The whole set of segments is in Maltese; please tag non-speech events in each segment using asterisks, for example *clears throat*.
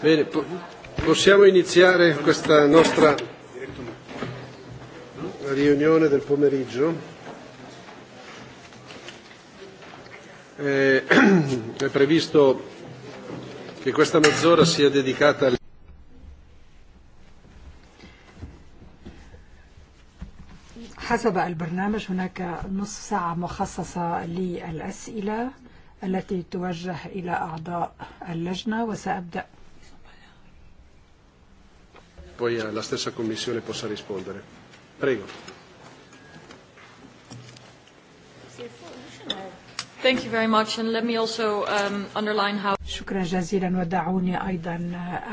Bene, po possiamo iniziare questa nostra riunione del pomeriggio. Eh, *clears throat* è previsto che questa mezz'ora sia dedicata al حسب البرنامج هناك نصف ساعة مخصصة للأسئلة التي توجه إلى أعضاء اللجنة وسأبدأ poi eh, la stessa Commissione possa rispondere. Prego. Thank you very much and let me also um, underline how شكرا جزيلا ودعوني أيضا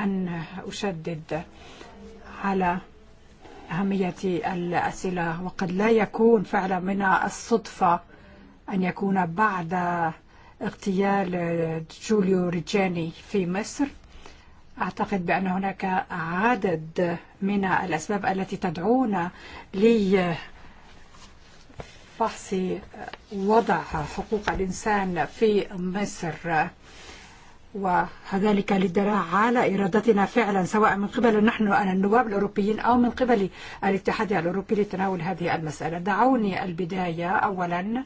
أن أشدد على أهمية الأسئلة وقد لا يكون فعلا من الصدفة أن يكون بعد اغتيال جوليو ريجاني في مصر أعتقد بأن هناك عدد من الأسباب التي تدعونا لفحص وضع حقوق الإنسان في مصر وذلك للدراع على إرادتنا فعلا سواء من قبل نحن النواب الأوروبيين أو من قبل الاتحاد الأوروبي لتناول هذه المسألة دعوني البداية أولا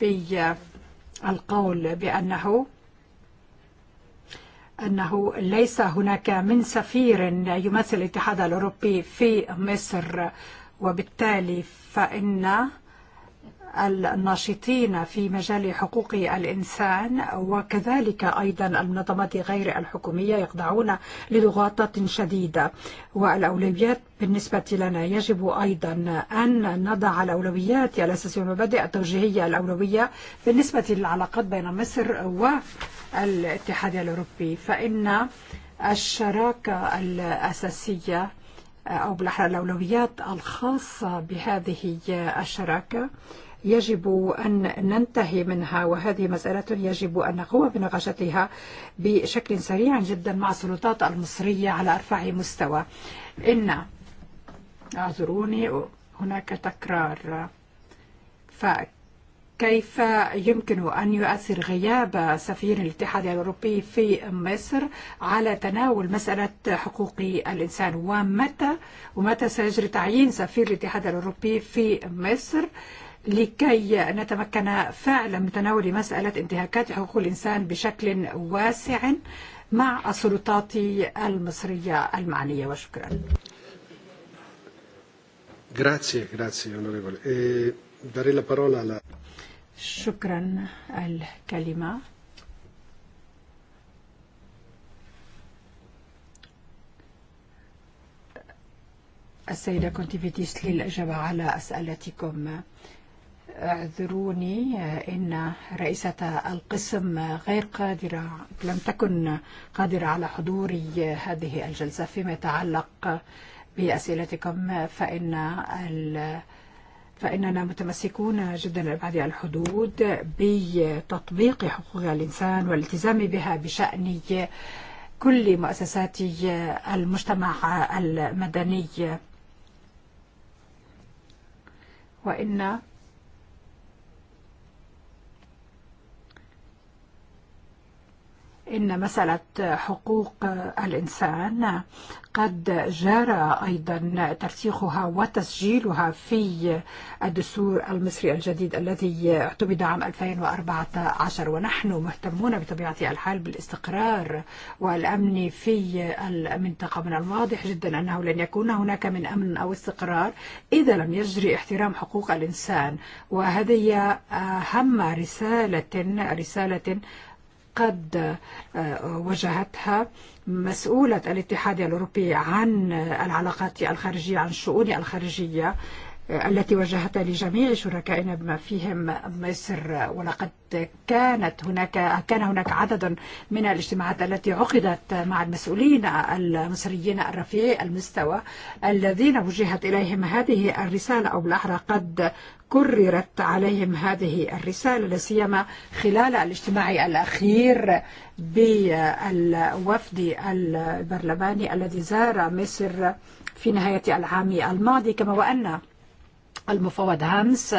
بالتعريف القول بأنه أنه ليس هناك من سفير يمثل الاتحاد الأوروبي في مصر وبالتالي فإن الناشطين في مجال حقوق الإنسان وكذلك أيضا المنظمات غير الحكومية يخضعون لضغوطات شديدة والأولويات بالنسبة لنا يجب أيضا أن نضع الأولويات الأساسية والمبادئ التوجيهية الأولوية بالنسبة للعلاقات بين مصر والاتحاد الأوروبي فإن الشراكة الأساسية أو بالأحرى الأولويات الخاصة بهذه الشراكة يجب أن ننتهي منها وهذه مسألة يجب أن نقوم بنقاشتها بشكل سريع جدا مع السلطات المصرية على أرفع مستوى إن أعذروني هناك تكرار فكيف يمكن أن يؤثر غياب سفير الاتحاد الأوروبي في مصر على تناول مسألة حقوق الإنسان ومتى ومتى سيجري تعيين سفير الاتحاد الأوروبي في مصر لكي نتمكن فعلا من تناول مسألة انتهاكات حقوق الإنسان بشكل واسع مع السلطات المصرية المعنية وشكرا Grazie, grazie onorevole. E dare la parola alla... شكرا الكلمة السيدة كنت فيتيس للإجابة على أسئلتكم اعذروني ان رئيسة القسم غير قادرة لم تكن قادرة على حضور هذه الجلسة فيما يتعلق بأسئلتكم فإن ال فإننا متمسكون جدا بعد الحدود بتطبيق حقوق الإنسان والالتزام بها بشأن كل مؤسسات المجتمع المدني وإن إن مسألة حقوق الإنسان قد جرى أيضا ترسيخها وتسجيلها في الدستور المصري الجديد الذي اعتمد عام 2014 ونحن مهتمون بطبيعة الحال بالاستقرار والأمن في المنطقة من الواضح جدا أنه لن يكون هناك من أمن أو استقرار إذا لم يجري احترام حقوق الإنسان وهذه أهم رسالة رسالة قد وجهتها مسؤولة الاتحاد الأوروبي عن العلاقات الخارجية عن الشؤون الخارجية التي وجهتها لجميع شركائنا بما فيهم مصر ولقد كانت هناك كان هناك عدد من الاجتماعات التي عقدت مع المسؤولين المصريين الرفيع المستوى الذين وجهت اليهم هذه الرساله او بالاحرى قد كررت عليهم هذه الرسالة لسيما خلال الاجتماع الأخير بالوفد البرلماني الذي زار مصر في نهاية العام الماضي كما وأن المفوض هامس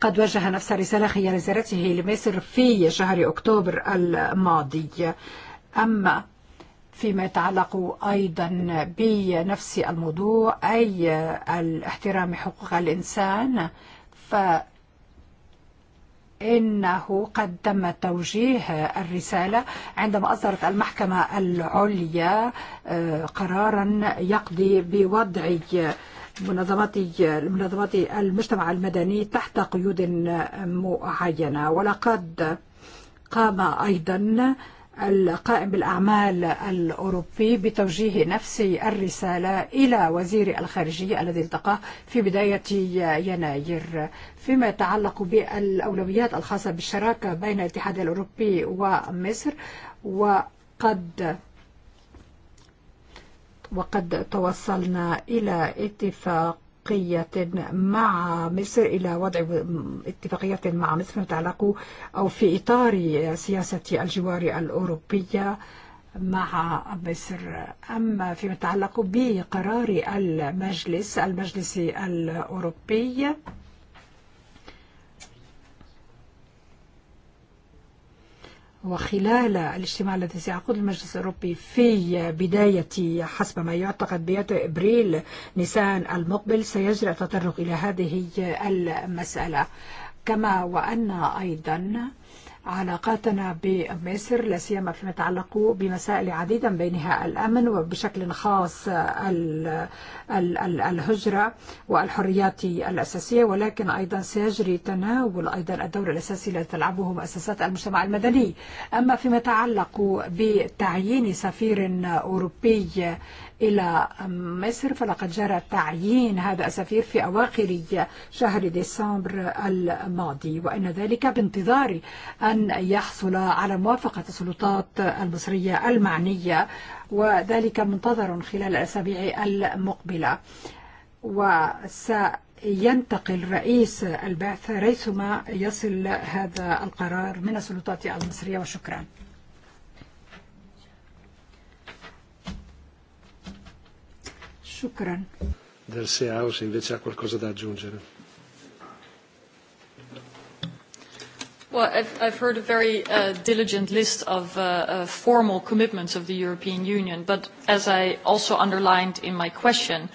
قد وجه نفس الرسالة خلال زيارته لمصر في شهر أكتوبر الماضي أما فيما يتعلق أيضا بنفس الموضوع أي الاحترام حقوق الإنسان فإنه قد تم توجيه الرسالة عندما أصدرت المحكمة العليا قرارا يقضي بوضع منظمات منظمات المجتمع المدني تحت قيود معينة ولقد قام أيضا القائم بالأعمال الأوروبي بتوجيه نفس الرسالة إلى وزير الخارجية الذي التقاه في بداية يناير فيما يتعلق بالأولويات الخاصة بالشراكة بين الاتحاد الأوروبي ومصر وقد وقد توصلنا إلى اتفاق اتفاقية مع مصر إلى وضع اتفاقية مع مصر تتعلق أو في إطار سياسة الجوار الأوروبية مع مصر أما فيما يتعلق بقرار المجلس المجلس الأوروبي وخلال الاجتماع الذي سيعقد المجلس الأوروبي في بداية حسب ما يعتقد بيته إبريل نيسان المقبل سيجري التطرق إلى هذه المسألة كما وأن أيضا علاقاتنا بمصر لا سيما فيما يتعلق بمسائل عديدة بينها الأمن وبشكل خاص الهجرة والحريات الأساسية ولكن أيضا سيجري تناول أيضا الدور الأساسي الذي تلعبه مؤسسات المجتمع المدني أما فيما يتعلق بتعيين سفير أوروبي إلى مصر فلقد جرى تعيين هذا السفير في أواخر شهر ديسمبر الماضي وإن ذلك بانتظار أن يحصل على موافقة السلطات المصرية المعنية وذلك منتظر خلال الأسابيع المقبلة وس ينتقل رئيس البعثة ريثما يصل هذا القرار من السلطات المصرية وشكرا Shukran. Del Seaus invece ha qualcosa da aggiungere. Well, I've, I've heard a very uh, diligent list of uh, uh, formal commitments of the European Union, but as I also underlined in my question,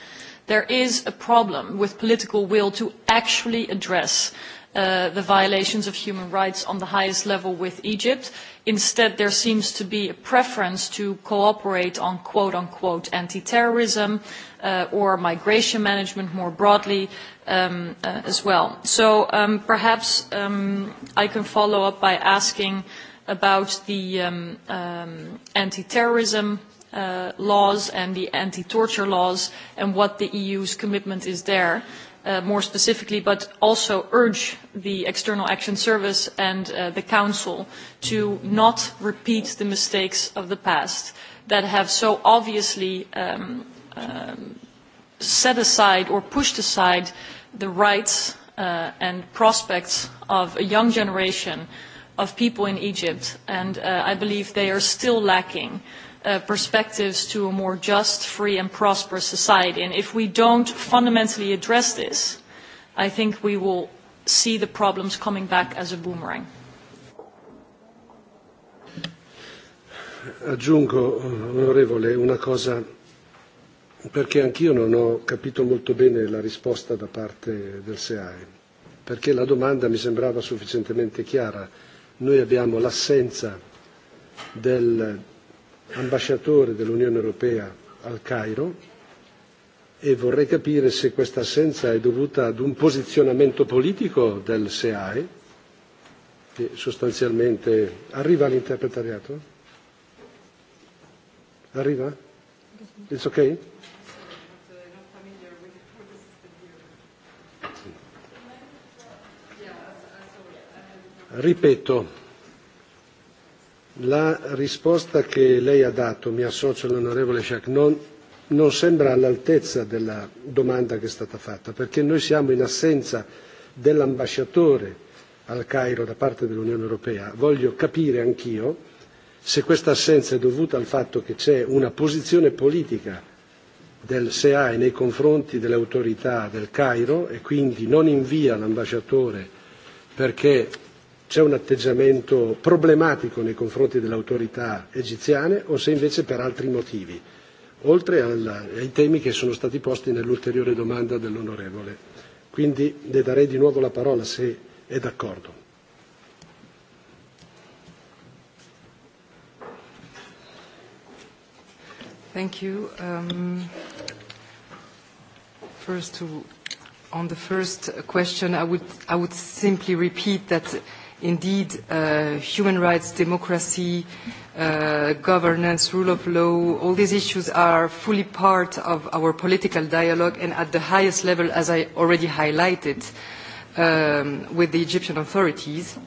there is a problem with political will to actually address uh, the violations of human rights on the highest level with Egypt Instead, there seems to be a preference to cooperate on quote-unquote anti-terrorism uh, or migration management more broadly um, uh, as well. So um, perhaps um, I can follow up by asking about the um, um, anti-terrorism uh, laws and the anti-torture laws and what the EU's commitment is there uh, more specifically, but also urge the External Action Service and uh, the Council to not repeat the mistakes of the past that have so obviously um, um, set aside or pushed aside the rights uh, and prospects of a young generation of people in Egypt, and uh, I believe they are still lacking. Uh, Uh, perspectives to a more just, free and prosperous society. And if we don't fundamentally address this, I think we will see the problems coming back as a boomerang. Aggiungo, onorevole, una cosa, perché anch'io non ho capito molto bene la risposta da parte del SEAE, perché la domanda mi sembrava sufficientemente chiara. Noi abbiamo l'assenza del ambasciatore dell'Unione Europea al Cairo e vorrei capire se questa assenza è dovuta ad un posizionamento politico del SEAE che sostanzialmente arriva all'interpretariato? Arriva? It's ok? Ripeto, La risposta che lei ha dato, mi associo all'onorevole Chacnon, non sembra all'altezza della domanda che è stata fatta, perché noi siamo in assenza dell'ambasciatore al Cairo da parte dell'Unione Europea. Voglio capire anch'io se questa assenza è dovuta al fatto che c'è una posizione politica del SEAE nei confronti delle autorità del Cairo e quindi non invia l'ambasciatore perché c'è un atteggiamento problematico nei confronti delle autorità egiziane o se invece per altri motivi, oltre al, ai temi che sono stati posti nell'ulteriore domanda dell'onorevole. Quindi le darei di nuovo la parola se è d'accordo. Thank you. Um, first to, on the first question, I would, I would simply repeat that indeed uh, human rights, democracy, uh, governance, rule of law, all these issues are fully part of our political dialogue and at the highest level, as I already highlighted, um, with the Egyptian authorities.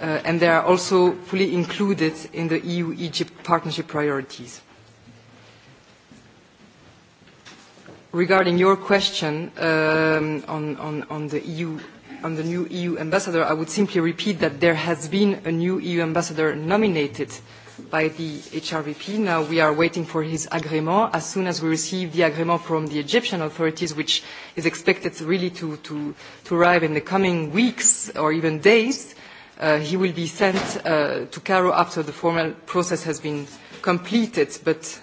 Uh, and they are also fully included in the EU-Egypt partnership priorities. Regarding your question um, on, on, on the EU on the new EU ambassador, I would simply repeat that there has been a new EU ambassador nominated by the HRVP. Now we are waiting for his agreement. As soon as we receive the agreement from the Egyptian authorities, which is expected really to, to, to arrive in the coming weeks or even days, uh, he will be sent uh, to Cairo after the formal process has been completed. But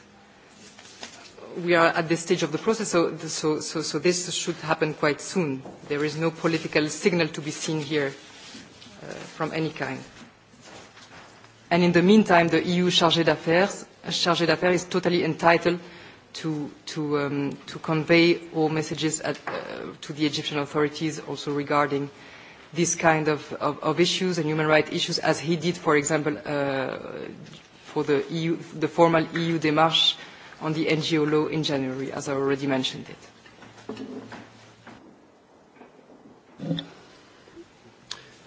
we are at this stage of the process, so, so, so, so this should happen quite soon. There is no political signal to be seen here uh, from any kind. And in the meantime, the EU chargé d'affaires chargé d'affaires is totally entitled to, to, um, to convey all messages at, uh, to the Egyptian authorities also regarding this kind of, of, of issues and human rights issues, as he did, for example, uh, for the, EU, the formal EU démarche on the NGO law in January, as I already mentioned it.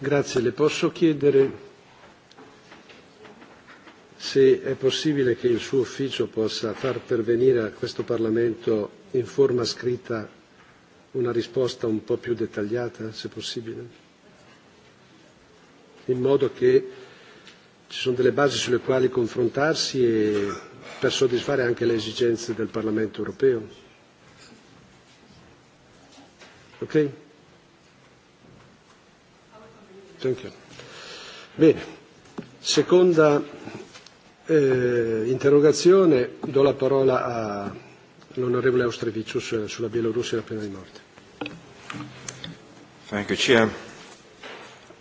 Grazie, le posso chiedere se è possibile che il suo ufficio possa far pervenire a questo Parlamento in forma scritta una risposta un po' più dettagliata, se possibile, in modo che ci sono delle basi sulle quali confrontarsi e per soddisfare anche le esigenze del Parlamento europeo. Ok? Thank you. Bene, seconda eh, interrogazione, do la parola all'onorevole Austrevicius su, sulla Bielorussia e la pena di morte. Thank you, Chair.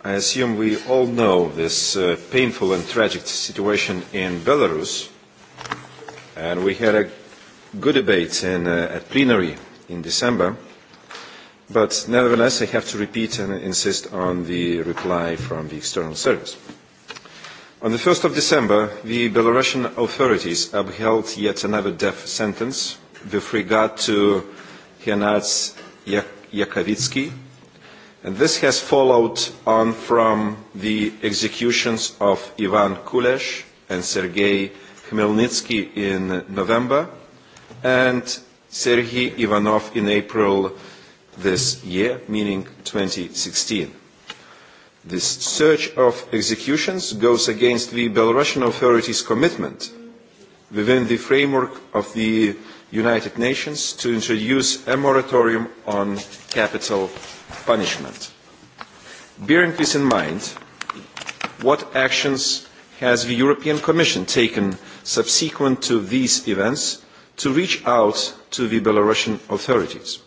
I assume we all know this uh, painful and tragic situation in Belarus And we had a good debate in, uh, at plenary in December. But nevertheless, I have to repeat and insist on the reply from the External Service. On the 1st of December, the Belarusian authorities upheld yet another death sentence with regard to Hyanats Yakovitsky, and this has followed on from the executions of Ivan Kulesh and Sergei Khmelnytsky in November and Sergei Ivanov in April this year, meaning 2016. This search of executions goes against the Belarusian authorities' commitment within the framework of the United Nations to introduce a moratorium on capital punishment. Bearing this in mind, what actions has the European Commission taken subsequent to these events to reach out to the Belarusian authorities?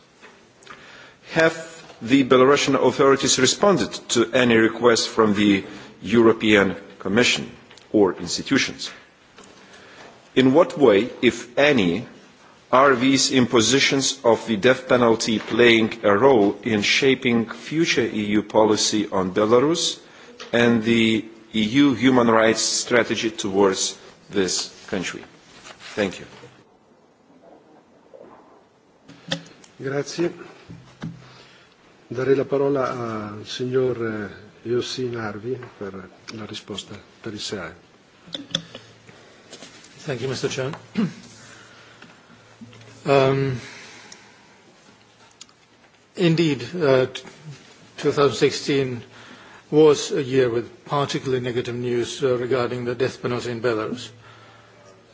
Have the Belarusian authorities responded to any request from the European Commission or institutions? In what way, if any, are these impositions of the death penalty playing a role in shaping future EU policy on Belarus and the EU human rights strategy towards this country. Thank you. Grazie. Darei la parola al signor eh, Yossi Narvi per la risposta per il SEAE. Thank you, Mr. Chair. *clears throat* um, indeed, uh, 2016 was a year with particularly negative news uh, regarding the death penalty in Belarus.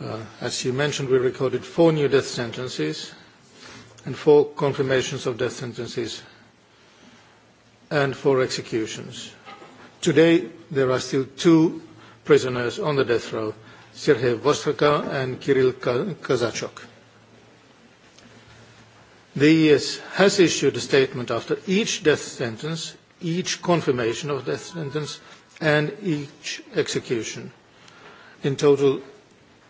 Uh, as you mentioned, we recorded four new death sentences and four confirmations of death sentences and four executions. Today, there are still two prisoners on the death row, Sergei Vostraka and Kirill Kazachok. The ES has issued a statement after each death sentence each confirmation of death sentence and each execution. In total,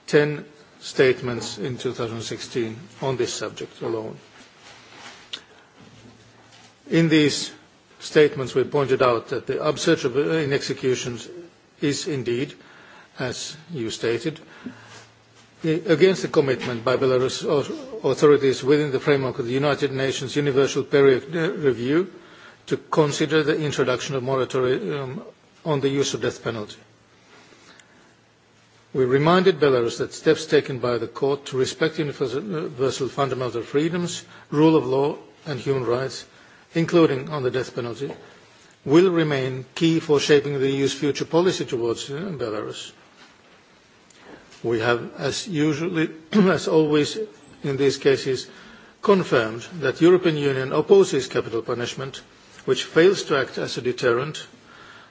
10 statements in 2016 on this subject alone. In these statements, we pointed out that the observable uh, in executions is indeed, as you stated, against the commitment by Belarus authorities within the framework of the United Nations Universal Period Review to consider the introduction of moratorium um, on the use of death penalty. We reminded Belarus that steps taken by the court to respect universal fundamental freedoms, rule of law and human rights, including on the death penalty, will remain key for shaping the EU's future policy towards uh, Belarus. We have, as usually, *clears throat* as always in these cases, confirmed that the European Union opposes capital punishment – which fails to act as a deterrent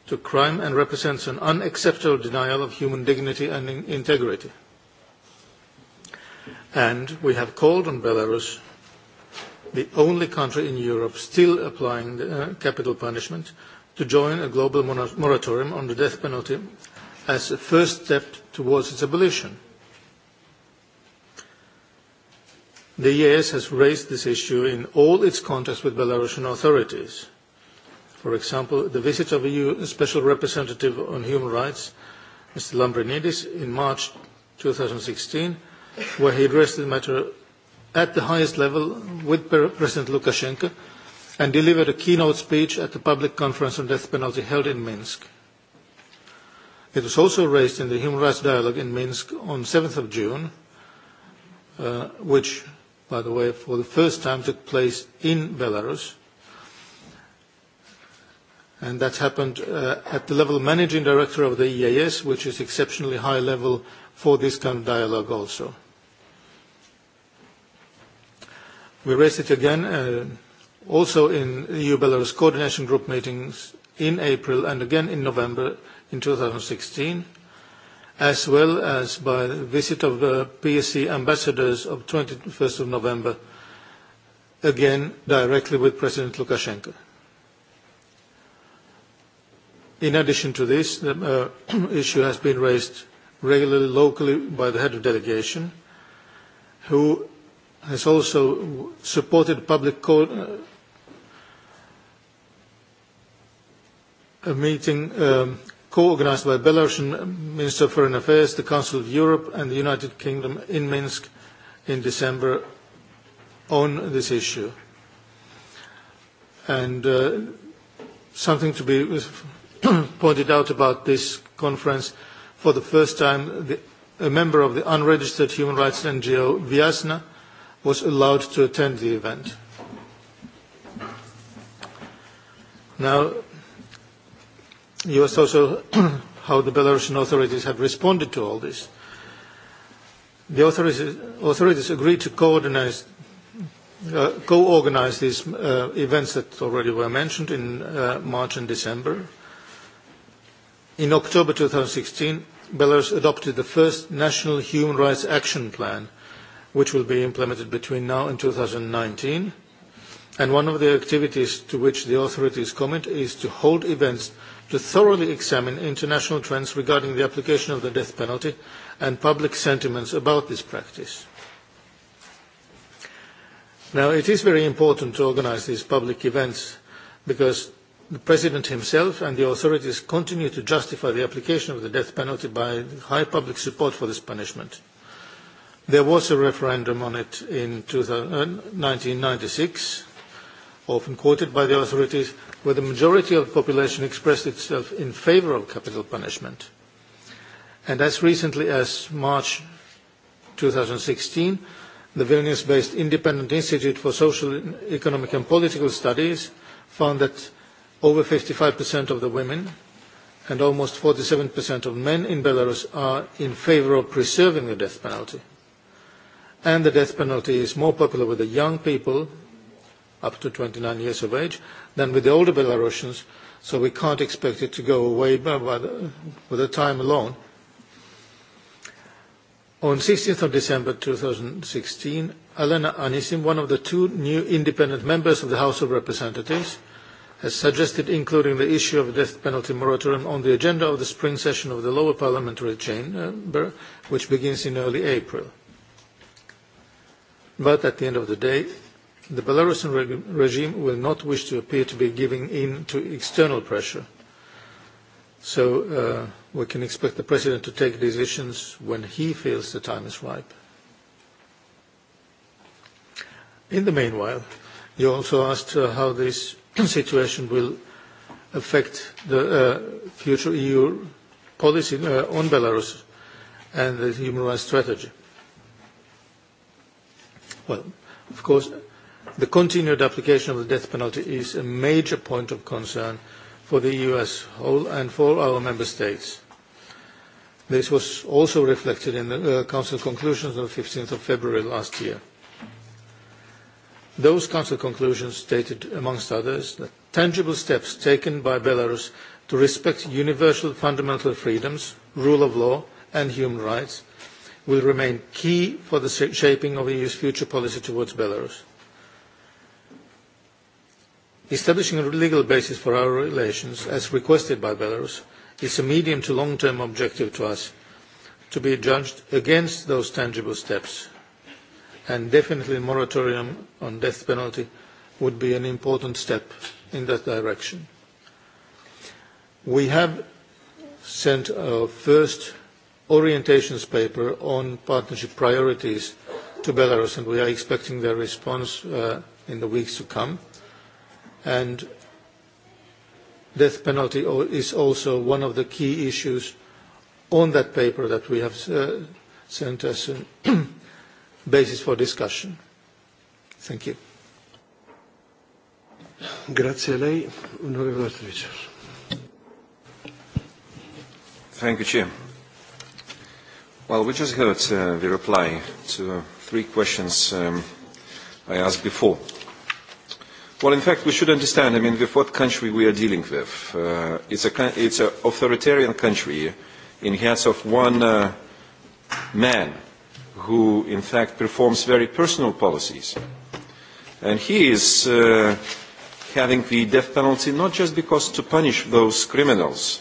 to crime and represents an unacceptable denial of human dignity and in integrity. And we have called on Belarus, the only country in Europe still applying the, uh, capital punishment, to join a global moratorium on the death penalty as a first step towards its abolition. The EAS has raised this issue in all its contacts with Belarusian authorities For example, the visit of EU Special Representative on Human Rights, Mr. Lambrinidis, in March 2016, where he addressed the matter at the highest level with President Lukashenko and delivered a keynote speech at the public conference on death penalty held in Minsk. It was also raised in the human rights dialogue in Minsk on 7th of June, uh, which, by the way, for the first time took place in Belarus, And that happened uh, at the level managing director of the EAS, which is exceptionally high level for this kind of dialogue also. We raised it again uh, also in EU-Belarus coordination group meetings in April and again in November in 2016, as well as by the visit of the uh, PSC ambassadors of 21st of November, again directly with President Lukashenko. In addition to this, the uh, *clears throat* issue has been raised regularly locally by the head of delegation, who has also supported public co uh, a meeting um, co-organized by Belarusian Minister of Foreign Affairs, the Council of Europe and the United Kingdom in Minsk in December on this issue. And uh, something to be *clears throat* pointed out about this conference, for the first time, the, a member of the unregistered human rights NGO, Vyasna, was allowed to attend the event. Now, you asked also *clears throat* how the Belarusian authorities had responded to all this. The authorities, authorities agreed to coordinate uh, co-organize these uh, events that already were mentioned in uh, March and December. In October 2016, Belarus adopted the first National Human Rights Action Plan, which will be implemented between now and 2019. And one of the activities to which the authorities commit is to hold events to thoroughly examine international trends regarding the application of the death penalty and public sentiments about this practice. Now, it is very important to organize these public events because The President himself and the authorities continue to justify the application of the death penalty by high public support for this punishment. There was a referendum on it in 1996, uh, often quoted by the authorities, where the majority of the population expressed itself in favour of capital punishment. And as recently as March 2016, the Vilnius-based Independent Institute for Social, Economic and Political Studies found that Over 55% of the women and almost 47% of men in Belarus are in favor of preserving the death penalty. And the death penalty is more popular with the young people, up to 29 years of age, than with the older Belarusians, so we can't expect it to go away by, by the, with the time alone. On 16th of December 2016, Elena Anisim, one of the two new independent members of the House of Representatives, has suggested including the issue of the death penalty moratorium on the agenda of the spring session of the lower parliamentary chamber, which begins in early April. But at the end of the day, the Belarusian reg regime will not wish to appear to be giving in to external pressure. So uh, we can expect the President to take decisions when he feels the time is ripe. In the meanwhile, you also asked uh, how this *clears throat* situation will affect the uh, future EU policy uh, on Belarus and the human rights strategy. Well, of course, the continued application of the death penalty is a major point of concern for the EU as a whole and for our member states. This was also reflected in the uh, Council conclusions on the 15th of February last year. Those Council conclusions stated, amongst others, that tangible steps taken by Belarus to respect universal fundamental freedoms, rule of law and human rights will remain key for the shaping of the EU's future policy towards Belarus. Establishing a legal basis for our relations, as requested by Belarus, is a medium to long-term objective to us, to be judged against those tangible steps and definitely moratorium on death penalty would be an important step in that direction. We have sent our first orientations paper on partnership priorities to Belarus and we are expecting their response uh, in the weeks to come. And death penalty is also one of the key issues on that paper that we have uh, sent as an basis for discussion. Thank you. Grazie a lei, onorevole Attrice. Thank you, Chair. Well, we just heard uh, the reply to uh, three questions um, I asked before. Well, in fact, we should understand, I mean, with what country we are dealing with. Uh, it's an it's a authoritarian country in the hands of one uh, man who in fact performs very personal policies. And he is uh, having the death penalty not just because to punish those criminals,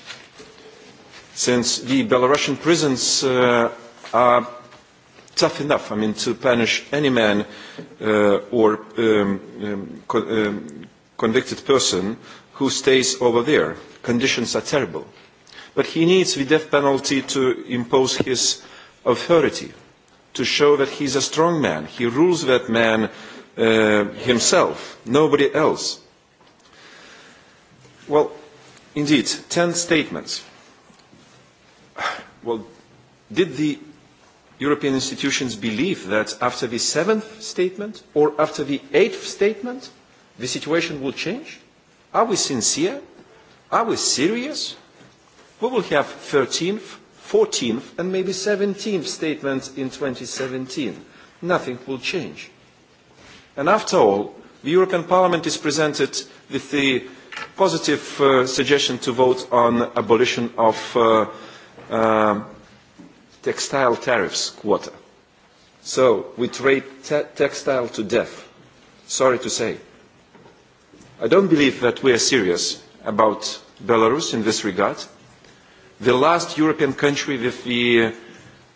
since the Belarusian prisons uh, are tough enough, I mean, to punish any man uh, or um, um, co um, convicted person who stays over there. Conditions are terrible. But he needs the death penalty to impose his authority to show that he is a strong man. He rules that man uh, himself, nobody else. Well, indeed, ten statements. Well, did the European institutions believe that after the seventh statement or after the eighth statement, the situation will change? Are we sincere? Are we serious? We will have 13th, 14th and maybe 17th statements in 2017. Nothing will change. And after all, the European Parliament is presented with the positive uh, suggestion to vote on abolition of uh, uh, textile tariffs quota. So we trade te textile to death, sorry to say. I don't believe that we are serious about Belarus in this regard the last European country with the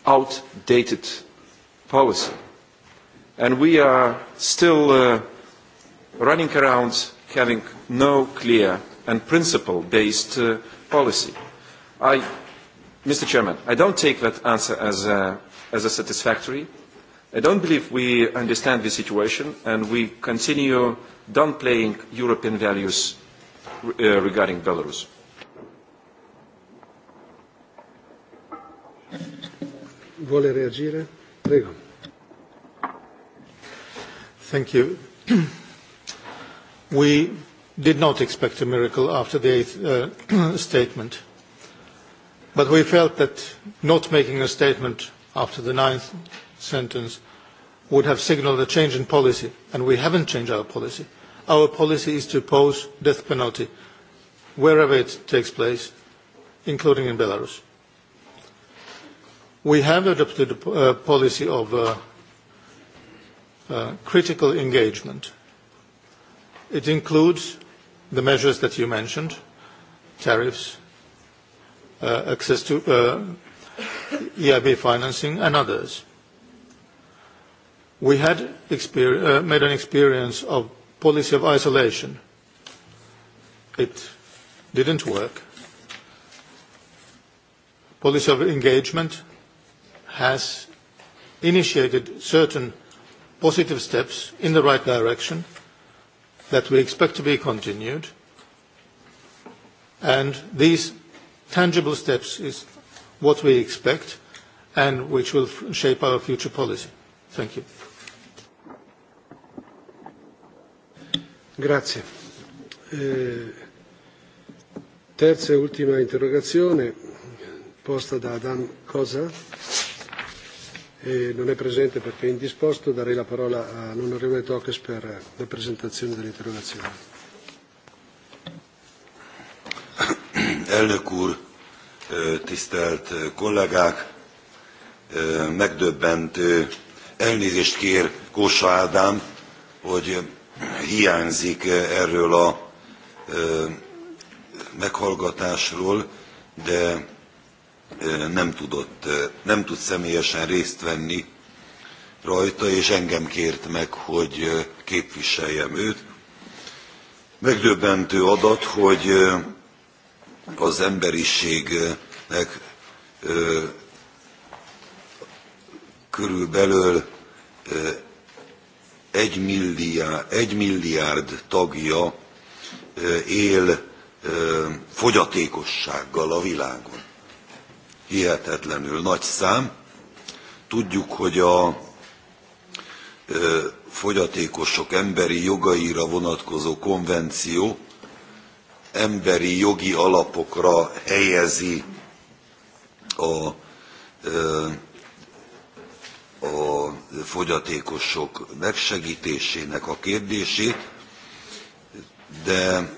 outdated policy. And we are still uh, running around having no clear and principle-based uh, policy. I, Mr. Chairman, I don't take that answer as a, as a satisfactory. I don't believe we understand the situation and we continue downplaying European values uh, regarding Belarus. vuole reagire? Prego. Thank you. we did not expect a miracle after the eighth uh, *clears throat* statement, but we felt that not making a statement after the ninth sentence would have signaled a change in policy, and we haven't changed our policy. Our policy is to oppose death penalty wherever it takes place, including in Belarus. We have adopted a uh, policy of uh, uh, critical engagement. It includes the measures that you mentioned, tariffs, uh, access to uh, EIB financing and others. We had uh, made an experience of policy of isolation. It didn't work. Policy of engagement has initiated certain positive steps in the right direction that we expect to be continued. And these tangible steps is what we expect and which will shape our future policy. Thank you. Grazie. Eh, terza e ultima interrogazione posta da Adam Cosa eh, non è presente perché è indisposto, darei la parola all'onorevole Tocques per la presentazione dell'interrogazione. *coughs* Elnök úr, tisztelt kollégák, megdöbbentő elnézést kér Kósa Ádám, hogy hiányzik erről a meghallgatásról, de nem tudott, nem tud személyesen részt venni rajta, és engem kért meg, hogy képviseljem őt. Megdöbbentő adat, hogy az emberiségnek körülbelül egy milliárd, egy milliárd tagja él fogyatékossággal a világon hihetetlenül nagy szám. Tudjuk, hogy a fogyatékosok emberi jogaira vonatkozó konvenció emberi jogi alapokra helyezi a, a fogyatékosok megsegítésének a kérdését, de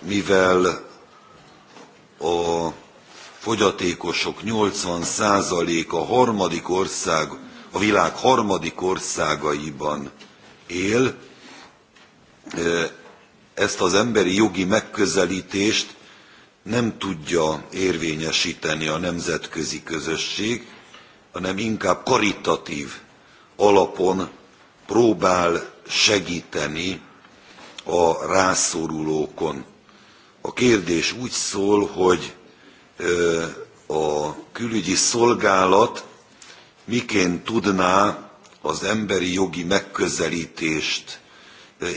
mivel a fogyatékosok 80%-a harmadik ország, a világ harmadik országaiban él. Ezt az emberi jogi megközelítést nem tudja érvényesíteni a nemzetközi közösség, hanem inkább karitatív alapon próbál segíteni a rászorulókon. A kérdés úgy szól, hogy a külügyi szolgálat miként tudná az emberi jogi megközelítést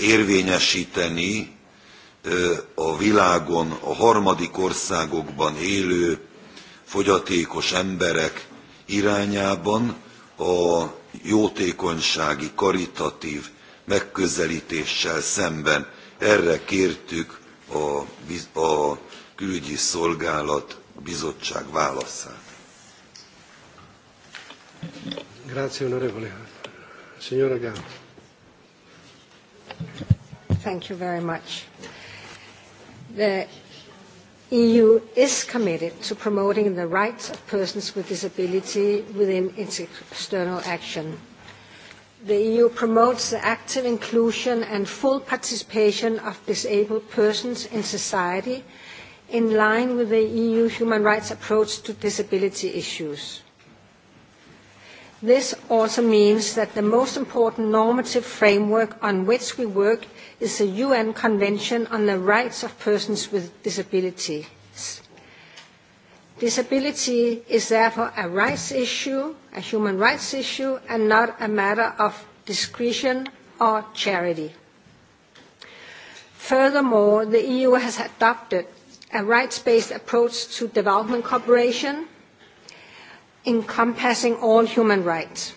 érvényesíteni a világon a harmadik országokban élő fogyatékos emberek irányában a jótékonysági, karitatív megközelítéssel szemben. Erre kértük a, a külügyi szolgálat a bizottság válaszát. Grazie, onorevole. Signora Gao. Thank you very much. The EU is committed to promoting the rights of persons with disability within its external action. The EU promotes the active inclusion and full participation of disabled persons in society in line with the EU human rights approach to disability issues. This also means that the most important normative framework on which we work is the UN Convention on the Rights of Persons with Disabilities. Disability is therefore a rights issue, a human rights issue, and not a matter of discretion or charity. Furthermore, the EU has adopted a rights-based approach to development cooperation encompassing all human rights.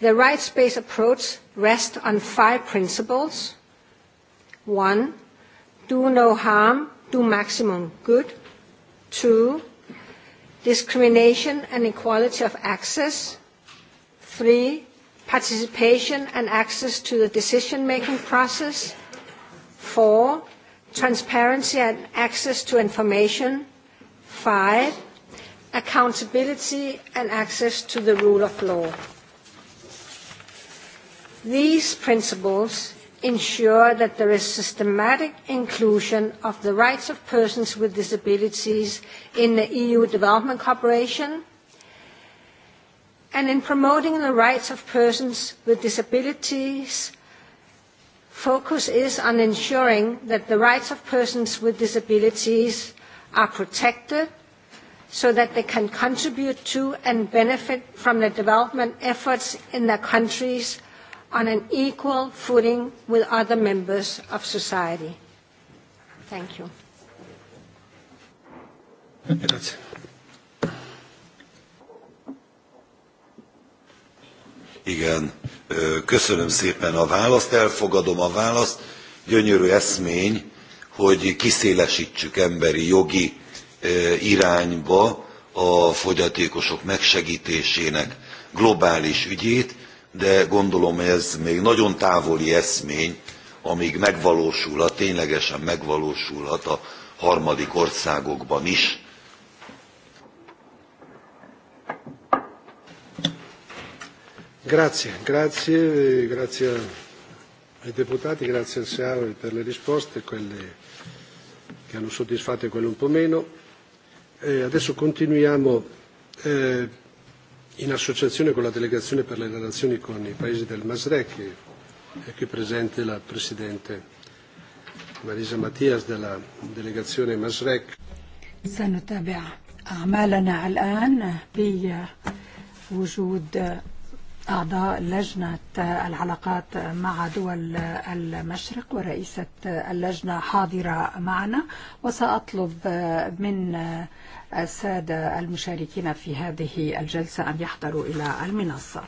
The rights-based approach rests on five principles. One, do no harm, do maximum good. Two, discrimination and equality of access. Three, participation and access to the decision-making process. Four, transparency and access to information. Five, accountability and access to the rule of law. These principles ensure that there is systematic inclusion of the rights of persons with disabilities in the EU development cooperation and in promoting the rights of persons with disabilities focus is on ensuring that the rights of persons with disabilities are protected so that they can contribute to and benefit from the development efforts in their countries on an equal footing with other members of society. Thank you. Grazie. Igen, köszönöm szépen a választ, elfogadom a választ. Gyönyörű eszmény, hogy kiszélesítsük emberi jogi irányba a fogyatékosok megsegítésének globális ügyét, de gondolom ez még nagyon távoli eszmény, amíg megvalósulhat, ténylegesen megvalósulhat a harmadik országokban is Grazie, grazie, grazie ai deputati, grazie al SEAV per le risposte, quelle che hanno soddisfatto e quelle un po' meno. E adesso continuiamo eh, in associazione con la delegazione per le relazioni con i paesi del Masrec, che è qui presente la Presidente Marisa Mattias della delegazione Masrec. سنتابع أعمالنا الآن بوجود أعضاء لجنة العلاقات مع دول المشرق ورئيسة اللجنة حاضرة معنا وسأطلب من السادة المشاركين في هذه الجلسة أن يحضروا إلى المنصة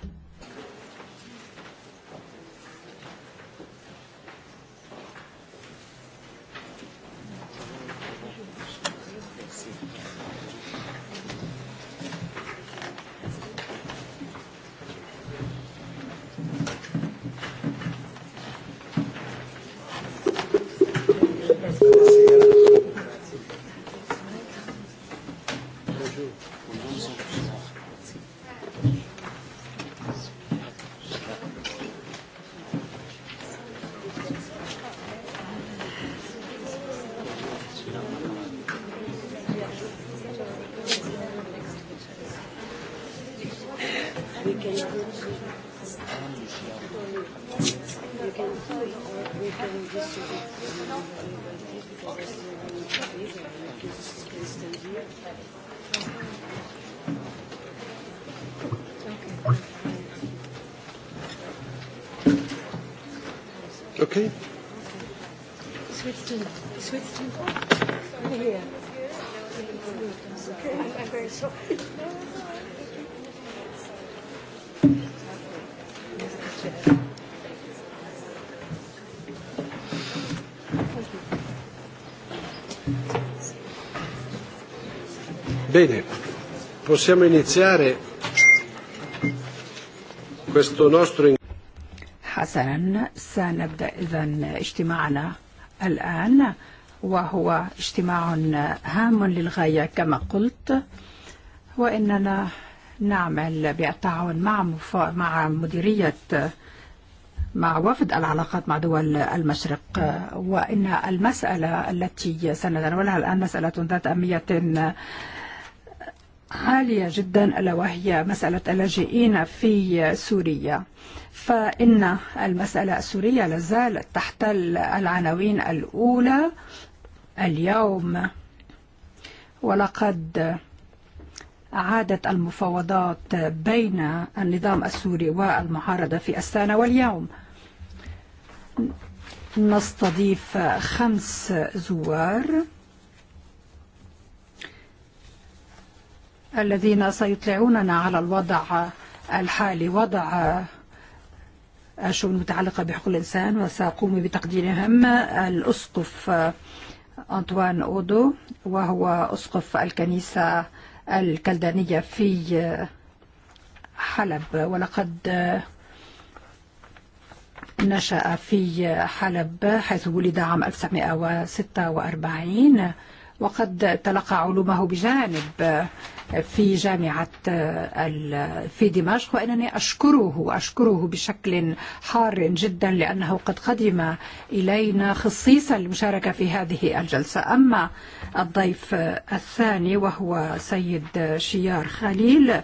Bene, possiamo iniziare questo nostro حسنا سنبدا اذا اجتماعنا الان وهو اجتماع هام للغايه كما قلت واننا نعمل بالتعاون مع مف... مع مديريه مع وفد العلاقات مع دول المشرق وان المساله التي سنتناولها الان مساله ذات اهميه عالية جدا ألا وهي مسألة اللاجئين في سوريا فإن المسألة السورية لازالت تحتل العناوين الأولى اليوم ولقد عادت المفاوضات بين النظام السوري والمعارضة في السنة واليوم نستضيف خمس زوار الذين سيطلعوننا على الوضع الحالي وضع الشؤون المتعلقة بحقوق الإنسان وسأقوم بتقديمهم الأسقف أنطوان أودو وهو أسقف الكنيسة الكلدانية في حلب ولقد نشأ في حلب حيث ولد عام 1946 وقد تلقى علومه بجانب في جامعة في دمشق وأنني أشكره أشكره بشكل حار جدا لأنه قد قدم إلينا خصيصا للمشاركة في هذه الجلسة أما الضيف الثاني وهو سيد شيار خليل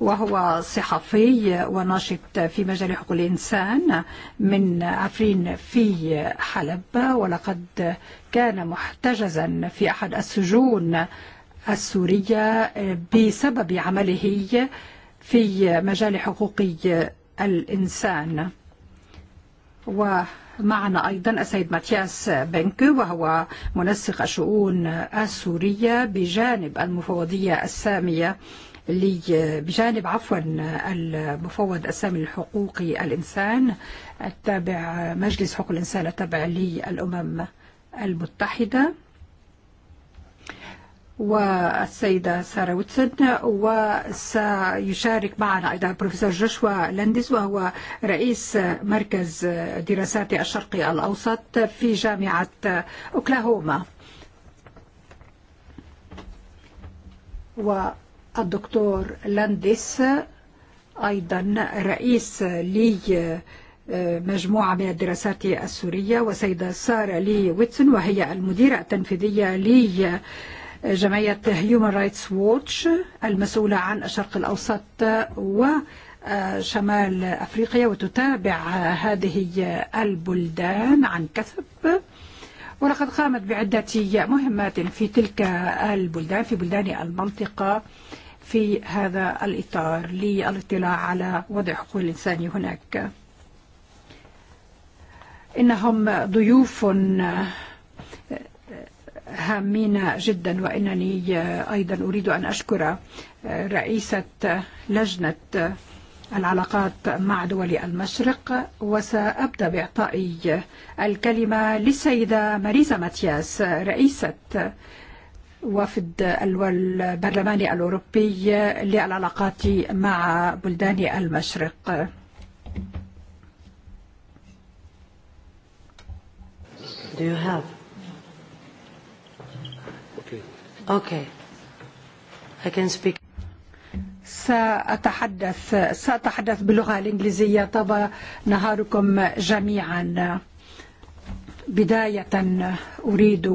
وهو صحفي وناشط في مجال حقوق الإنسان من عفرين في حلب ولقد كان محتجزا في أحد السجون السورية بسبب عمله في مجال حقوق الإنسان ومعنا أيضا السيد ماتياس بنكو وهو منسق الشؤون السورية بجانب المفوضية السامية بجانب عفوا المفوض السامي لحقوق الإنسان التابع مجلس حقوق الإنسان التابع للأمم المتحدة والسيدة سارة ويتسن وسيشارك معنا أيضا البروفيسور جوشوا لندز وهو رئيس مركز دراسات الشرق الأوسط في جامعة أوكلاهوما والدكتور لندس أيضا رئيس لي مجموعة من الدراسات السورية وسيدة سارة لي ويتسن وهي المديرة التنفيذية لي جمعية Human Rights Watch المسؤولة عن الشرق الأوسط وشمال أفريقيا وتتابع هذه البلدان عن كثب ولقد قامت بعدة مهمات في تلك البلدان في بلدان المنطقة في هذا الإطار للاطلاع على وضع حقوق الإنسان هناك إنهم ضيوف هامين جدا وإنني أيضا أريد أن أشكر رئيسة لجنة العلاقات مع دول المشرق وسأبدأ بإعطائي الكلمة للسيدة ماريزا ماتياس رئيسة وفد البرلمان الأوروبي للعلاقات مع بلدان المشرق Do you have Okay. I can speak. سأتحدث سأتحدث باللغة الإنجليزية طاب نهاركم جميعا بداية أريد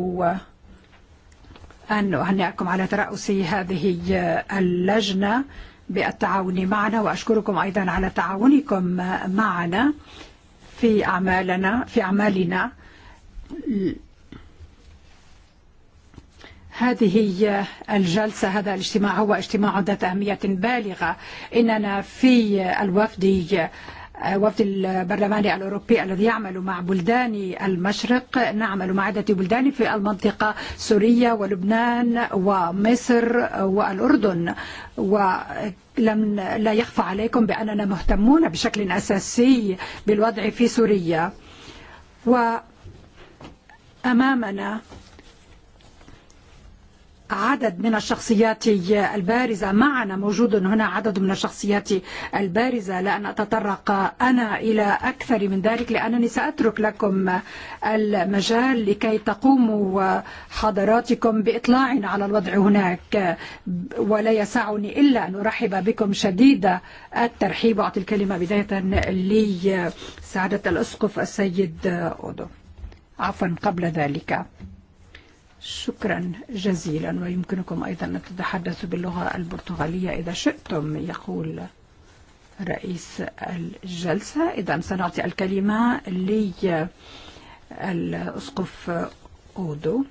أن أهنئكم على ترأس هذه اللجنة بالتعاون معنا وأشكركم أيضا على تعاونكم معنا في أعمالنا في أعمالنا هذه الجلسة هذا الاجتماع هو اجتماع ذات أهمية بالغة إننا في الوفد وفد البرلمان الأوروبي الذي يعمل مع بلدان المشرق نعمل مع عدة بلدان في المنطقة سوريا ولبنان ومصر والأردن و لم لا يخفى عليكم بأننا مهتمون بشكل أساسي بالوضع في سوريا وأمامنا عدد من الشخصيات البارزة معنا موجود هنا عدد من الشخصيات البارزة لأن أتطرق أنا إلى أكثر من ذلك لأنني سأترك لكم المجال لكي تقوموا حضراتكم بإطلاع على الوضع هناك ولا يسعني إلا أن أرحب بكم شديد الترحيب أعطي الكلمة بداية لسعادة الأسقف السيد أودو عفوا قبل ذلك شكرا جزيلا ويمكنكم أيضا أن تتحدثوا باللغة البرتغالية إذا شئتم يقول رئيس الجلسة إذا سنعطي الكلمة للأسقف أودو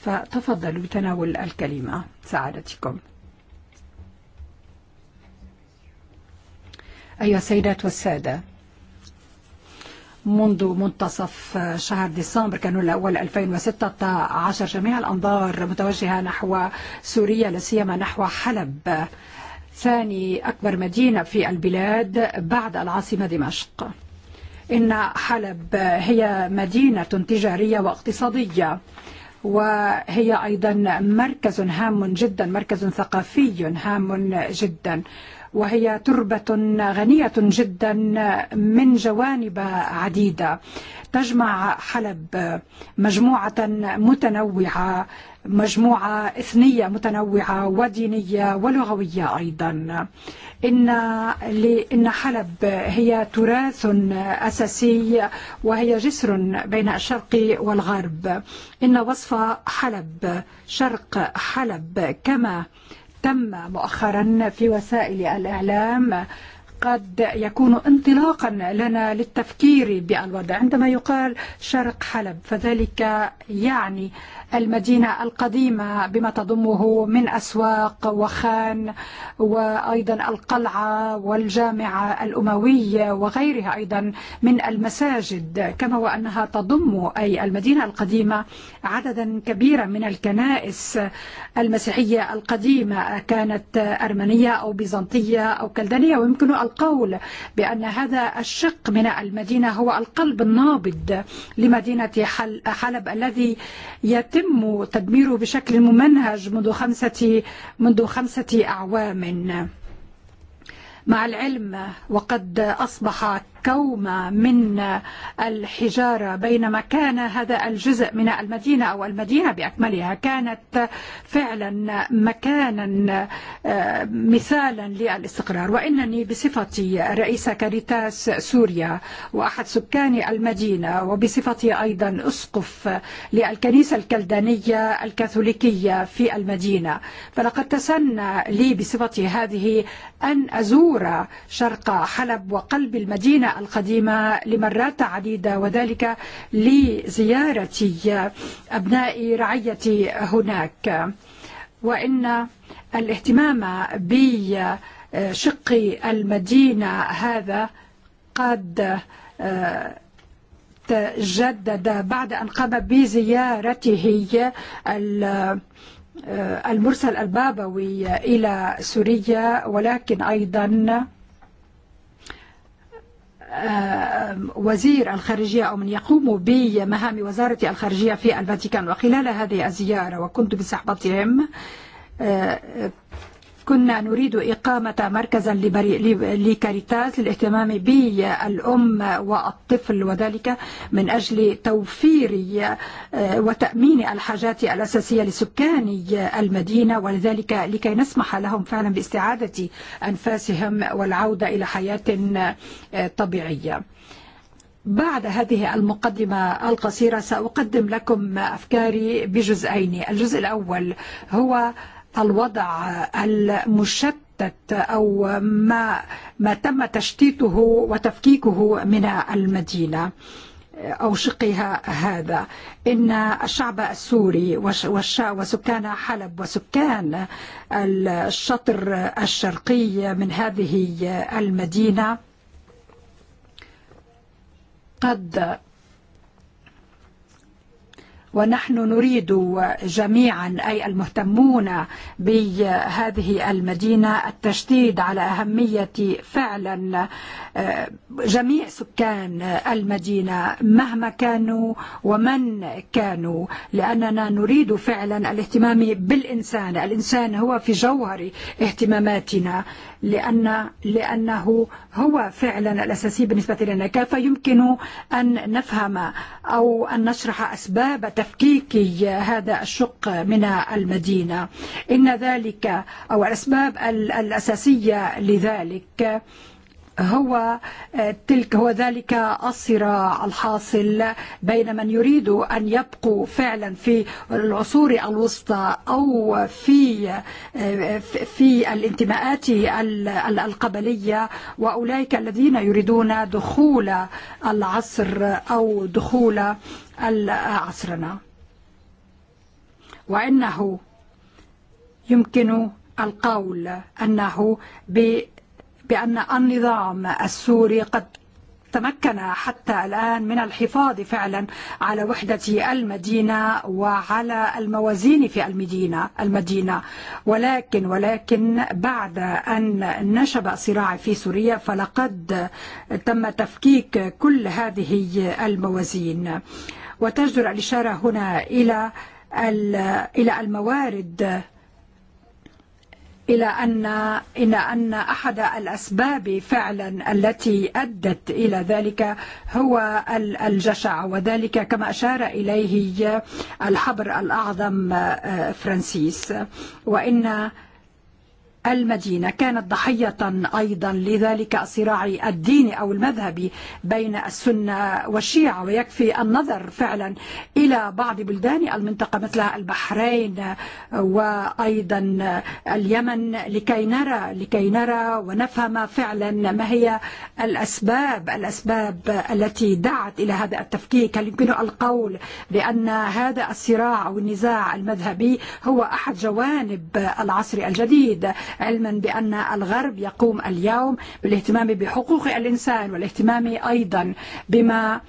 فتفضلوا بتناول الكلمة سعادتكم أيها السيدات والسادة منذ منتصف شهر ديسمبر كانون الأول 2016 جميع الأنظار متوجهة نحو سوريا لا سيما نحو حلب ثاني أكبر مدينة في البلاد بعد العاصمة دمشق إن حلب هي مدينة تجارية واقتصادية وهي أيضا مركز هام جدا مركز ثقافي هام جدا وهي تربة غنية جدا من جوانب عديدة تجمع حلب مجموعة متنوعة مجموعة إثنية متنوعة ودينية ولغوية أيضا إن, إن حلب هي تراث أساسي وهي جسر بين الشرق والغرب إن وصف حلب شرق حلب كما تم مؤخرا في وسائل الإعلام قد يكون انطلاقا لنا للتفكير بالوضع عندما يقال شرق حلب فذلك يعني المدينة القديمة بما تضمه من أسواق وخان وأيضا القلعة والجامعة الأموية وغيرها أيضا من المساجد كما وأنها تضم أي المدينة القديمة عددا كبيرا من الكنائس المسيحية القديمة كانت أرمنية أو بيزنطية أو كلدانية ويمكن القول بأن هذا الشق من المدينة هو القلب النابض لمدينة حلب الذي يتم يتم تدميره بشكل ممنهج منذ خمسة, منذ خمسة أعوام مع العلم وقد أصبح كومة من الحجارة بينما كان هذا الجزء من المدينة أو المدينة بأكملها كانت فعلا مكانا مثالا للاستقرار وإنني بصفتي رئيس كاريتاس سوريا وأحد سكان المدينة وبصفتي أيضا أسقف للكنيسة الكلدانية الكاثوليكية في المدينة فلقد تسنى لي بصفتي هذه أن أزور شرق حلب وقلب المدينة القديمة لمرات عديدة وذلك لزيارة أبناء رعيتي هناك وإن الاهتمام بشق المدينة هذا قد تجدد بعد أن قام بزيارته المرسل البابوي إلى سوريا ولكن أيضا وزير الخارجية أو من يقوم بمهام وزارة الخارجية في الفاتيكان وخلال هذه الزيارة وكنت بصحبتهم كنا نريد إقامة مركزا لكاريتاس للاهتمام بالأم والطفل وذلك من أجل توفير وتأمين الحاجات الأساسية لسكان المدينة ولذلك لكي نسمح لهم فعلا باستعادة أنفاسهم والعودة إلى حياة طبيعية بعد هذه المقدمة القصيرة سأقدم لكم أفكاري بجزئين الجزء الأول هو الوضع المشتت أو ما ما تم تشتيته وتفكيكه من المدينة أو شقها هذا إن الشعب السوري وسكان حلب وسكان الشطر الشرقي من هذه المدينة قد ونحن نريد جميعا أي المهتمون بهذه المدينة التشديد على أهمية فعلا جميع سكان المدينة مهما كانوا ومن كانوا لأننا نريد فعلا الاهتمام بالإنسان الإنسان هو في جوهر اهتماماتنا لأن لأنه هو فعلا الأساسي بالنسبة لنا كيف يمكن أن نفهم أو أن نشرح أسباب تفكيك هذا الشق من المدينة إن ذلك أو الأسباب الأساسية لذلك هو تلك هو ذلك الصراع الحاصل بين من يريد أن يبقوا فعلا في العصور الوسطى أو في في الانتماءات القبلية وأولئك الذين يريدون دخول العصر أو دخول عصرنا وانه يمكن القول أنه ب بأن النظام السوري قد تمكن حتى الآن من الحفاظ فعلا على وحدة المدينة وعلى الموازين في المدينة المدينة ولكن ولكن بعد أن نشب صراع في سوريا فلقد تم تفكيك كل هذه الموازين وتجدر الإشارة هنا إلى إلى الموارد إلى أن إن أن أحد الأسباب فعلا التي أدت إلى ذلك هو الجشع وذلك كما أشار إليه الحبر الأعظم فرانسيس وإن المدينة كانت ضحية أيضا لذلك الصراع الديني أو المذهبي بين السنة والشيعة ويكفي النظر فعلا إلى بعض بلدان المنطقة مثل البحرين وأيضا اليمن لكي نرى لكي نرى ونفهم فعلا ما هي الأسباب الأسباب التي دعت إلى هذا التفكيك هل يمكن القول بأن هذا الصراع أو النزاع المذهبي هو أحد جوانب العصر الجديد علما بأن الغرب يقوم اليوم بالاهتمام بحقوق الإنسان والاهتمام أيضا بما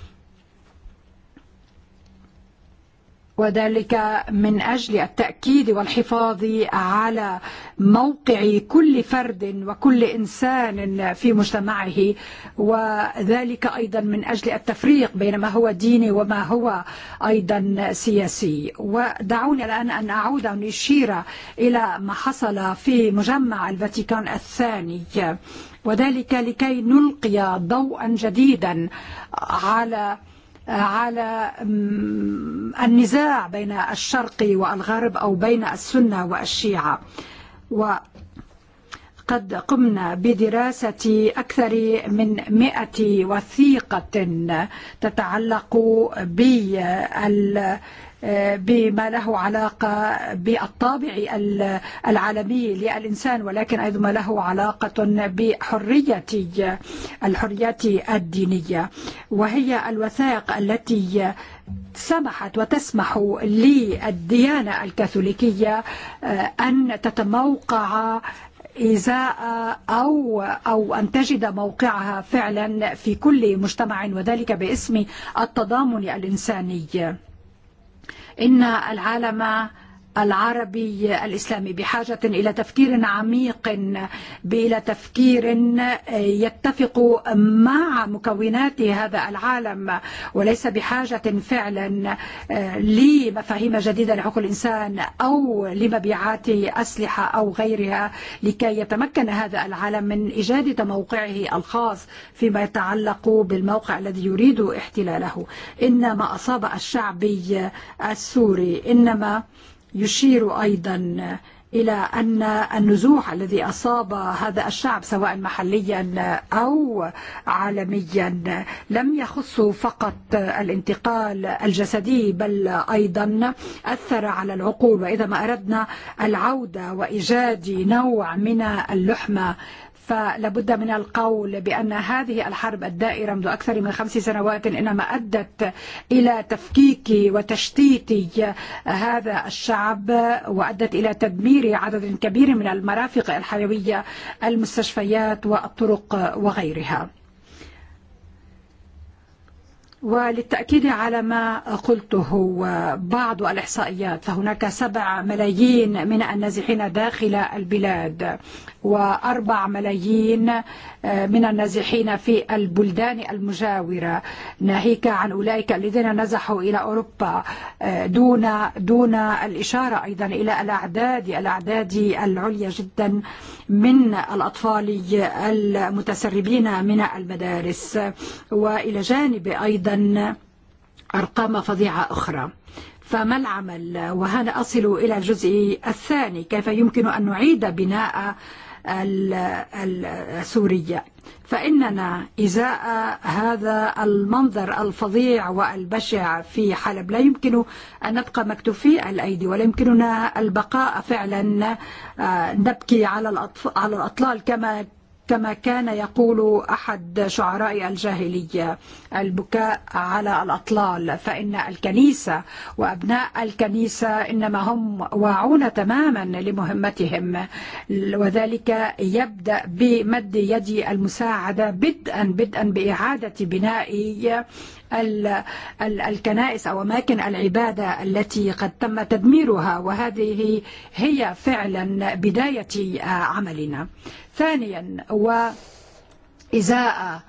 وذلك من أجل التأكيد والحفاظ على موقع كل فرد وكل إنسان في مجتمعه وذلك أيضا من أجل التفريق بين ما هو ديني وما هو أيضا سياسي ودعوني الآن أن أعود أن أشير إلى ما حصل في مجمع الفاتيكان الثاني وذلك لكي نلقي ضوءا جديدا على على النزاع بين الشرق والغرب أو بين السنة والشيعة وقد قمنا بدراسة أكثر من مئة وثيقة تتعلق بالشيعة بما له علاقة بالطابع العالمي للإنسان ولكن أيضا ما له علاقة بحرية الحرية الدينية وهي الوثائق التي سمحت وتسمح للديانة الكاثوليكية أن تتموقع إزاء أو أو أن تجد موقعها فعلا في كل مجتمع وذلك باسم التضامن الإنساني. إن العالم العربي الإسلامي بحاجة إلى تفكير عميق إلى تفكير يتفق مع مكونات هذا العالم وليس بحاجة فعلا لمفاهيم جديدة لحقوق الإنسان أو لمبيعات أسلحة أو غيرها لكي يتمكن هذا العالم من إيجاد موقعه الخاص فيما يتعلق بالموقع الذي يريد احتلاله إنما أصاب الشعبي السوري إنما يشير أيضا إلى أن النزوح الذي أصاب هذا الشعب سواء محليا أو عالميا لم يخص فقط الانتقال الجسدي بل أيضا أثر على العقول وإذا ما أردنا العودة وإيجاد نوع من اللحمة فلا بد من القول بأن هذه الحرب الدائرة منذ أكثر من خمس سنوات إنما أدت إلى تفكيك وتشتيت هذا الشعب وأدت إلى تدمير عدد كبير من المرافق الحيوية المستشفيات والطرق وغيرها وللتأكيد على ما قلته بعض الإحصائيات فهناك سبع ملايين من النازحين داخل البلاد وأربع ملايين من النازحين في البلدان المجاورة ناهيك عن أولئك الذين نزحوا إلى أوروبا دون دون الإشارة أيضا إلى الأعداد الأعداد العليا جدا من الأطفال المتسربين من المدارس وإلى جانب أيضا أرقام فظيعة أخرى فما العمل وهنا أصل إلى الجزء الثاني كيف يمكن أن نعيد بناء السورية فإننا إزاء هذا المنظر الفظيع والبشع في حلب لا يمكن أن نبقى مكتوفي الأيدي ولا يمكننا البقاء فعلا نبكي على الأطلال كما كما كان يقول أحد شعراء الجاهلية البكاء على الأطلال فإن الكنيسة وأبناء الكنيسة إنما هم واعون تماما لمهمتهم وذلك يبدأ بمد يد المساعدة بدءا بدءا بإعادة بناء الكنائس أو أماكن العبادة التي قد تم تدميرها وهذه هي فعلا بداية عملنا ثانيا وإزاء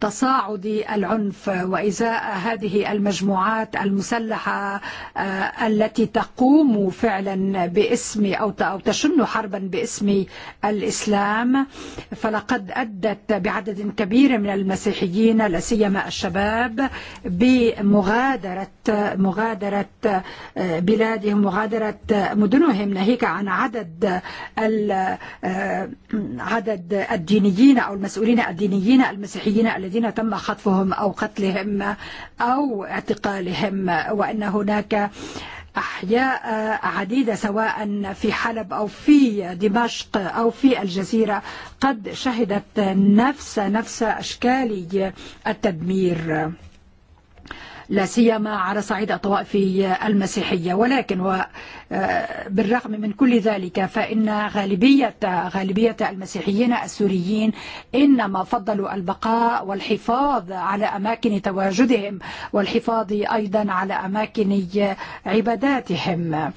تصاعد العنف وإزاء هذه المجموعات المسلحة التي تقوم فعلا باسم أو تشن حربا باسم الإسلام فلقد أدت بعدد كبير من المسيحيين لاسيما الشباب بمغادرة مغادرة بلادهم مغادرة مدنهم ناهيك عن عدد عدد الدينيين أو المسؤولين الدينيين المسيحيين الذين تم خطفهم أو قتلهم أو اعتقالهم وأن هناك أحياء عديدة سواء في حلب أو في دمشق أو في الجزيرة قد شهدت نفس نفس أشكال التدمير. لا سيما على صعيد الطوائف المسيحية ولكن بالرغم من كل ذلك فإن غالبية غالبية المسيحيين السوريين إنما فضلوا البقاء والحفاظ على أماكن تواجدهم والحفاظ أيضا على أماكن عباداتهم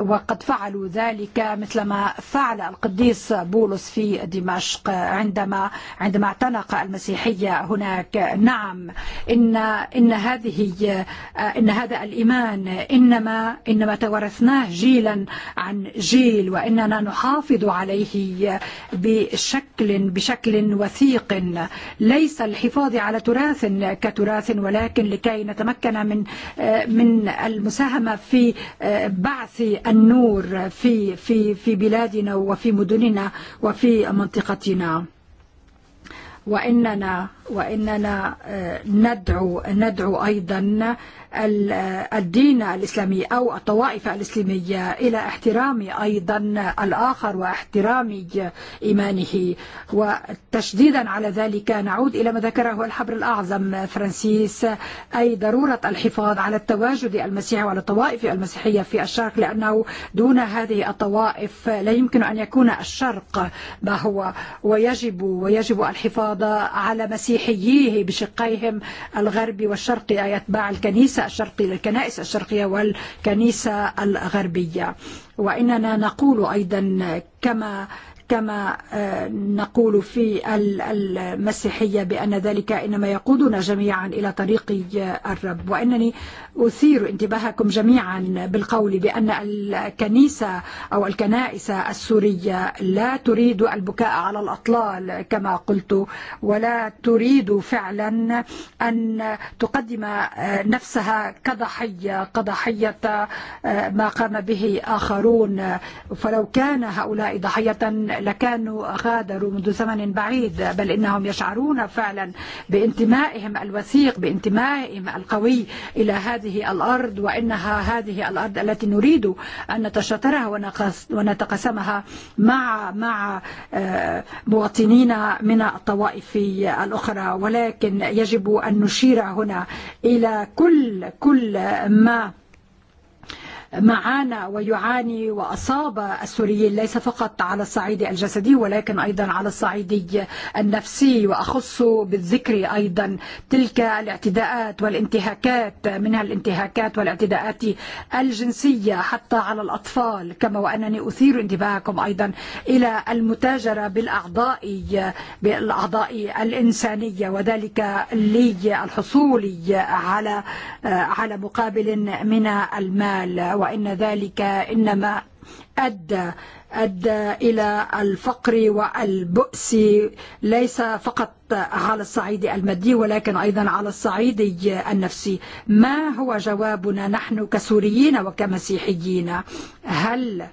وقد فعلوا ذلك مثلما فعل القديس بولس في دمشق عندما عندما اعتنق المسيحية هناك نعم إن إن هذه هي إن هذا الإيمان إنما إنما تورثناه جيلا عن جيل وإننا نحافظ عليه بشكل بشكل وثيق ليس الحفاظ على تراث كتراث ولكن لكي نتمكن من من المساهمة في بعث النور في في في بلادنا وفي مدننا وفي منطقتنا وإننا وإننا ندعو ندعو أيضا الدين الإسلامي أو الطوائف الإسلامية إلى احترام أيضا الآخر واحترام إيمانه وتشديدا على ذلك نعود إلى ما ذكره الحبر الأعظم فرانسيس أي ضرورة الحفاظ على التواجد المسيحي وعلى الطوائف المسيحية في الشرق لأنه دون هذه الطوائف لا يمكن أن يكون الشرق ما هو ويجب ويجب الحفاظ على مسيحييه بشقيهم الغربي والشرقي أي أتباع الكنيسة الكنيسة الشرقية الكنائس الشرقية والكنيسة الغربية وإننا نقول أيضا كما كما نقول في المسيحية بأن ذلك إنما يقودنا جميعا إلى طريق الرب وأنني أثير انتباهكم جميعا بالقول بأن الكنيسة أو الكنائس السورية لا تريد البكاء على الأطلال كما قلت ولا تريد فعلا أن تقدم نفسها كضحية كضحية ما قام به آخرون فلو كان هؤلاء ضحية لكانوا غادروا منذ زمن بعيد بل إنهم يشعرون فعلا بانتمائهم الوثيق بانتمائهم القوي إلى هذه الأرض وإنها هذه الأرض التي نريد أن نتشاطرها ونتقسمها مع مع مواطنين من الطوائف الأخرى ولكن يجب أن نشير هنا إلى كل كل ما معانا ويعاني وأصاب السوريين ليس فقط على الصعيد الجسدي ولكن أيضا على الصعيد النفسي وأخص بالذكر أيضا تلك الاعتداءات والانتهاكات منها الانتهاكات والاعتداءات الجنسية حتى على الأطفال كما وأنني أثير انتباهكم أيضا إلى المتاجرة بالأعضاء بالأعضاء الإنسانية وذلك للحصول على على مقابل من المال وإن ذلك إنما أدى أدى إلى الفقر والبؤس ليس فقط على الصعيد المادي ولكن أيضا على الصعيد النفسي ما هو جوابنا نحن كسوريين وكمسيحيين هل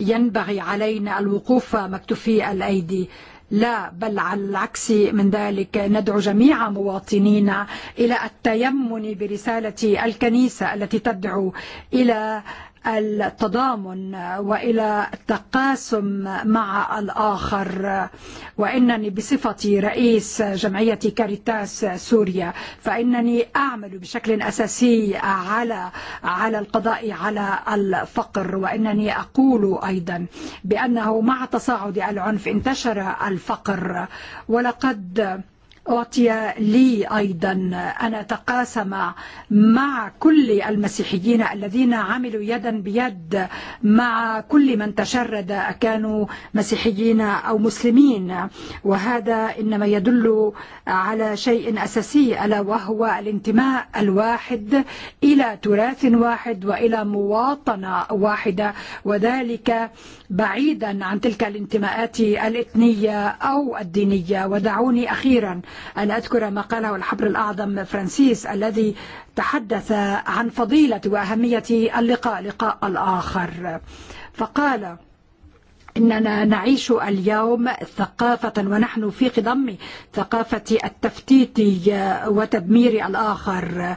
ينبغي علينا الوقوف مكتفي الأيدي لا بل على العكس من ذلك ندعو جميع مواطنينا إلى التيمن برسالة الكنيسة التي تدعو إلى التضامن وإلى التقاسم مع الآخر وإنني بصفتي رئيس جمعية كاريتاس سوريا فإنني أعمل بشكل أساسي على على القضاء على الفقر وإنني أقول أيضا بأنه مع تصاعد العنف انتشر الفقر ولقد أعطي لي أيضا أنا تقاسم مع كل المسيحيين الذين عملوا يدا بيد مع كل من تشرد كانوا مسيحيين أو مسلمين وهذا إنما يدل على شيء أساسي ألا وهو الانتماء الواحد إلى تراث واحد وإلى مواطنة واحدة وذلك بعيدا عن تلك الانتماءات الإثنية أو الدينية ودعوني أخيرا أن أذكر ما قاله الحبر الأعظم فرانسيس الذي تحدث عن فضيلة وأهمية اللقاء لقاء الآخر فقال إننا نعيش اليوم ثقافة ونحن في قضم ثقافة التفتيت وتدمير الآخر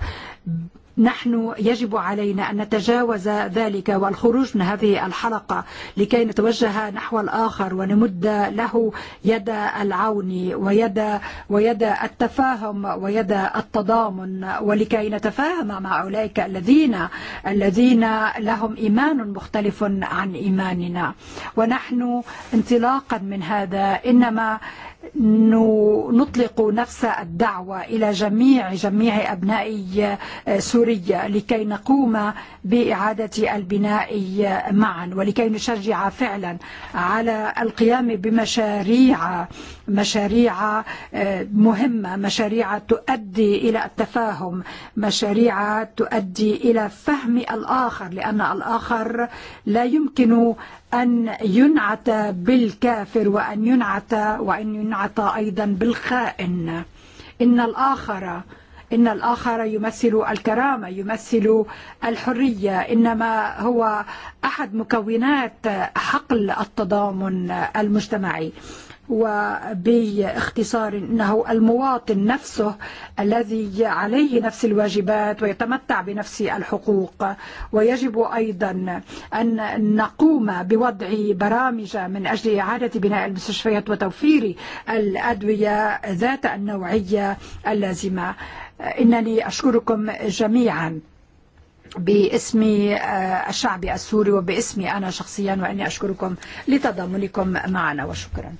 نحن يجب علينا أن نتجاوز ذلك والخروج من هذه الحلقة لكي نتوجه نحو الآخر ونمد له يد العون ويد ويد التفاهم ويد التضامن ولكي نتفاهم مع أولئك الذين الذين لهم إيمان مختلف عن إيماننا ونحن انطلاقا من هذا إنما نطلق نفس الدعوة إلى جميع جميع أبناء سوريا لكي نقوم بإعادة البناء معا ولكي نشجع فعلا على القيام بمشاريع مشاريع مهمة مشاريع تؤدي إلى التفاهم مشاريع تؤدي إلى فهم الآخر لأن الآخر لا يمكن أن ينعت بالكافر وأن ينعت وأن ينعت أيضا بالخائن إن الآخر إن الآخر يمثل الكرامة يمثل الحرية إنما هو أحد مكونات حقل التضامن المجتمعي وباختصار أنه المواطن نفسه الذي عليه نفس الواجبات ويتمتع بنفس الحقوق ويجب أيضا أن نقوم بوضع برامج من أجل إعادة بناء المستشفيات وتوفير الأدوية ذات النوعية اللازمة إنني أشكركم جميعا باسم الشعب السوري وباسمي أنا شخصيا وأني أشكركم لتضامنكم معنا وشكرا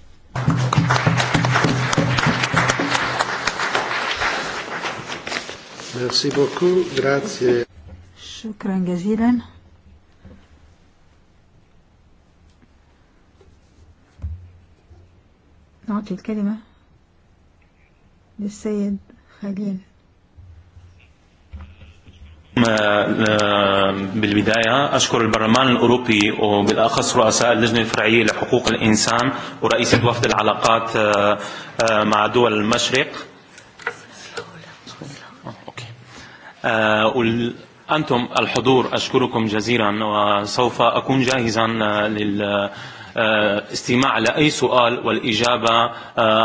Merci beaucoup, grazie. شكرا جزيلا. نعطي الكلمة للسيد خليل بالبداية أشكر البرلمان الأوروبي وبالأخص رؤساء اللجنة الفرعية لحقوق الإنسان ورئيسة وفد العلاقات مع دول المشرق أنتم الحضور أشكركم جزيلا وسوف أكون جاهزا لل استماع لأي سؤال والإجابة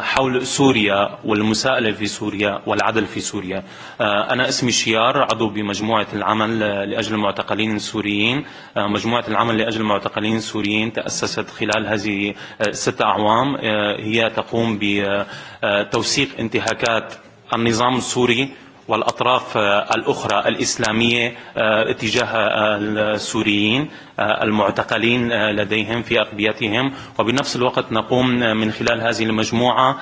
حول سوريا والمساءلة في سوريا والعدل في سوريا أنا اسمي شيار عضو بمجموعة العمل لأجل المعتقلين السوريين مجموعة العمل لأجل المعتقلين السوريين تأسست خلال هذه ستة أعوام هي تقوم بتوثيق انتهاكات النظام السوري والأطراف الأخرى الإسلامية اتجاه السوريين المعتقلين لديهم في أقبيتهم وبنفس الوقت نقوم من خلال هذه المجموعة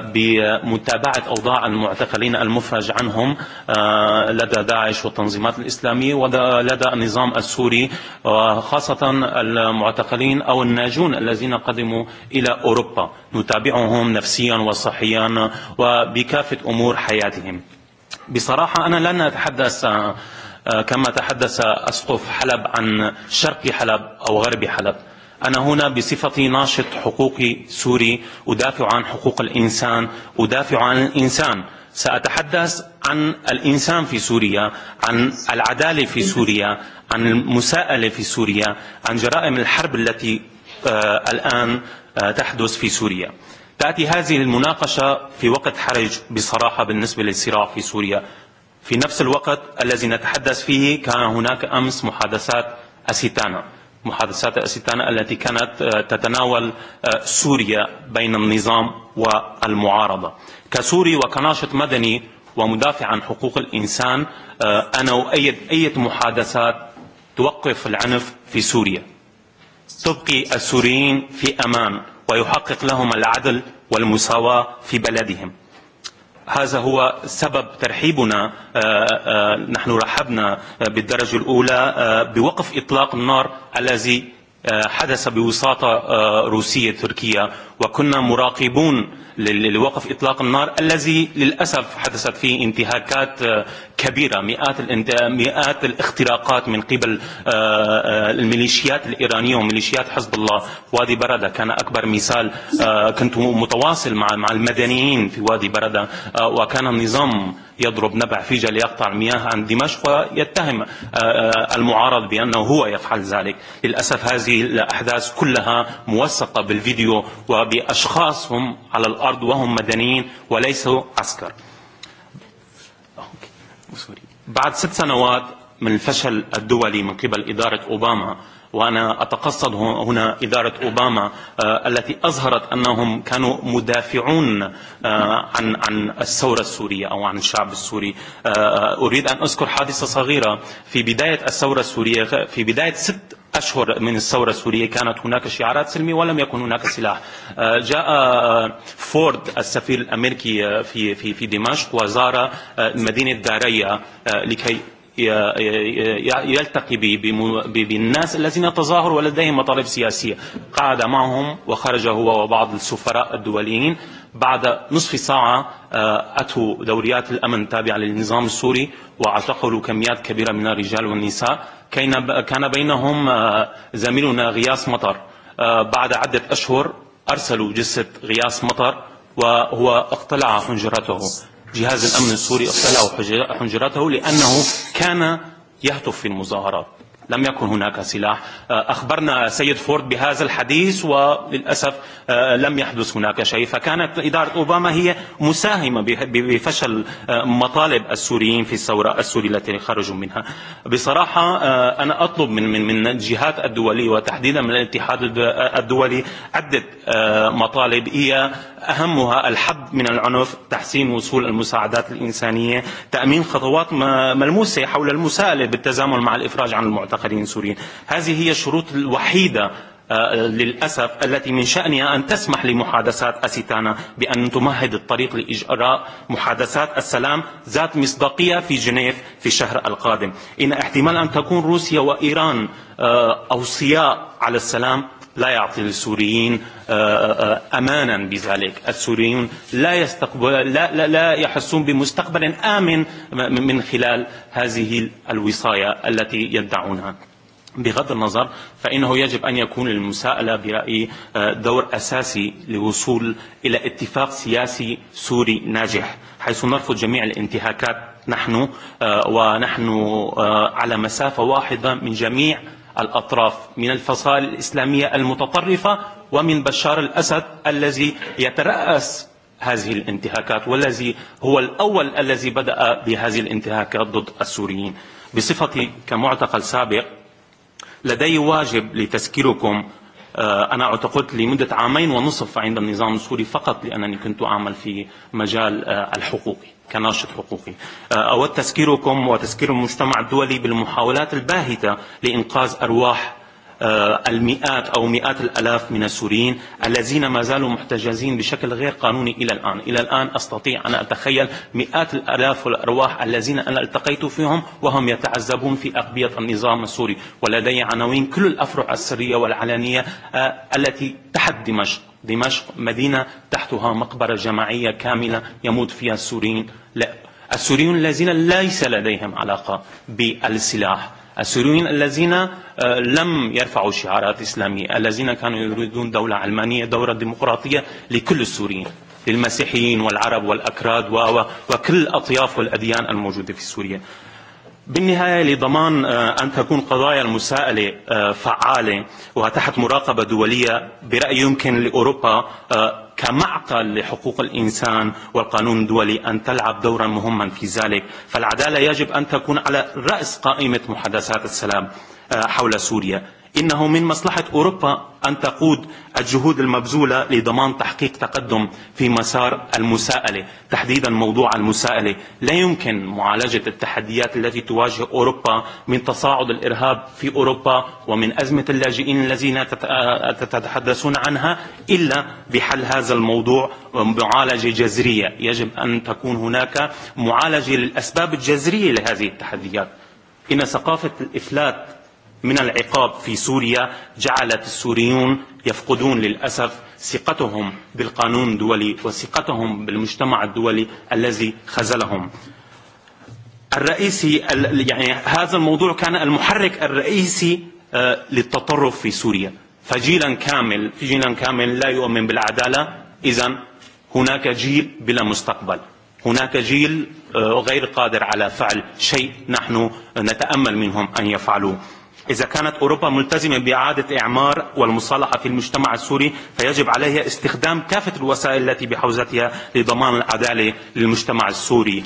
بمتابعة أوضاع المعتقلين المفرج عنهم لدى داعش والتنظيمات الإسلامية ولدى النظام السوري خاصة المعتقلين أو الناجون الذين قدموا إلى أوروبا نتابعهم نفسيا وصحيا وبكافة أمور حياتهم بصراحة أنا لن أتحدث كما تحدث أسقف حلب عن شرق حلب أو غرب حلب أنا هنا بصفتي ناشط حقوقي سوري أدافع عن حقوق الإنسان أدافع عن الإنسان سأتحدث عن الإنسان في سوريا عن العدالة في سوريا عن المساءلة في سوريا عن جرائم الحرب التي الآن تحدث في سوريا تأتي هذه المناقشة في وقت حرج بصراحة بالنسبة للصراع في سوريا في نفس الوقت الذي نتحدث فيه كان هناك أمس محادثات أسيتانا محادثات أسيتانا التي كانت تتناول سوريا بين النظام والمعارضة كسوري وكناشط مدني ومدافع عن حقوق الإنسان أنا أؤيد أي محادثات توقف العنف في سوريا تبقي السوريين في أمان ويحقق لهم العدل والمساواة في بلدهم هذا هو سبب ترحيبنا نحن رحبنا بالدرجة الأولى بوقف إطلاق النار الذي حدث بوساطة روسية تركية وكنا مراقبون لوقف إطلاق النار الذي للأسف حدثت فيه انتهاكات كبيرة مئات, الانت... مئات الاختراقات من قبل الميليشيات الإيرانية وميليشيات حزب الله في وادي بردة كان أكبر مثال كنت متواصل مع المدنيين في وادي بردة وكان النظام يضرب نبع في جل يقطع المياه عن دمشق ويتهم المعارض بأنه هو يفعل ذلك للأسف هذه الأحداث كلها موثقة بالفيديو وبأشخاص هم على الأرض وهم مدنيين وليسوا عسكر بعد ست سنوات من الفشل الدولي من قبل إدارة أوباما وأنا أتقصد هنا إدارة أوباما التي أظهرت أنهم كانوا مدافعون عن عن الثورة السورية أو عن الشعب السوري أريد أن أذكر حادثة صغيرة في بداية الثورة السورية في بداية ست أشهر من الثورة السورية كانت هناك شعارات سلمية ولم يكن هناك سلاح جاء فورد السفير الأمريكي في في في دمشق وزار مدينة دارية لكي يلتقي بالناس الذين تظاهروا ولديهم مطالب سياسية قعد معهم وخرج هو وبعض السفراء الدوليين بعد نصف ساعة أتوا دوريات الأمن التابعة للنظام السوري واعتقلوا كميات كبيرة من الرجال والنساء كان بينهم زميلنا غياس مطر بعد عدة أشهر أرسلوا جثة غياس مطر وهو اقتلع حنجرته جهاز الأمن السوري أرسله حجراته لأنه كان يهتف في المظاهرات لم يكن هناك سلاح أخبرنا سيد فورد بهذا الحديث وللأسف لم يحدث هناك شيء فكانت إدارة أوباما هي مساهمة بفشل مطالب السوريين في الثورة السورية التي خرجوا منها بصراحة أنا أطلب من من من الجهات الدولية وتحديدا من الاتحاد الدولي عدة مطالب هي أهمها الحد من العنف تحسين وصول المساعدات الإنسانية تأمين خطوات ملموسة حول المساءلة بالتزامن مع الإفراج عن المعتقل معتقلين سوريين هذه هي الشروط الوحيدة للأسف التي من شأنها أن تسمح لمحادثات أسيتانا بأن تمهد الطريق لإجراء محادثات السلام ذات مصداقية في جنيف في الشهر القادم إن احتمال أن تكون روسيا وإيران أوصياء على السلام لا يعطي للسوريين أمانا بذلك السوريون لا, يستقبل لا, لا, لا يحسون بمستقبل آمن من خلال هذه الوصاية التي يدعونها بغض النظر فإنه يجب أن يكون المساءلة برأيي دور أساسي لوصول إلى اتفاق سياسي سوري ناجح حيث نرفض جميع الانتهاكات نحن ونحن على مسافة واحدة من جميع الأطراف من الفصائل الإسلامية المتطرفة ومن بشار الأسد الذي يترأس هذه الانتهاكات والذي هو الأول الذي بدأ بهذه الانتهاكات ضد السوريين بصفتي كمعتقل سابق لدي واجب لتذكيركم أنا اعتقلت لمدة عامين ونصف عند النظام السوري فقط لأنني كنت أعمل في مجال الحقوقي كناشط حقوقي أود تذكيركم وتذكير المجتمع الدولي بالمحاولات الباهتة لإنقاذ أرواح المئات أو مئات الألاف من السوريين الذين ما زالوا محتجزين بشكل غير قانوني إلى الآن إلى الآن أستطيع أن أتخيل مئات الألاف والأرواح الذين أنا التقيت فيهم وهم يتعذبون في أقبية النظام السوري ولدي عناوين كل الأفرع السرية والعلانية التي تحت دمشق دمشق مدينة تحتها مقبرة جماعية كاملة يموت فيها السوريين لا السوريون الذين ليس لديهم علاقة بالسلاح السوريين الذين لم يرفعوا شعارات إسلامية الذين كانوا يريدون دولة علمانية دورة ديمقراطية لكل السوريين للمسيحيين والعرب والأكراد وكل أطياف والأديان الموجودة في سوريا بالنهاية لضمان أن تكون قضايا المسائلة فعالة وتحت مراقبة دولية برأي يمكن لأوروبا كمعقل لحقوق الإنسان والقانون الدولي أن تلعب دورا مهما في ذلك فالعدالة يجب أن تكون على رأس قائمة محادثات السلام حول سوريا إنه من مصلحة أوروبا أن تقود الجهود المبذولة لضمان تحقيق تقدم في مسار المساءلة تحديدا موضوع المساءلة لا يمكن معالجة التحديات التي تواجه أوروبا من تصاعد الإرهاب في أوروبا ومن أزمة اللاجئين الذين تتحدثون عنها إلا بحل هذا الموضوع معالجة جذرية يجب أن تكون هناك معالجة للأسباب الجذرية لهذه التحديات إن ثقافة الإفلات من العقاب في سوريا جعلت السوريون يفقدون للأسف ثقتهم بالقانون الدولي وثقتهم بالمجتمع الدولي الذي خزلهم الرئيسي يعني هذا الموضوع كان المحرك الرئيسي للتطرف في سوريا فجيلا كامل جيلا كامل لا يؤمن بالعدالة إذا هناك جيل بلا مستقبل هناك جيل غير قادر على فعل شيء نحن نتأمل منهم أن يفعلوه إذا كانت أوروبا ملتزمة بإعادة إعمار والمصالحة في المجتمع السوري فيجب عليها استخدام كافة الوسائل التي بحوزتها لضمان العدالة للمجتمع السوري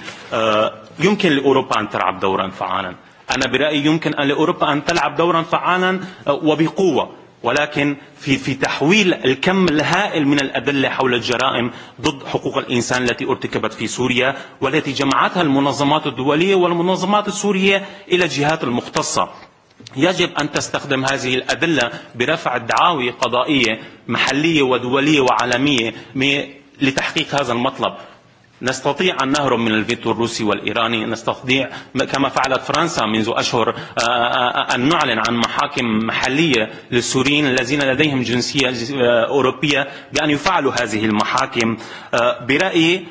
يمكن لأوروبا أن تلعب دورا فعالا أنا برأيي يمكن أن لأوروبا أن تلعب دورا فعالا وبقوة ولكن في في تحويل الكم الهائل من الأدلة حول الجرائم ضد حقوق الإنسان التي ارتكبت في سوريا والتي جمعتها المنظمات الدولية والمنظمات السورية إلى الجهات المختصة يجب أن تستخدم هذه الأدلة برفع الدعاوي قضائية محلية ودولية وعالمية لتحقيق هذا المطلب نستطيع أن نهرب من الفيتو الروسي والإيراني نستطيع كما فعلت فرنسا منذ أشهر أن نعلن عن محاكم محلية للسوريين الذين لديهم جنسية أوروبية بأن يفعلوا هذه المحاكم برأيي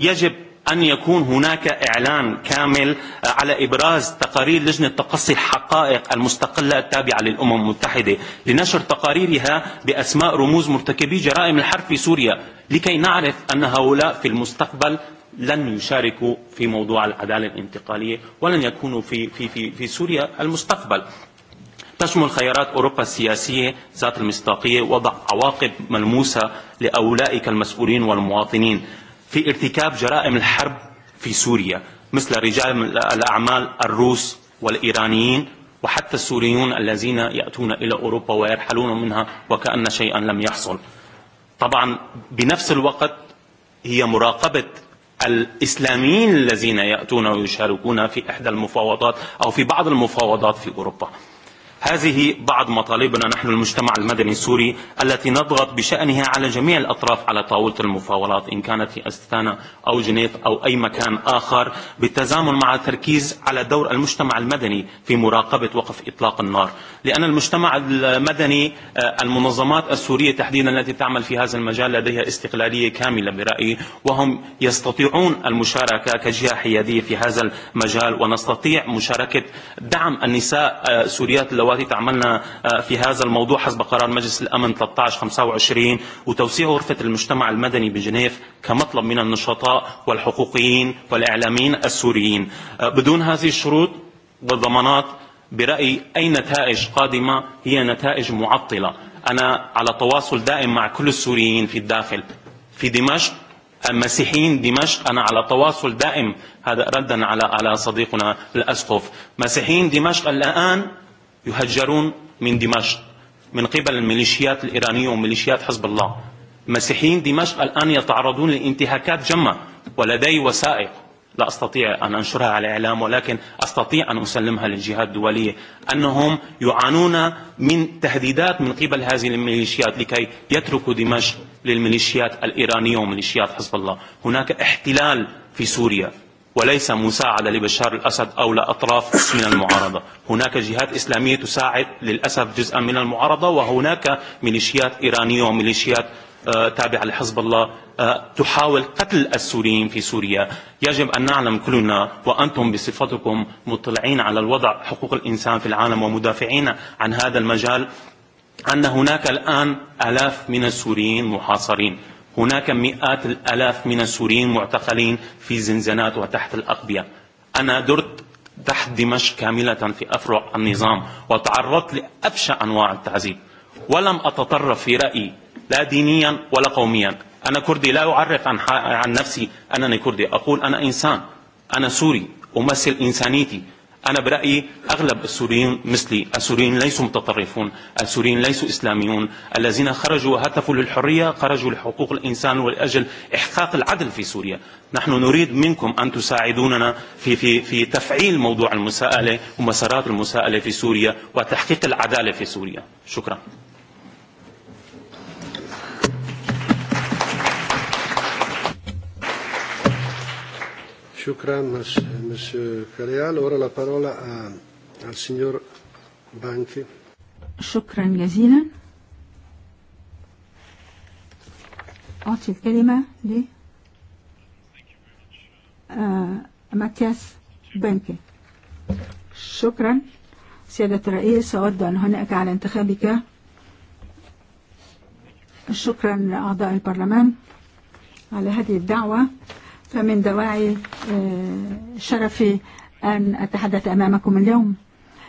يجب أن يكون هناك إعلان كامل على إبراز تقارير لجنة تقصي الحقائق المستقلة التابعة للأمم المتحدة لنشر تقاريرها بأسماء رموز مرتكبي جرائم الحرب في سوريا لكي نعرف أن هؤلاء في المستقبل لن يشاركوا في موضوع العدالة الانتقالية ولن يكونوا في, في, في, في سوريا المستقبل تشمل خيارات أوروبا السياسية ذات المصداقية وضع عواقب ملموسة لأولئك المسؤولين والمواطنين في ارتكاب جرائم الحرب في سوريا مثل رجال الأعمال الروس والإيرانيين وحتى السوريون الذين يأتون إلى أوروبا ويرحلون منها وكأن شيئا لم يحصل طبعا بنفس الوقت هي مراقبة الإسلاميين الذين يأتون ويشاركون في إحدى المفاوضات أو في بعض المفاوضات في أوروبا هذه بعض مطالبنا نحن المجتمع المدني السوري التي نضغط بشأنها على جميع الأطراف على طاولة المفاولات إن كانت في أستانا أو جنيف أو أي مكان آخر بالتزامن مع التركيز على دور المجتمع المدني في مراقبة وقف إطلاق النار لأن المجتمع المدني المنظمات السورية تحديدا التي تعمل في هذا المجال لديها استقلالية كاملة برأيي وهم يستطيعون المشاركة كجهة حيادية في هذا المجال ونستطيع مشاركة دعم النساء سوريات اللواتي التي تعملنا في هذا الموضوع حسب قرار مجلس الأمن 1325 وتوسيع غرفة المجتمع المدني بجنيف كمطلب من النشطاء والحقوقيين والإعلاميين السوريين بدون هذه الشروط والضمانات برأيي أي نتائج قادمة هي نتائج معطلة أنا على تواصل دائم مع كل السوريين في الداخل في دمشق المسيحيين دمشق أنا على تواصل دائم هذا ردا على على صديقنا الأسقف مسيحيين دمشق الآن يهجرون من دمشق من قبل الميليشيات الإيرانية وميليشيات حزب الله مسيحيين دمشق الآن يتعرضون لانتهاكات جمع ولدي وسائق لا أستطيع أن أنشرها على الإعلام ولكن أستطيع أن أسلمها للجهات الدولية أنهم يعانون من تهديدات من قبل هذه الميليشيات لكي يتركوا دمشق للميليشيات الإيرانية وميليشيات حزب الله هناك احتلال في سوريا وليس مساعدة لبشار الأسد أو لأطراف من المعارضة هناك جهات إسلامية تساعد للأسف جزءا من المعارضة وهناك ميليشيات إيرانية وميليشيات تابعة لحزب الله تحاول قتل السوريين في سوريا يجب أن نعلم كلنا وأنتم بصفتكم مطلعين على الوضع حقوق الإنسان في العالم ومدافعين عن هذا المجال أن هناك الآن ألاف من السوريين محاصرين هناك مئات الالاف من السوريين معتقلين في زنزانات وتحت الاقبيه انا درت تحت دمشق كامله في افرع النظام وتعرضت لابشع انواع التعذيب ولم اتطرف في رايي لا دينيا ولا قوميا انا كردي لا اعرف عن, عن نفسي انني كردي اقول انا انسان انا سوري امثل انسانيتي أنا برأيي أغلب السوريين مثلي السوريين ليسوا متطرفون السوريين ليسوا إسلاميون الذين خرجوا وهتفوا للحرية خرجوا لحقوق الإنسان والأجل إحقاق العدل في سوريا نحن نريد منكم أن تساعدوننا في, في, في تفعيل موضوع المساءلة ومسارات المساءلة في سوريا وتحقيق العدالة في سوريا شكرا Shukran, Monsieur eh, Kaleal. Ora la parola a, al signor Banchi. شكرا جزيلا أعطي الكلمة ل ماتياس بنكي Shukran. سيادة الرئيس أود أن هنأك على انتخابك شكرا لأعضاء البرلمان على هذه الدعوة فمن دواعي شرفي أن أتحدث أمامكم اليوم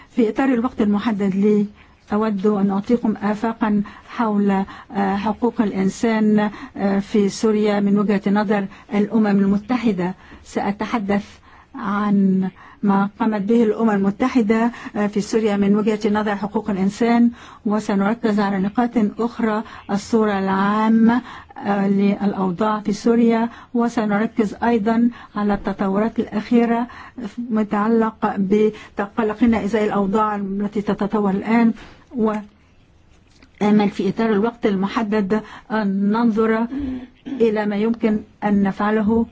في إطار الوقت المحدد لي أود أن أعطيكم آفاقا حول حقوق الإنسان في سوريا من وجهة نظر الأمم المتحدة سأتحدث عن ما قامت به الأمم المتحدة في سوريا من وجهة نظر حقوق الإنسان وسنركز على نقاط أخرى الصورة العامة للأوضاع في سوريا وسنركز أيضا على التطورات الأخيرة متعلقة بتقلقنا إزاء الأوضاع التي تتطور الآن و آمل في إطار الوقت المحدد أن ننظر إلى ما يمكن أن نفعله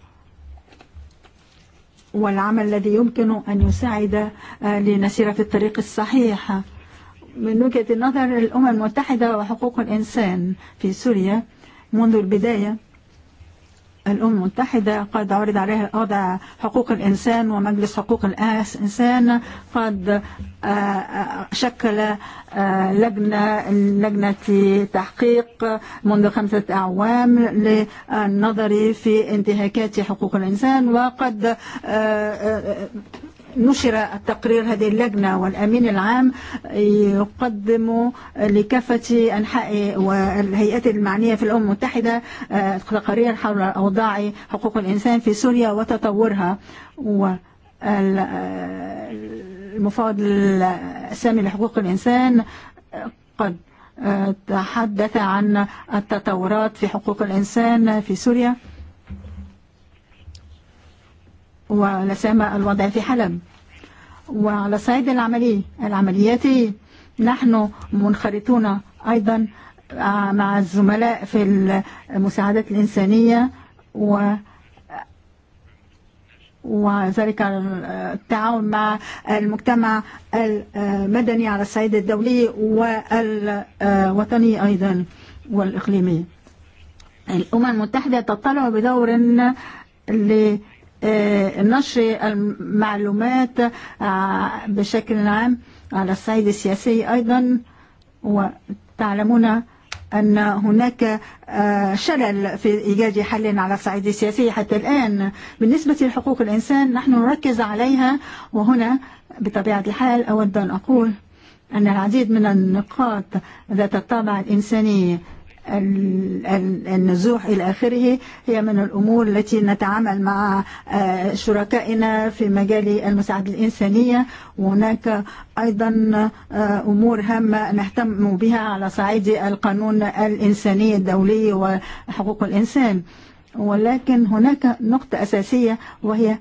والعمل الذي يمكن أن يساعد لنسير في الطريق الصحيح من وجهة نظر الأمم المتحدة وحقوق الإنسان في سوريا منذ البداية الأمم المتحدة قد عرض عليها وضع حقوق الإنسان ومجلس حقوق الإنسان قد شكل لجنة لجنة تحقيق منذ خمسة أعوام للنظر في انتهاكات حقوق الإنسان وقد نشر التقرير هذه اللجنة والأمين العام يقدم لكافة أنحاء والهيئات المعنية في الأمم المتحدة تقارير حول أوضاع حقوق الإنسان في سوريا وتطورها و المفاوض السامي لحقوق الإنسان قد تحدث عن التطورات في حقوق الإنسان في سوريا ونسامة الوضع في حلب وعلى الصعيد العملي العملياتي نحن منخرطون أيضا مع الزملاء في المساعدات الإنسانية و وذلك التعاون مع المجتمع المدني على الصعيد الدولي والوطني أيضا والإقليمي الأمم المتحدة تطلع بدور نشر المعلومات بشكل عام على الصعيد السياسي أيضا وتعلمون أن هناك شلل في إيجاد حل على الصعيد السياسي حتى الآن بالنسبة لحقوق الإنسان نحن نركز عليها وهنا بطبيعة الحال أود أن أقول أن العديد من النقاط ذات الطابع الإنساني النزوح إلى آخره هي من الأمور التي نتعامل مع شركائنا في مجال المساعدة الإنسانية وهناك أيضا أمور هامة نهتم بها على صعيد القانون الإنساني الدولي وحقوق الإنسان ولكن هناك نقطة أساسية وهي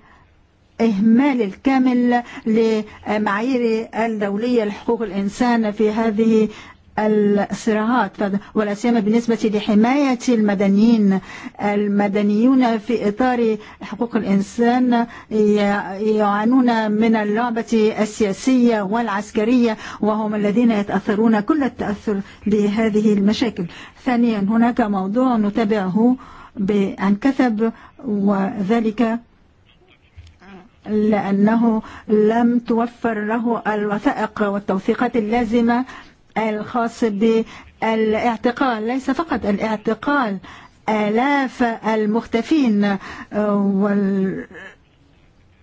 إهمال الكامل لمعايير الدولية لحقوق الإنسان في هذه الصراعات ولا سيما بالنسبة لحماية المدنيين المدنيون في إطار حقوق الإنسان يعانون من اللعبة السياسية والعسكرية وهم الذين يتأثرون كل التأثر لهذه المشاكل ثانيا هناك موضوع نتابعه عن كثب وذلك لأنه لم توفر له الوثائق والتوثيقات اللازمة الخاص بالاعتقال ليس فقط الاعتقال آلاف المختفين وال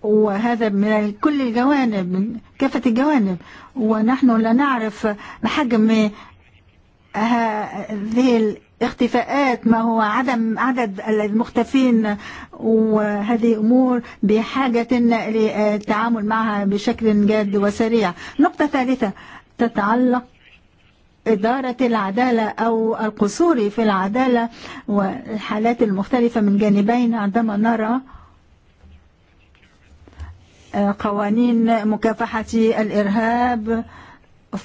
وهذا من كل الجوانب من كافة الجوانب ونحن لا نعرف حجم هذه الاختفاءات ما هو عدم عدد المختفين وهذه أمور بحاجة للتعامل معها بشكل جاد وسريع نقطة ثالثة تتعلق إدارة العدالة أو القصور في العدالة والحالات المختلفة من جانبين عندما نرى قوانين مكافحة الإرهاب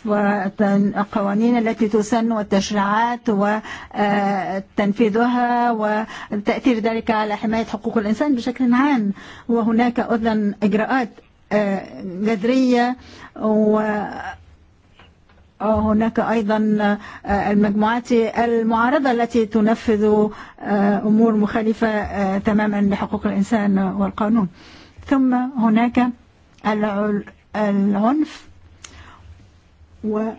وقوانين التي تسن والتشريعات وتنفيذها وتأثير ذلك على حماية حقوق الإنسان بشكل عام وهناك أيضا إجراءات جذرية و هناك أيضا المجموعات المعارضة التي تنفذ أمور مخالفة تماما لحقوق الإنسان والقانون ثم هناك العنف و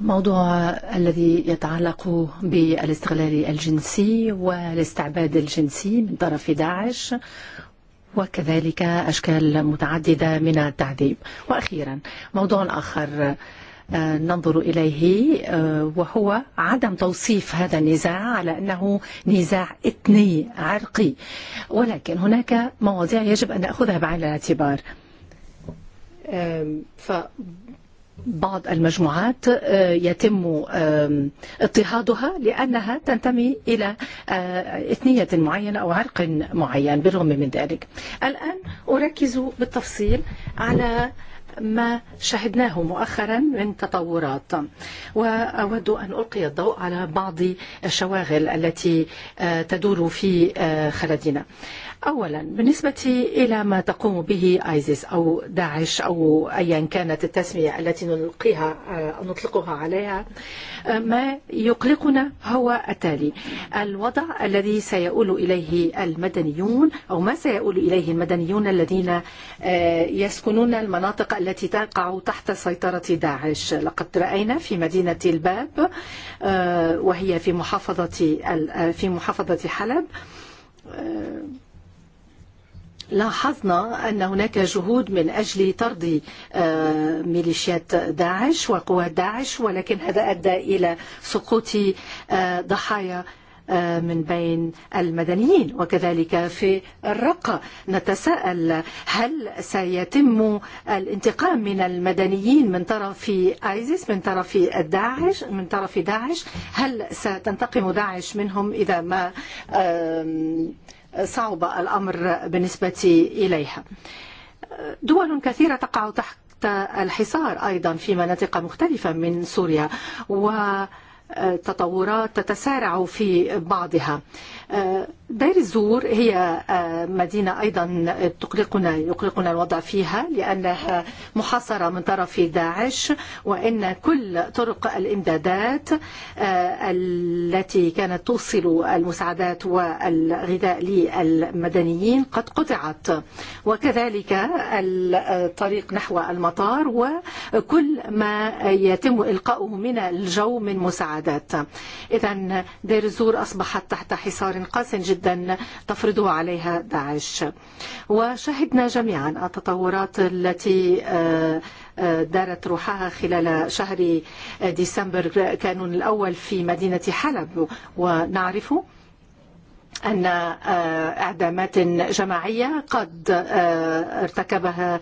موضوع الذي يتعلق بالاستغلال الجنسي والاستعباد الجنسي من طرف داعش وكذلك أشكال متعددة من التعذيب وأخيرا موضوع آخر ننظر إليه وهو عدم توصيف هذا النزاع على أنه نزاع إثني عرقي ولكن هناك مواضيع يجب أن نأخذها بعين الاعتبار ف بعض المجموعات يتم اضطهادها لأنها تنتمي إلى إثنية معينة أو عرق معين بالرغم من ذلك الآن أركز بالتفصيل على ما شهدناه مؤخرا من تطورات وأود أن ألقي الضوء على بعض الشواغل التي تدور في خلدنا أولا بالنسبة إلى ما تقوم به آيزيس أو داعش أو أيا كانت التسمية التي نلقيها نطلقها عليها ما يقلقنا هو التالي الوضع الذي سيؤول إليه المدنيون أو ما سيؤول إليه المدنيون الذين يسكنون المناطق التي تقع تحت سيطرة داعش لقد رأينا في مدينة الباب وهي في محافظة في محافظة حلب لاحظنا أن هناك جهود من أجل طرد ميليشيات داعش وقوى داعش ولكن هذا أدى إلى سقوط ضحايا من بين المدنيين وكذلك في الرقة نتساءل هل سيتم الانتقام من المدنيين من طرف ايزيس من طرف داعش من طرف داعش هل ستنتقم داعش منهم اذا ما صعب الأمر بالنسبة إليها دول كثيرة تقع تحت الحصار أيضا في مناطق مختلفة من سوريا وتطورات تتسارع في بعضها دير الزور هي مدينة أيضا تقلقنا يقلقنا الوضع فيها لأنها محاصرة من طرف داعش وإن كل طرق الإمدادات التي كانت توصل المساعدات والغذاء للمدنيين قد قطعت وكذلك الطريق نحو المطار وكل ما يتم إلقاؤه من الجو من مساعدات إذا دير الزور أصبحت تحت حصار قاس جدا تفرضه عليها داعش وشهدنا جميعا التطورات التي دارت روحها خلال شهر ديسمبر كانون الأول في مدينة حلب ونعرف أن إعدامات جماعية قد ارتكبها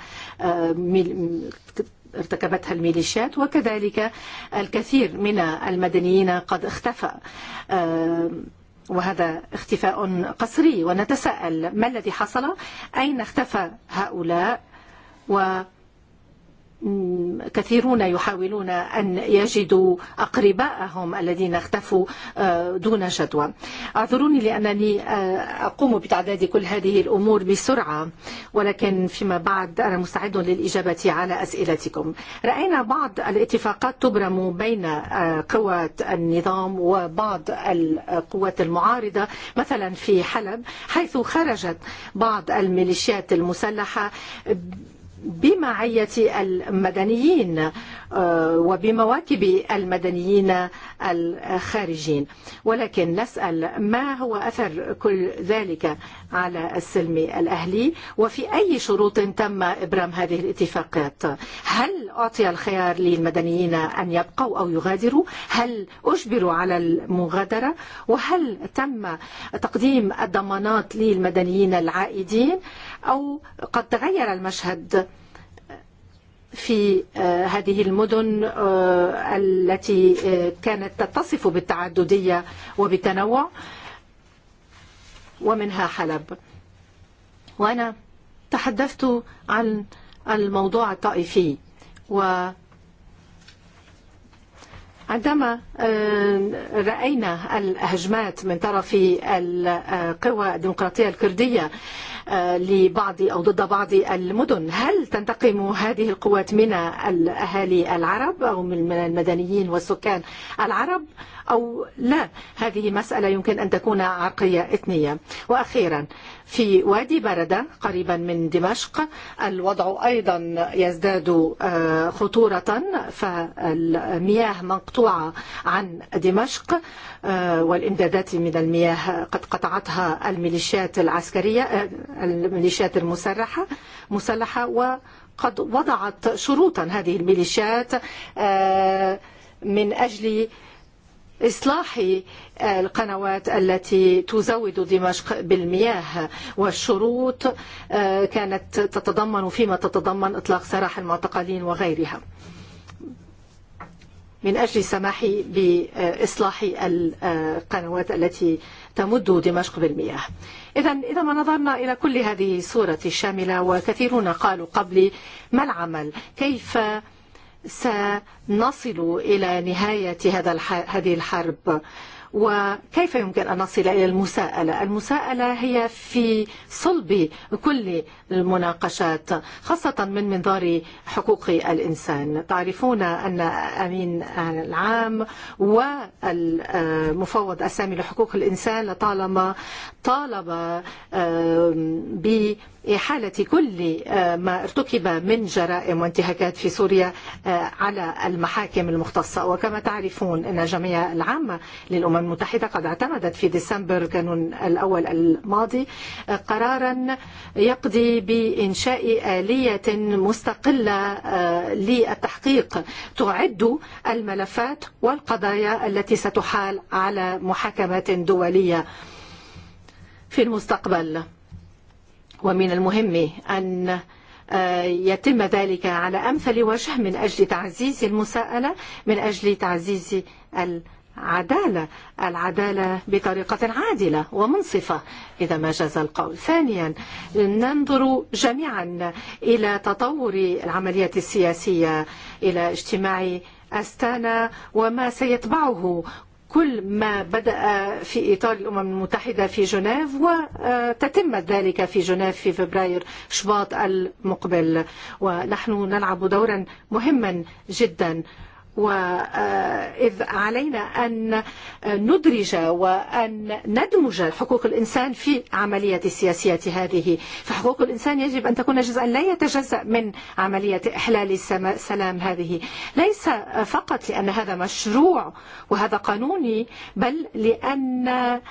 ارتكبتها الميليشيات وكذلك الكثير من المدنيين قد اختفى وهذا اختفاء قصري ونتساءل ما الذي حصل أين اختفى هؤلاء و كثيرون يحاولون أن يجدوا أقرباءهم الذين اختفوا دون شدوى أعذروني لأنني أقوم بتعداد كل هذه الأمور بسرعة ولكن فيما بعد أنا مستعد للإجابة على أسئلتكم رأينا بعض الاتفاقات تبرم بين قوات النظام وبعض القوات المعارضة مثلا في حلب حيث خرجت بعض الميليشيات المسلحة بمعية المدنيين وبمواكب المدنيين الخارجين ولكن نسأل ما هو أثر كل ذلك على السلم الأهلي وفي أي شروط تم إبرام هذه الاتفاقات هل أعطي الخيار للمدنيين أن يبقوا أو يغادروا هل أجبروا على المغادرة وهل تم تقديم الضمانات للمدنيين العائدين أو قد تغير المشهد في هذه المدن التي كانت تتصف بالتعددية وبالتنوع ومنها حلب وأنا تحدثت عن الموضوع الطائفي وعندما رأينا الهجمات من طرف القوى الديمقراطية الكردية لبعض أو ضد بعض المدن هل تنتقم هذه القوات من الأهالي العرب أو من المدنيين والسكان العرب؟ أو لا هذه مسألة يمكن أن تكون عرقية إثنية وأخيرا في وادي بردة قريبا من دمشق الوضع أيضا يزداد خطورة فالمياه مقطوعة عن دمشق والإمدادات من المياه قد قطعتها الميليشيات العسكرية الميليشيات المسرحة مسلحة وقد وضعت شروطا هذه الميليشيات من أجل إصلاح القنوات التي تزود دمشق بالمياه والشروط كانت تتضمن فيما تتضمن إطلاق سراح المعتقلين وغيرها من أجل السماح بإصلاح القنوات التي تمد دمشق بالمياه إذا إذا ما نظرنا إلى كل هذه الصورة الشاملة وكثيرون قالوا قبلي ما العمل كيف سنصل إلى نهاية هذا هذه الحرب وكيف يمكن أن نصل إلى المساءلة المساءلة هي في صلب كل المناقشات خاصة من منظار حقوق الإنسان تعرفون أن أمين العام والمفوض السامي لحقوق الإنسان طالما طالب ب إحالة كل ما ارتكب من جرائم وانتهاكات في سوريا على المحاكم المختصة وكما تعرفون أن جمعية العامة للأمم المتحدة قد اعتمدت في ديسمبر كانون الأول الماضي قرارا يقضي بإنشاء آلية مستقلة للتحقيق تعد الملفات والقضايا التي ستحال على محاكمات دولية في المستقبل ومن المهم أن يتم ذلك على أمثل وجه من أجل تعزيز المساءلة من أجل تعزيز العدالة العدالة بطريقة عادلة ومنصفة إذا ما جاز القول ثانيا ننظر جميعا إلى تطور العملية السياسية إلى اجتماع أستانا وما سيتبعه كل ما بدأ في إطار الأمم المتحدة في جنيف وتتم ذلك في جنيف في فبراير شباط المقبل ونحن نلعب دورا مهما جدا وإذ علينا أن ندرج وأن ندمج حقوق الإنسان في عملية السياسية هذه فحقوق الإنسان يجب أن تكون جزءا لا يتجزأ من عملية إحلال السلام هذه ليس فقط لأن هذا مشروع وهذا قانوني بل لأننا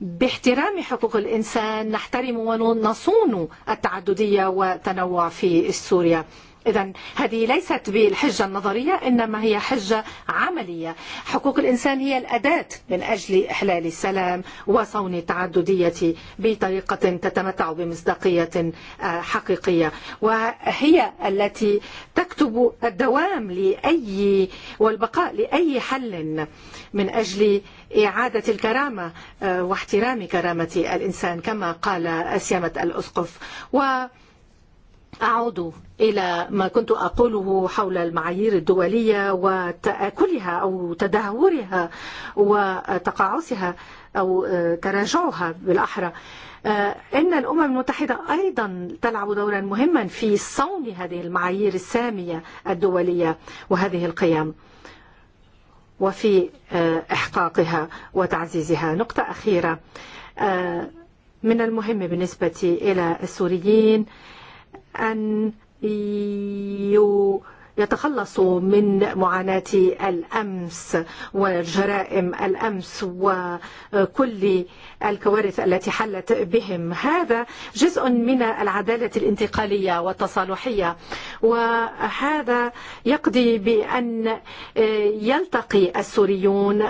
باحترام حقوق الإنسان نحترم ونصون التعددية وتنوع في سوريا إذا هذه ليست بالحجة النظرية إنما هي حجة عملية حقوق الإنسان هي الأداة من أجل إحلال السلام وصون التعددية بطريقة تتمتع بمصداقية حقيقية وهي التي تكتب الدوام لأي والبقاء لأي حل من أجل إعادة الكرامة واحترام كرامة الإنسان كما قال سيامة الأسقف و أعود إلى ما كنت أقوله حول المعايير الدولية وتأكلها أو تدهورها وتقاعسها أو تراجعها بالأحرى إن الأمم المتحدة أيضا تلعب دورا مهما في صون هذه المعايير السامية الدولية وهذه القيم وفي إحقاقها وتعزيزها نقطة أخيرة من المهم بالنسبة إلى السوريين أن يتخلصوا من معاناة الأمس وجرائم الأمس وكل الكوارث التي حلت بهم هذا جزء من العدالة الانتقالية والتصالحية وهذا يقضي بأن يلتقي السوريون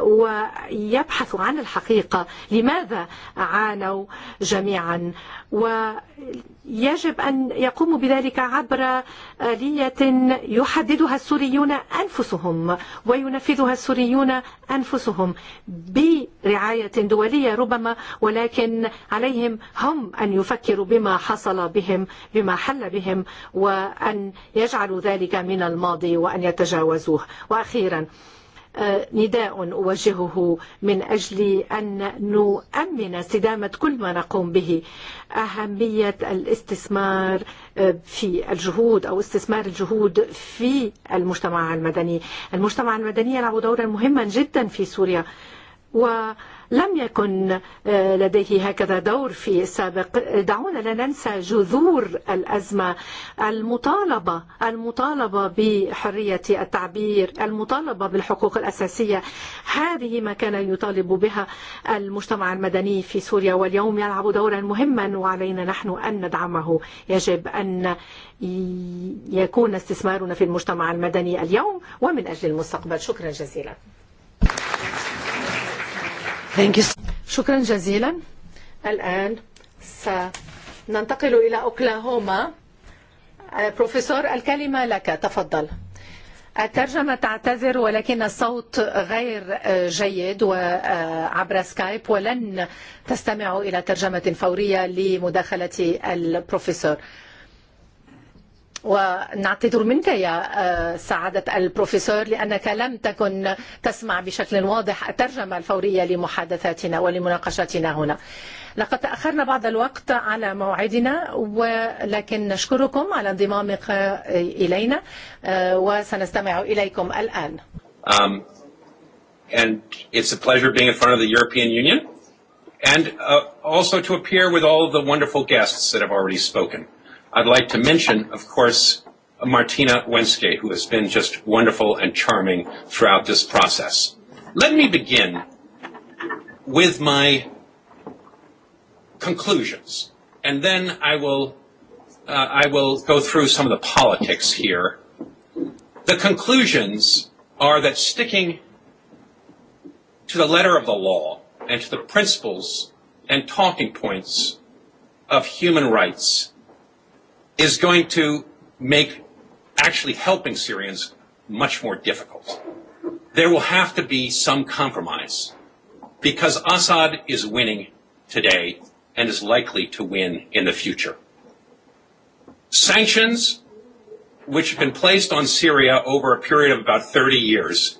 ويبحثوا عن الحقيقة لماذا عانوا جميعا و يجب أن يقوموا بذلك عبر آلية يحددها السوريون أنفسهم وينفذها السوريون أنفسهم برعاية دولية ربما ولكن عليهم هم أن يفكروا بما حصل بهم بما حل بهم وأن يجعلوا ذلك من الماضي وأن يتجاوزوه وأخيرا نداء أوجهه من أجل أن نؤمن استدامة كل ما نقوم به أهمية الاستثمار في الجهود أو استثمار الجهود في المجتمع المدني المجتمع المدني يلعب دورا مهما جدا في سوريا و لم يكن لديه هكذا دور في السابق دعونا لا ننسى جذور الأزمة المطالبة المطالبة بحرية التعبير المطالبة بالحقوق الأساسية هذه ما كان يطالب بها المجتمع المدني في سوريا واليوم يلعب دورا مهما وعلينا نحن أن ندعمه يجب أن يكون استثمارنا في المجتمع المدني اليوم ومن أجل المستقبل شكرا جزيلا Thank you. شكرا جزيلا الآن سننتقل إلى أوكلاهوما بروفيسور الكلمة لك تفضل الترجمة تعتذر ولكن الصوت غير جيد عبر سكايب ولن تستمعوا إلى ترجمة فورية لمداخلة البروفيسور ونعطي دور منك يا سعادة البروفيسور لأنك لم تكن تسمع بشكل واضح الترجمة الفورية لمحادثاتنا ولمناقشاتنا هنا لقد تأخرنا بعض الوقت على موعدنا ولكن نشكركم على انضمامك إلينا وسنستمع إليكم الآن um, and it's a pleasure being in front of the European Union and uh, also to appear with all of the wonderful guests that have already spoken. I'd like to mention, of course, Martina Wednesday, who has been just wonderful and charming throughout this process. Let me begin with my conclusions, and then I will, uh, I will go through some of the politics here. The conclusions are that sticking to the letter of the law and to the principles and talking points of human rights is going to make actually helping Syrians much more difficult. There will have to be some compromise because Assad is winning today and is likely to win in the future. Sanctions, which have been placed on Syria over a period of about 30 years,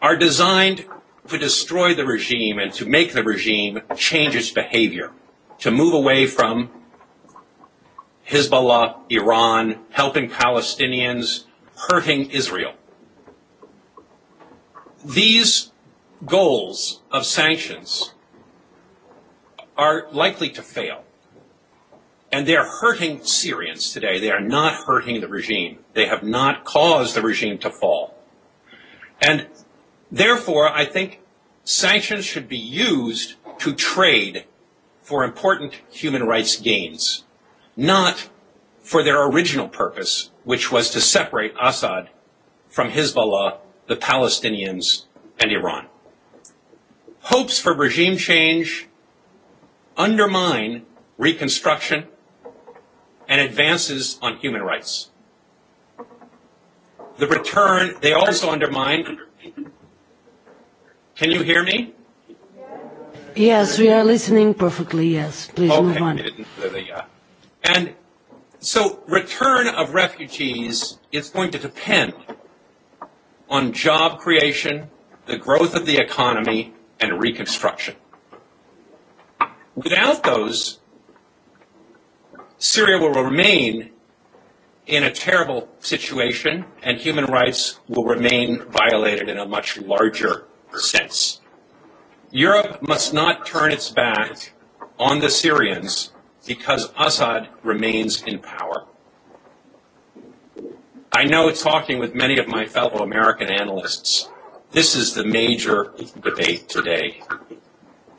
are designed to destroy the regime and to make the regime change its behavior, to move away from Hezbollah, Iran, helping Palestinians, hurting Israel. These goals of sanctions are likely to fail. And they are hurting Syrians today. They are not hurting the regime. They have not caused the regime to fall. And therefore, I think sanctions should be used to trade for important human rights gains not for their original purpose, which was to separate Assad from Hezbollah, the Palestinians, and Iran. Hopes for regime change undermine reconstruction and advances on human rights. The return, they also undermine. Can you hear me? Yes, we are listening perfectly, yes. Please okay. move on. the, uh, And so return of refugees is going to depend on job creation, the growth of the economy, and reconstruction. Without those, Syria will remain in a terrible situation and human rights will remain violated in a much larger sense. Europe must not turn its back on the Syrians because Assad remains in power. I know talking with many of my fellow American analysts, this is the major debate today.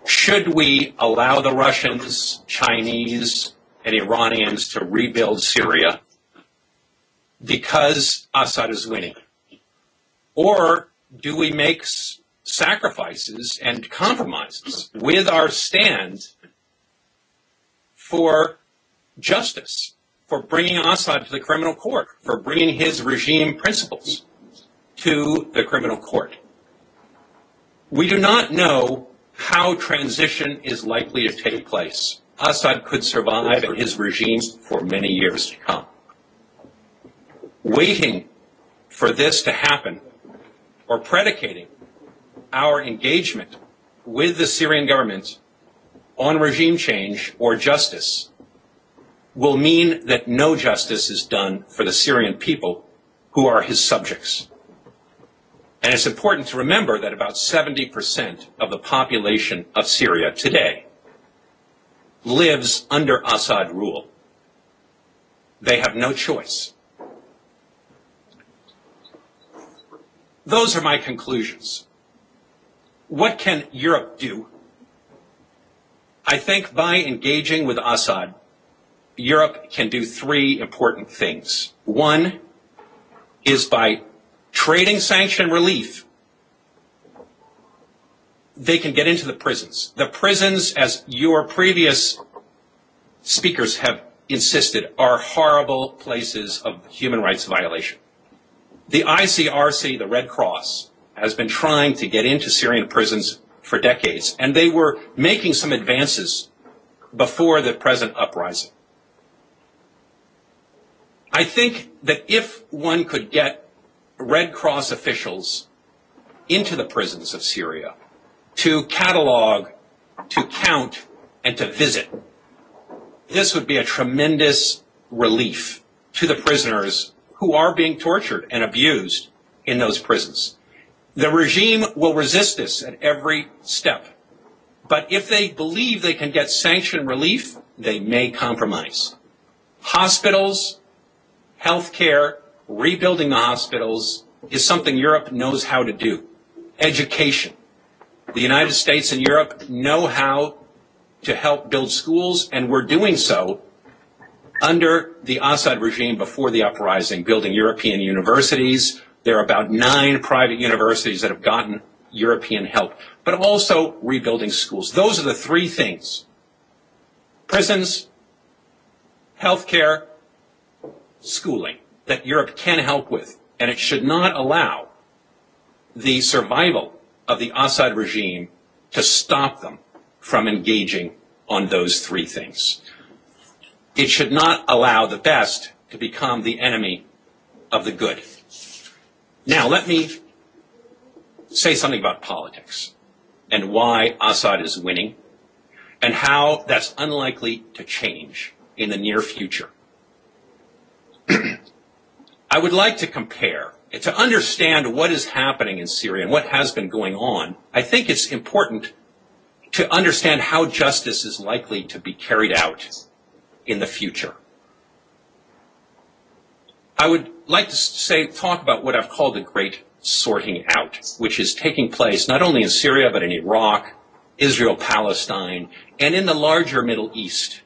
Should we allow the Russians, Chinese, and Iranians to rebuild Syria because Assad is winning? Or do we make sacrifices and compromises with our stand for justice, for bringing Assad to the criminal court, for bringing his regime principles to the criminal court. We do not know how transition is likely to take place. Assad could survive in his regime for many years to come. Waiting for this to happen or predicating our engagement with the Syrian government on regime change or justice will mean that no justice is done for the Syrian people who are his subjects. And it's important to remember that about 70% of the population of Syria today lives under Assad rule. They have no choice. Those are my conclusions. What can Europe do I think by engaging with Assad, Europe can do three important things. One is by trading sanction relief, they can get into the prisons. The prisons, as your previous speakers have insisted, are horrible places of human rights violation. The ICRC, the Red Cross, has been trying to get into Syrian prisons for decades, and they were making some advances before the present uprising. I think that if one could get Red Cross officials into the prisons of Syria to catalog, to count, and to visit, this would be a tremendous relief to the prisoners who are being tortured and abused in those prisons. The regime will resist this at every step. But if they believe they can get sanction relief, they may compromise. Hospitals, health care, rebuilding the hospitals is something Europe knows how to do. Education. The United States and Europe know how to help build schools, and we're doing so under the Assad regime before the uprising, building European universities, There are about nine private universities that have gotten European help, but also rebuilding schools. Those are the three things. Prisons, health care, schooling that Europe can help with, and it should not allow the survival of the Assad regime to stop them from engaging on those three things. It should not allow the best to become the enemy of the good. Now, let me say something about politics and why Assad is winning and how that's unlikely to change in the near future. *clears throat* I would like to compare to understand what is happening in Syria and what has been going on. I think it's important to understand how justice is likely to be carried out in the future. I would like to say, talk about what I've called the great sorting out, which is taking place not only in Syria, but in Iraq, Israel, Palestine, and in the larger Middle East.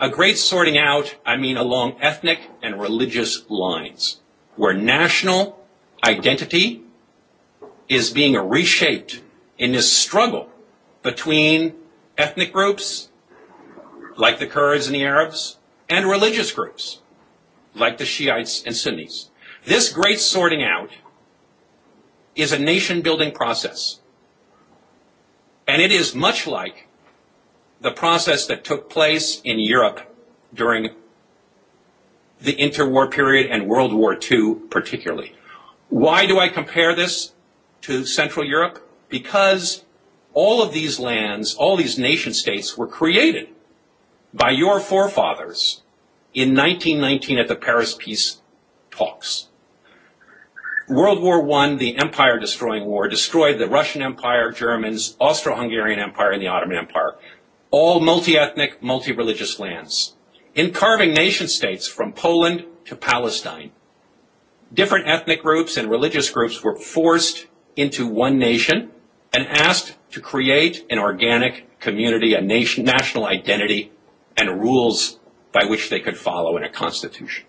A great sorting out, I mean, along ethnic and religious lines, where national identity is being reshaped in this struggle between ethnic groups, like the Kurds and the Arabs, and religious groups like the Shiites and Sunnis. This great sorting out is a nation building process. And it is much like the process that took place in Europe during the interwar period and World War II particularly. Why do I compare this to Central Europe? Because all of these lands, all these nation states were created by your forefathers in 1919 at the Paris peace talks. World War I, the empire destroying war, destroyed the Russian Empire, Germans, Austro-Hungarian Empire, and the Ottoman Empire. All multi-ethnic, multi-religious lands. In carving nation states from Poland to Palestine, different ethnic groups and religious groups were forced into one nation and asked to create an organic community, a nation, national identity and rules by which they could follow in a constitution.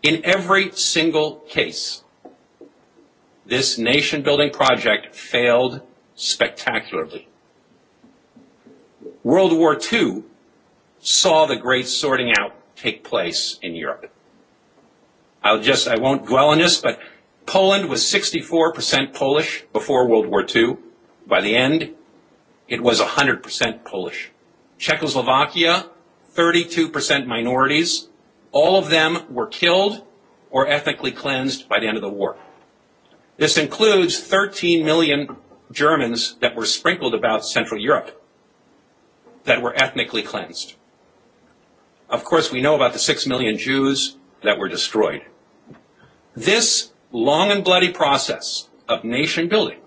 In every single case, this nation building project failed spectacularly. World War II saw the great sorting out take place in Europe. I'll just, I won't dwell on this, but Poland was 64% Polish before World War II. By the end, it was 100% Polish. Czechoslovakia 32% minorities. All of them were killed or ethnically cleansed by the end of the war. This includes 13 million Germans that were sprinkled about Central Europe that were ethnically cleansed. Of course, we know about the 6 million Jews that were destroyed. This long and bloody process of nation building,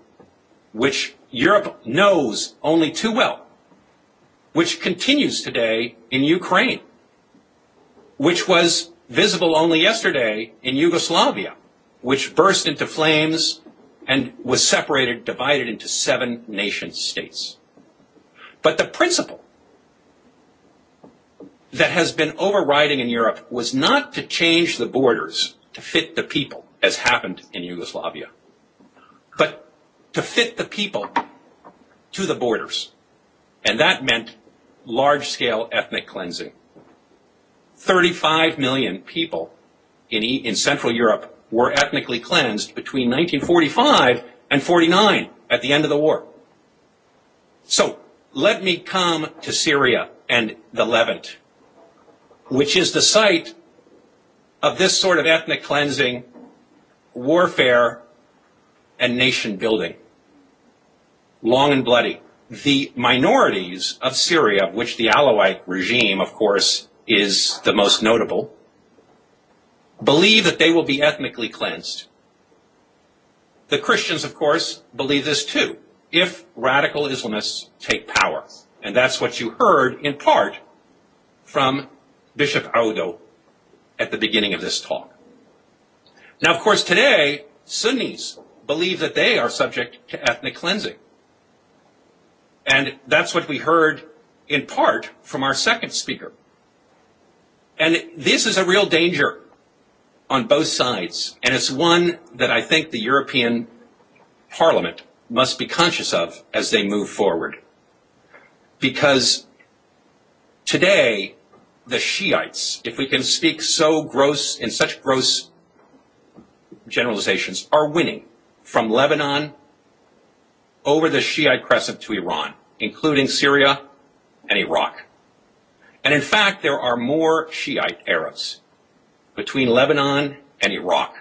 which Europe knows only too well, which continues today in Ukraine, which was visible only yesterday in Yugoslavia, which burst into flames and was separated, divided into seven nation states. But the principle that has been overriding in Europe was not to change the borders to fit the people, as happened in Yugoslavia, but to fit the people to the borders. And that meant large-scale ethnic cleansing. 35 million people in, e in Central Europe were ethnically cleansed between 1945 and 49 at the end of the war. So let me come to Syria and the Levant, which is the site of this sort of ethnic cleansing, warfare, and nation building. Long and bloody the minorities of Syria, of which the Alawite regime, of course, is the most notable, believe that they will be ethnically cleansed. The Christians, of course, believe this too, if radical Islamists take power. And that's what you heard in part from Bishop Audo at the beginning of this talk. Now, of course, today, Sunnis believe that they are subject to ethnic cleansing. And that's what we heard in part from our second speaker. And this is a real danger on both sides. And it's one that I think the European Parliament must be conscious of as they move forward. Because today, the Shiites, if we can speak so gross, in such gross generalizations, are winning from Lebanon over the Shiite crescent to Iran including Syria and Iraq. And in fact, there are more Shiite Arabs between Lebanon and Iraq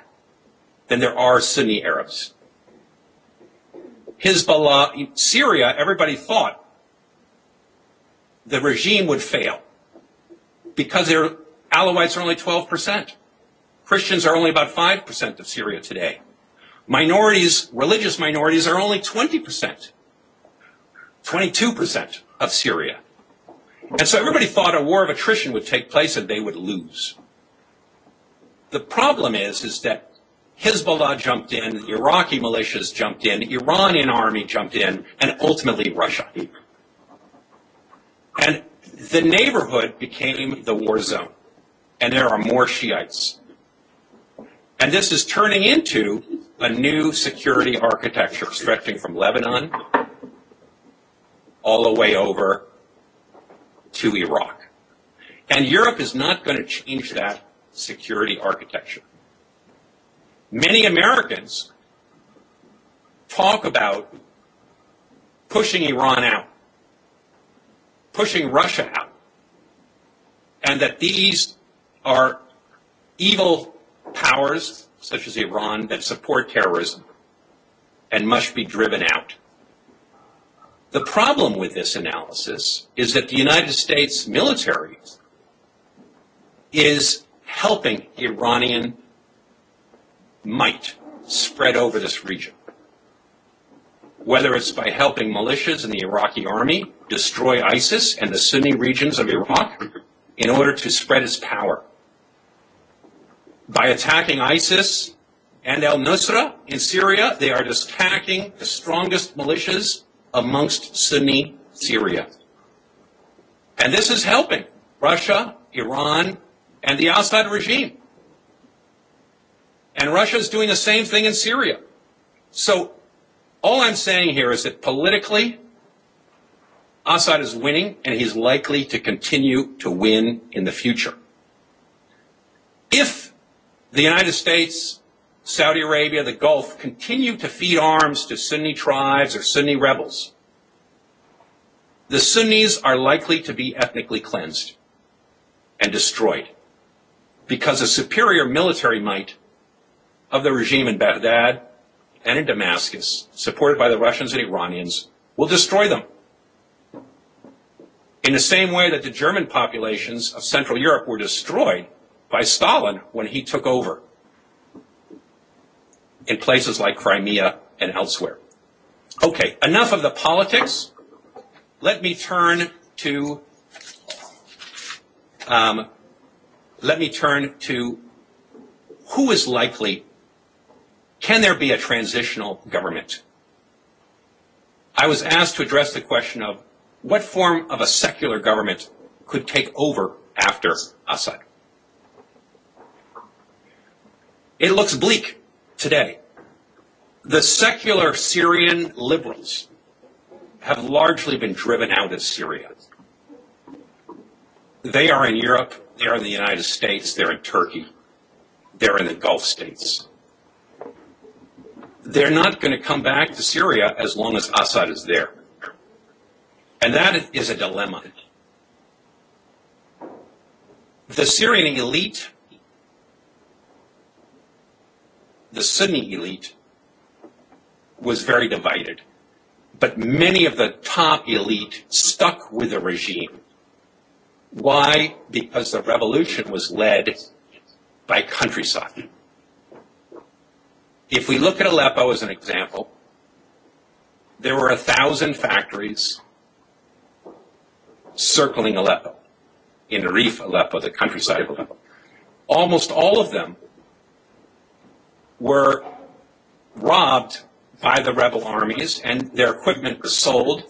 than there are Sunni Arabs. Hezbollah, Syria, everybody thought the regime would fail because their Alawites are only 12%. Christians are only about 5% of Syria today. Minorities, religious minorities, are only 20% 22% of Syria. And so everybody thought a war of attrition would take place and they would lose. The problem is, is that Hezbollah jumped in, Iraqi militias jumped in, Iranian army jumped in, and ultimately Russia. And the neighborhood became the war zone. And there are more Shiites. And this is turning into a new security architecture stretching from Lebanon all the way over to Iraq. And Europe is not going to change that security architecture. Many Americans talk about pushing Iran out, pushing Russia out, and that these are evil powers such as Iran that support terrorism and must be driven out. The problem with this analysis is that the United States military is helping Iranian might spread over this region. Whether it's by helping militias in the Iraqi army destroy ISIS and the Sunni regions of Iraq in order to spread its power. By attacking ISIS and al-Nusra in Syria, they are attacking the strongest militias amongst Sunni Syria. And this is helping Russia, Iran, and the Assad regime. And Russia is doing the same thing in Syria. So all I'm saying here is that politically, Assad is winning and he's likely to continue to win in the future. If the United States Saudi Arabia, the Gulf, continue to feed arms to Sunni tribes or Sunni rebels. The Sunnis are likely to be ethnically cleansed and destroyed because of superior military might of the regime in Baghdad and in Damascus, supported by the Russians and Iranians, will destroy them. In the same way that the German populations of Central Europe were destroyed by Stalin when he took over in places like Crimea and elsewhere. Okay, enough of the politics. Let me turn to um, let me turn to who is likely. Can there be a transitional government? I was asked to address the question of what form of a secular government could take over after Assad. It looks bleak today. The secular Syrian liberals have largely been driven out of Syria. They are in Europe, they are in the United States, they're in Turkey, they're in the Gulf states. They're not going to come back to Syria as long as Assad is there. And that is a dilemma. The Syrian elite the Sunni elite was very divided. But many of the top elite stuck with the regime. Why? Because the revolution was led by countryside. If we look at Aleppo as an example, there were a thousand factories circling Aleppo, in Reef Aleppo, the countryside of Aleppo. Almost all of them were robbed by the rebel armies and their equipment was sold.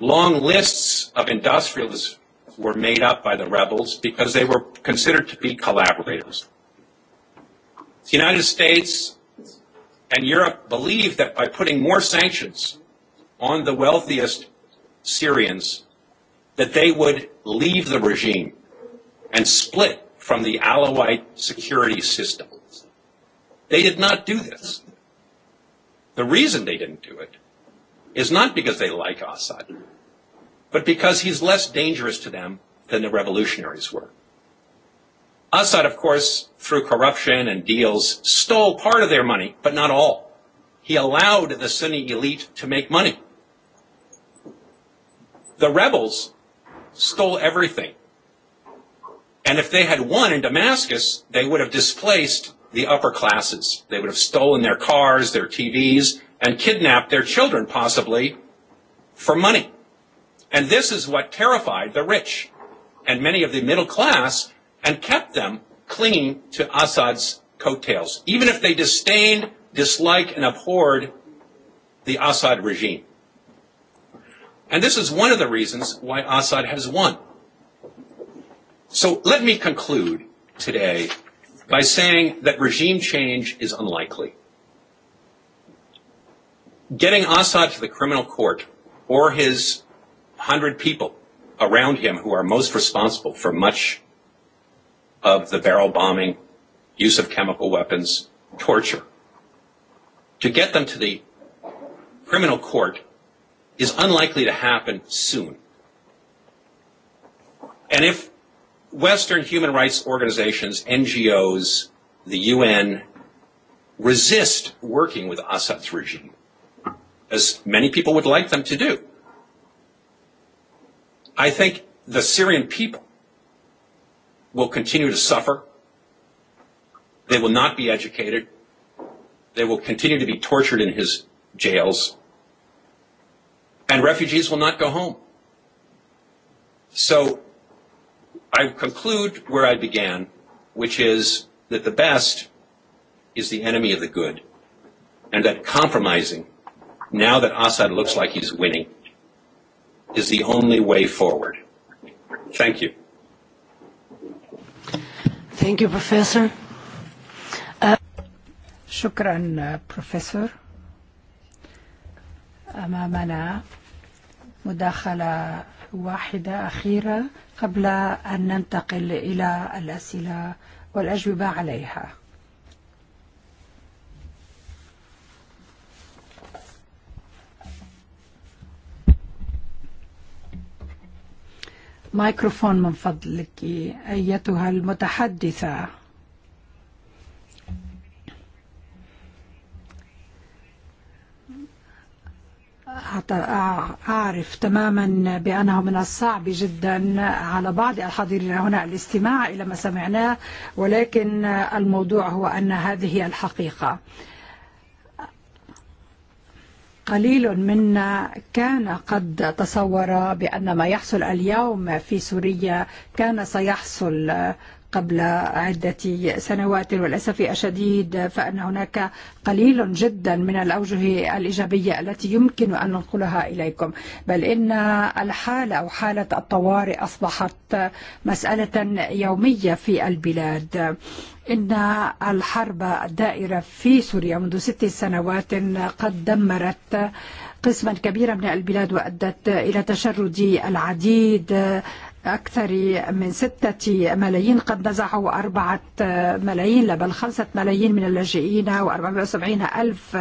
Long lists of industrialists were made up by the rebels because they were considered to be collaborators. The United States and Europe believed that by putting more sanctions on the wealthiest Syrians, that they would leave the regime and split from the Alawite security system. They did not do this. The reason they didn't do it is not because they like Assad, but because he's less dangerous to them than the revolutionaries were. Assad, of course, through corruption and deals, stole part of their money, but not all. He allowed the Sunni elite to make money. The rebels stole everything. And if they had won in Damascus, they would have displaced the upper classes. They would have stolen their cars, their TVs, and kidnapped their children, possibly, for money. And this is what terrified the rich and many of the middle class and kept them clinging to Assad's coattails, even if they disdained, disliked, and abhorred the Assad regime. And this is one of the reasons why Assad has won. So let me conclude today by saying that regime change is unlikely. Getting Assad to the criminal court or his hundred people around him who are most responsible for much of the barrel bombing, use of chemical weapons, torture, to get them to the criminal court is unlikely to happen soon. And if Western human rights organizations, NGOs, the UN, resist working with Assad's regime, as many people would like them to do. I think the Syrian people will continue to suffer. They will not be educated. They will continue to be tortured in his jails. And refugees will not go home. So I conclude where I began, which is that the best is the enemy of the good, and that compromising, now that Assad looks like he's winning, is the only way forward. Thank you. Thank you, Professor. Uh, uh, Professor. أمامنا مداخلة واحدة أخيرة قبل أن ننتقل إلى الأسئلة والأجوبة عليها مايكروفون من فضلك أيتها المتحدثة أعرف تماما بأنه من الصعب جدا على بعض الحاضرين هنا الاستماع إلى ما سمعناه ولكن الموضوع هو أن هذه الحقيقة قليل منا كان قد تصور بأن ما يحصل اليوم في سوريا كان سيحصل قبل عدة سنوات وللأسف الشديد فأن هناك قليل جدا من الأوجه الإيجابية التي يمكن أن ننقلها إليكم بل إن الحالة أو حالة الطوارئ أصبحت مسألة يومية في البلاد إن الحرب الدائرة في سوريا منذ ست سنوات قد دمرت قسما كبيرا من البلاد وأدت إلى تشرد العديد أكثر من ستة ملايين قد نزحوا أربعة ملايين لا بل خمسة ملايين من اللاجئين و470 ألف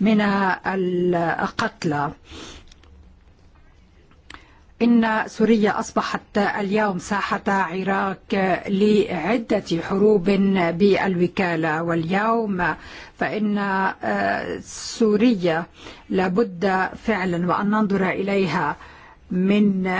من القتلى إن سوريا أصبحت اليوم ساحة عراك لعدة حروب بالوكالة واليوم فإن سوريا لابد فعلا وأن ننظر إليها من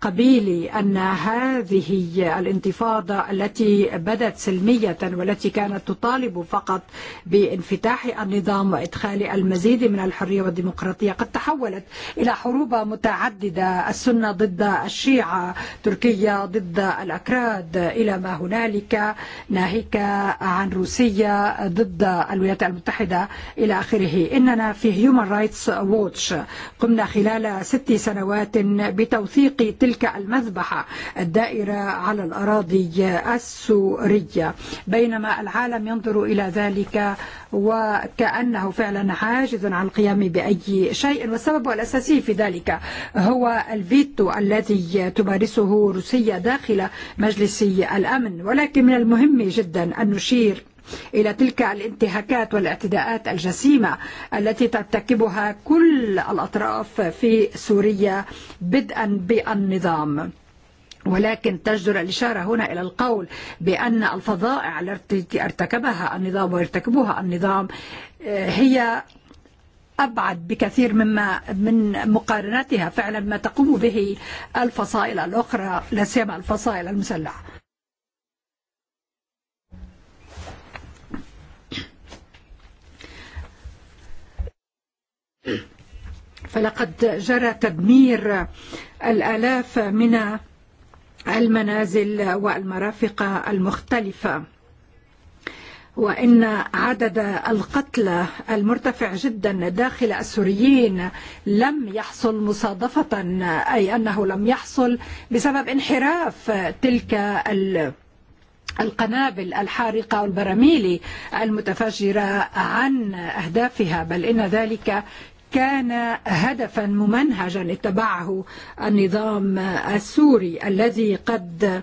قبيل أن هذه الانتفاضة التي بدت سلمية والتي كانت تطالب فقط بانفتاح النظام وإدخال المزيد من الحرية والديمقراطية قد تحولت إلى حروب متعددة السنة ضد الشيعة تركيا ضد الأكراد إلى ما هنالك ناهيك عن روسيا ضد الولايات المتحدة إلى آخره إننا في Human Rights Watch قمنا خلال ست سنوات بتوثيق تلك المذبحة الدائرة على الأراضي السورية بينما العالم ينظر إلى ذلك وكأنه فعلا عاجز عن القيام بأي شيء والسبب الأساسي في ذلك هو الفيتو الذي تمارسه روسيا داخل مجلس الأمن ولكن من المهم جدا أن نشير إلى تلك الانتهاكات والاعتداءات الجسيمة التي ترتكبها كل الأطراف في سوريا بدءا بالنظام ولكن تجدر الإشارة هنا إلى القول بأن الفظائع التي ارتكبها النظام ويرتكبها النظام هي أبعد بكثير مما من مقارنتها فعلا ما تقوم به الفصائل الأخرى لا سيما الفصائل المسلحة فلقد جرى تدمير الآلاف من المنازل والمرافق المختلفة وإن عدد القتلى المرتفع جدا داخل السوريين لم يحصل مصادفة أي أنه لم يحصل بسبب انحراف تلك القنابل الحارقة والبراميل المتفجرة عن أهدافها بل إن ذلك كان هدفا ممنهجا اتبعه النظام السوري الذي قد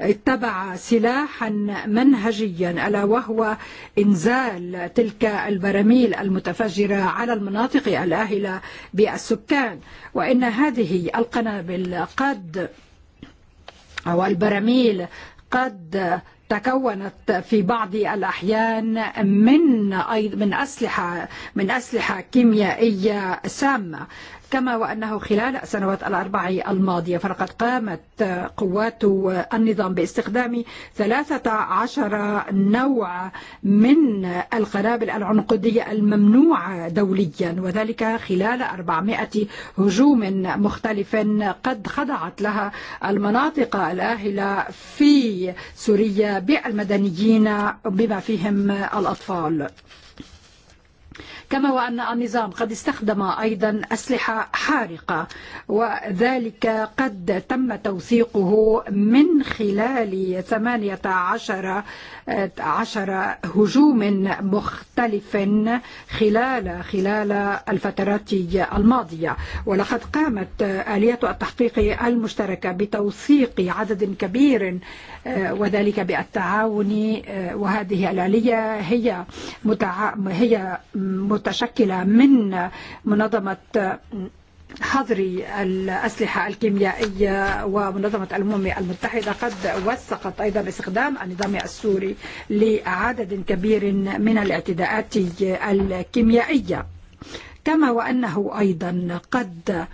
اتبع سلاحا منهجيا ألا وهو انزال تلك البراميل المتفجرة على المناطق الآهلة بالسكان وإن هذه القنابل قد أو البراميل قد تكونت في بعض الأحيان من من أسلحة من أسلحة كيميائية سامة كما وأنه خلال السنوات الأربع الماضية فلقد قامت قوات النظام باستخدام 13 نوع من القنابل العنقودية الممنوعة دوليا وذلك خلال 400 هجوم مختلف قد خضعت لها المناطق الآهلة في سوريا بالمدنيين بما فيهم الأطفال. كما وأن النظام قد استخدم أيضا أسلحة حارقة وذلك قد تم توثيقه من خلال 18 عشر هجوم مختلف خلال خلال الفترات الماضية ولقد قامت آلية التحقيق المشتركة بتوثيق عدد كبير وذلك بالتعاون وهذه الآلية هي متع... هي متشكلة من منظمة حظر الأسلحة الكيميائية ومنظمة الأمم المتحدة قد وثقت أيضا استخدام النظام السوري لعدد كبير من الاعتداءات الكيميائية كما وأنه أيضا قد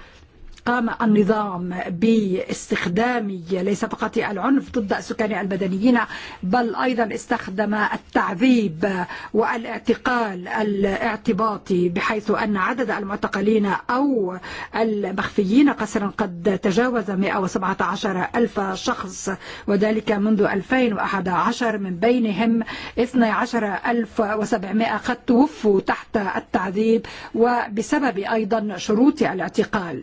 قام النظام باستخدام ليس فقط العنف ضد السكان المدنيين بل أيضا استخدم التعذيب والاعتقال الاعتباطي بحيث أن عدد المعتقلين أو المخفيين قسرا قد تجاوز 117 ألف شخص وذلك منذ 2011 من بينهم 12700 قد توفوا تحت التعذيب وبسبب أيضا شروط الاعتقال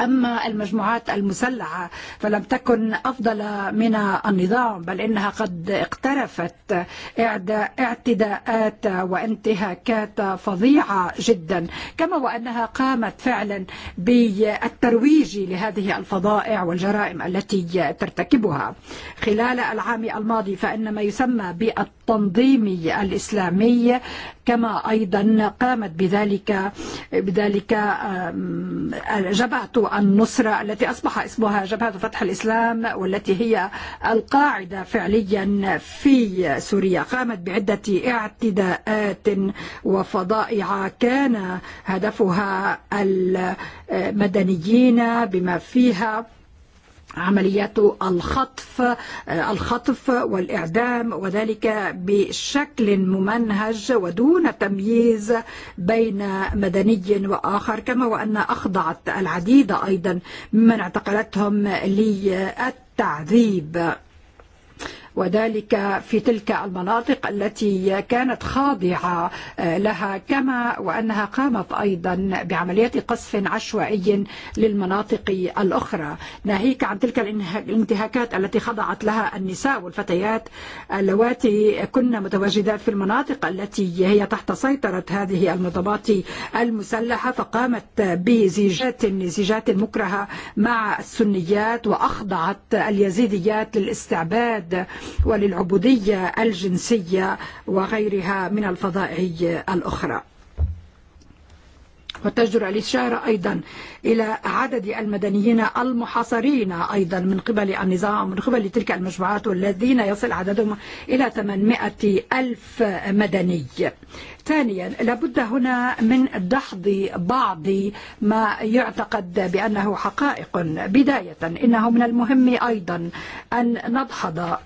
أما المجموعات المسلحة فلم تكن أفضل من النظام بل إنها قد اقترفت اعتداءات وانتهاكات فظيعة جدا كما وأنها قامت فعلا بالترويج لهذه الفظائع والجرائم التي ترتكبها خلال العام الماضي فإن ما يسمى بالتنظيم الإسلامي كما أيضا قامت بذلك بذلك جبهة النصرة التي أصبح اسمها جبهة فتح الإسلام والتي هي القاعدة فعليا في سوريا قامت بعدة اعتداءات وفضائع كان هدفها المدنيين بما فيها عمليات الخطف الخطف والإعدام وذلك بشكل ممنهج ودون تمييز بين مدني وآخر كما وأن أخضعت العديد أيضا ممن اعتقلتهم للتعذيب وذلك في تلك المناطق التي كانت خاضعة لها كما وأنها قامت أيضا بعمليات قصف عشوائي للمناطق الأخرى ناهيك عن تلك الانتهاكات التي خضعت لها النساء والفتيات اللواتي كنا متواجدات في المناطق التي هي تحت سيطرة هذه المضبات المسلحة فقامت بزيجات زيجات مكرهة مع السنيات وأخضعت اليزيديات للاستعباد وللعبودية الجنسية وغيرها من الفضائع الأخرى وتجدر الإشارة أيضا إلى عدد المدنيين المحاصرين أيضا من قبل النظام من قبل تلك المجموعات الذين يصل عددهم إلى 800 ألف مدني ثانيا لابد هنا من دحض بعض ما يعتقد بأنه حقائق بداية إنه من المهم أيضا أن نضحض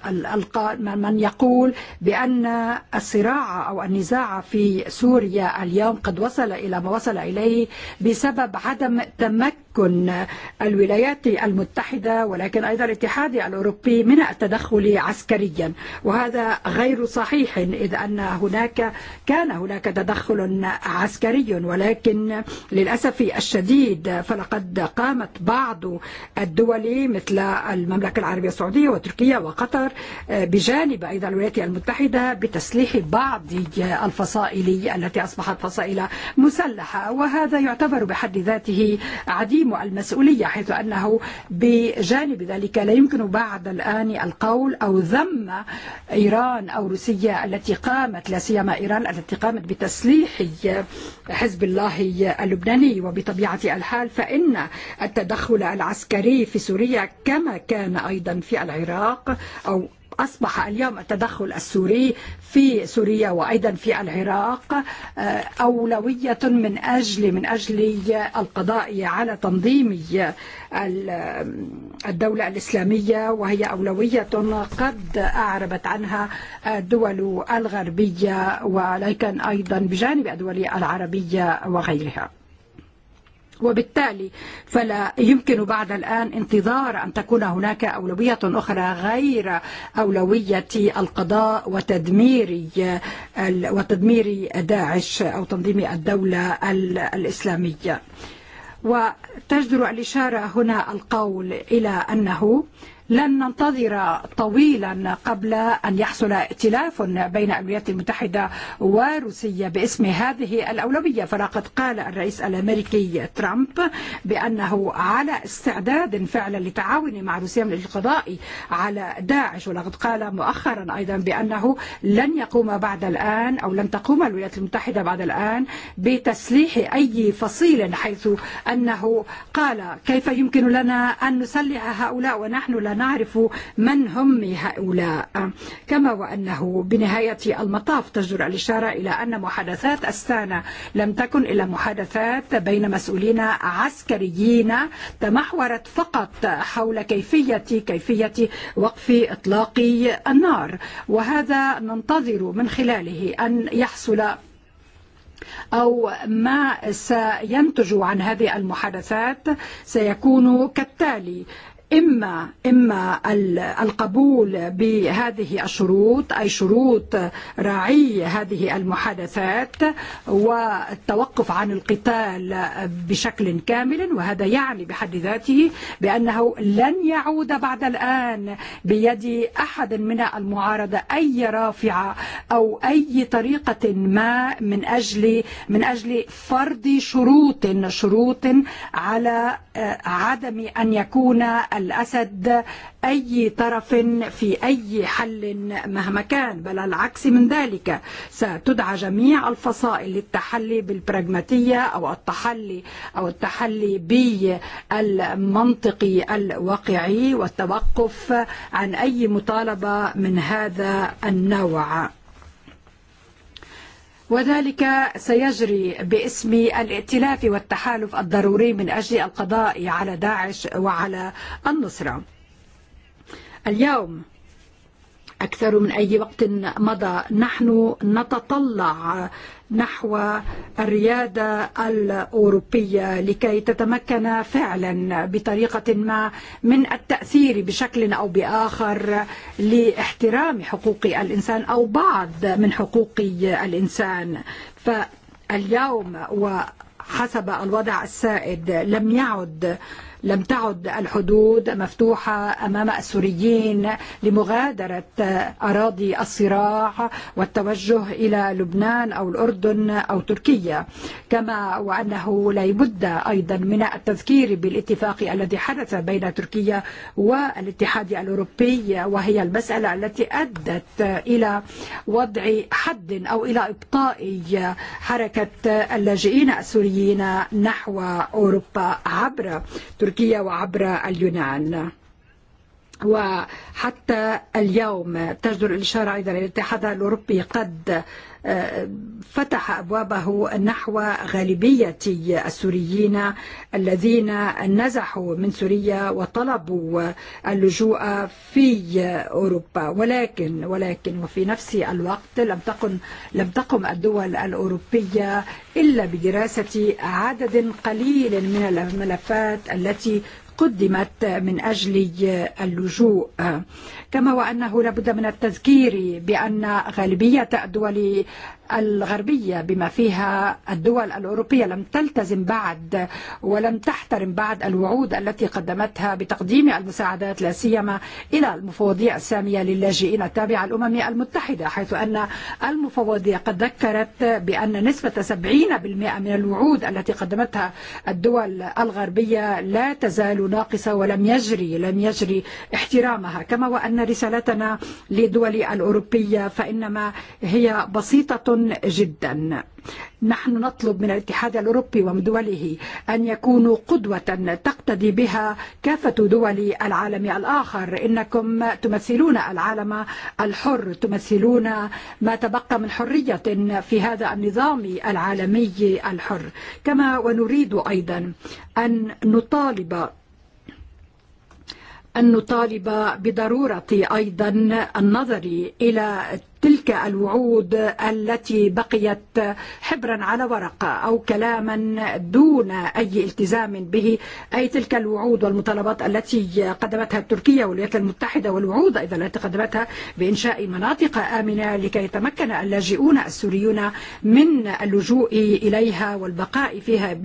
من يقول بأن الصراع أو النزاع في سوريا اليوم قد وصل إلى ما وصل إليه بسبب عدم تمكن الولايات المتحدة ولكن أيضا الاتحاد الأوروبي من التدخل عسكريا وهذا غير صحيح إذ أن هناك كان هناك تدخل عسكري ولكن للأسف الشديد فلقد قامت بعض الدول مثل المملكة العربية السعودية وتركيا وقطر بجانب أيضا الولايات المتحدة بتسليح بعض الفصائل التي أصبحت فصائل مسلحة وهذا يعتبر بحد ذاته عديم المسؤولية حيث أنه بجانب ذلك لا يمكن بعد الآن القول أو ذم إيران أو روسيا التي قامت لا سيما إيران التي قامت بتسليح حزب الله اللبناني وبطبيعة الحال فإن التدخل العسكري في سوريا كما كان أيضا في العراق أو أصبح اليوم التدخل السوري في سوريا وأيضا في العراق أولوية من أجل من أجل القضاء على تنظيم الدولة الإسلامية وهي أولوية قد أعربت عنها الدول الغربية ولكن أيضا بجانب الدول العربية وغيرها وبالتالي فلا يمكن بعد الآن انتظار أن تكون هناك أولوية أخرى غير أولوية القضاء وتدمير وتدمير داعش أو تنظيم الدولة الإسلامية وتجدر الإشارة هنا القول إلى أنه لن ننتظر طويلا قبل أن يحصل ائتلاف بين الولايات المتحدة وروسيا باسم هذه الأولوية فلقد قال الرئيس الأمريكي ترامب بأنه على استعداد فعلا لتعاون مع روسيا من القضاء على داعش ولقد قال مؤخرا أيضا بأنه لن يقوم بعد الآن أو لن تقوم الولايات المتحدة بعد الآن بتسليح أي فصيل حيث أنه قال كيف يمكن لنا أن نسلح هؤلاء ونحن لا نعرف من هم هؤلاء كما وأنه بنهاية المطاف تجدر الإشارة إلى أن محادثات أستانا لم تكن إلا محادثات بين مسؤولين عسكريين تمحورت فقط حول كيفية كيفية وقف إطلاق النار وهذا ننتظر من خلاله أن يحصل أو ما سينتج عن هذه المحادثات سيكون كالتالي إما إما القبول بهذه الشروط أي شروط راعي هذه المحادثات والتوقف عن القتال بشكل كامل وهذا يعني بحد ذاته بأنه لن يعود بعد الآن بيد أحد من المعارضة أي رافعة أو أي طريقة ما من أجل من أجل فرض شروط شروط على عدم أن يكون الأسد أي طرف في أي حل مهما كان بل العكس من ذلك ستدعى جميع الفصائل للتحلي بالبراغماتية أو التحلي أو التحلي بالمنطقي الواقعي والتوقف عن أي مطالبة من هذا النوع وذلك سيجري باسم الائتلاف والتحالف الضروري من أجل القضاء على داعش وعلى النصرة اليوم أكثر من أي وقت مضى نحن نتطلع نحو الريادة الأوروبية لكي تتمكن فعلا بطريقة ما من التأثير بشكل أو بآخر لاحترام حقوق الإنسان أو بعض من حقوق الإنسان فاليوم وحسب الوضع السائد لم يعد لم تعد الحدود مفتوحة أمام السوريين لمغادرة أراضي الصراع والتوجه إلى لبنان أو الأردن أو تركيا كما وأنه لا بد أيضا من التذكير بالاتفاق الذي حدث بين تركيا والاتحاد الأوروبي وهي المسألة التي أدت إلى وضع حد أو إلى إبطاء حركة اللاجئين السوريين نحو أوروبا عبر تركيا تركيا وعبر اليونان وحتى اليوم تجدر الإشارة أيضا إلى الاتحاد الأوروبي قد فتح أبوابه نحو غالبية السوريين الذين نزحوا من سوريا وطلبوا اللجوء في أوروبا ولكن ولكن وفي نفس الوقت لم تقم لم تقم الدول الأوروبية إلا بدراسة عدد قليل من الملفات التي قدمت من أجل اللجوء كما وأنه لابد من التذكير بأن غالبية الدول الغربية بما فيها الدول الأوروبية لم تلتزم بعد ولم تحترم بعد الوعود التي قدمتها بتقديم المساعدات لا سيما إلى المفوضية السامية للاجئين التابعة الأمم المتحدة حيث أن المفوضية قد ذكرت بأن نسبة 70% من الوعود التي قدمتها الدول الغربية لا تزال ناقصة ولم يجري لم يجري احترامها كما وأن رسالتنا لدول الأوروبية فإنما هي بسيطة جدا نحن نطلب من الاتحاد الأوروبي ومن دوله أن يكونوا قدوة تقتدي بها كافة دول العالم الآخر إنكم تمثلون العالم الحر تمثلون ما تبقى من حرية في هذا النظام العالمي الحر كما ونريد أيضا أن نطالب أن نطالب بضرورة أيضا النظر إلى تلك الوعود التي بقيت حبرا على ورق أو كلاما دون أي التزام به أي تلك الوعود والمطالبات التي قدمتها تركيا والولايات المتحدة والوعود أيضا التي قدمتها بإنشاء مناطق آمنة لكي يتمكن اللاجئون السوريون من اللجوء إليها والبقاء فيها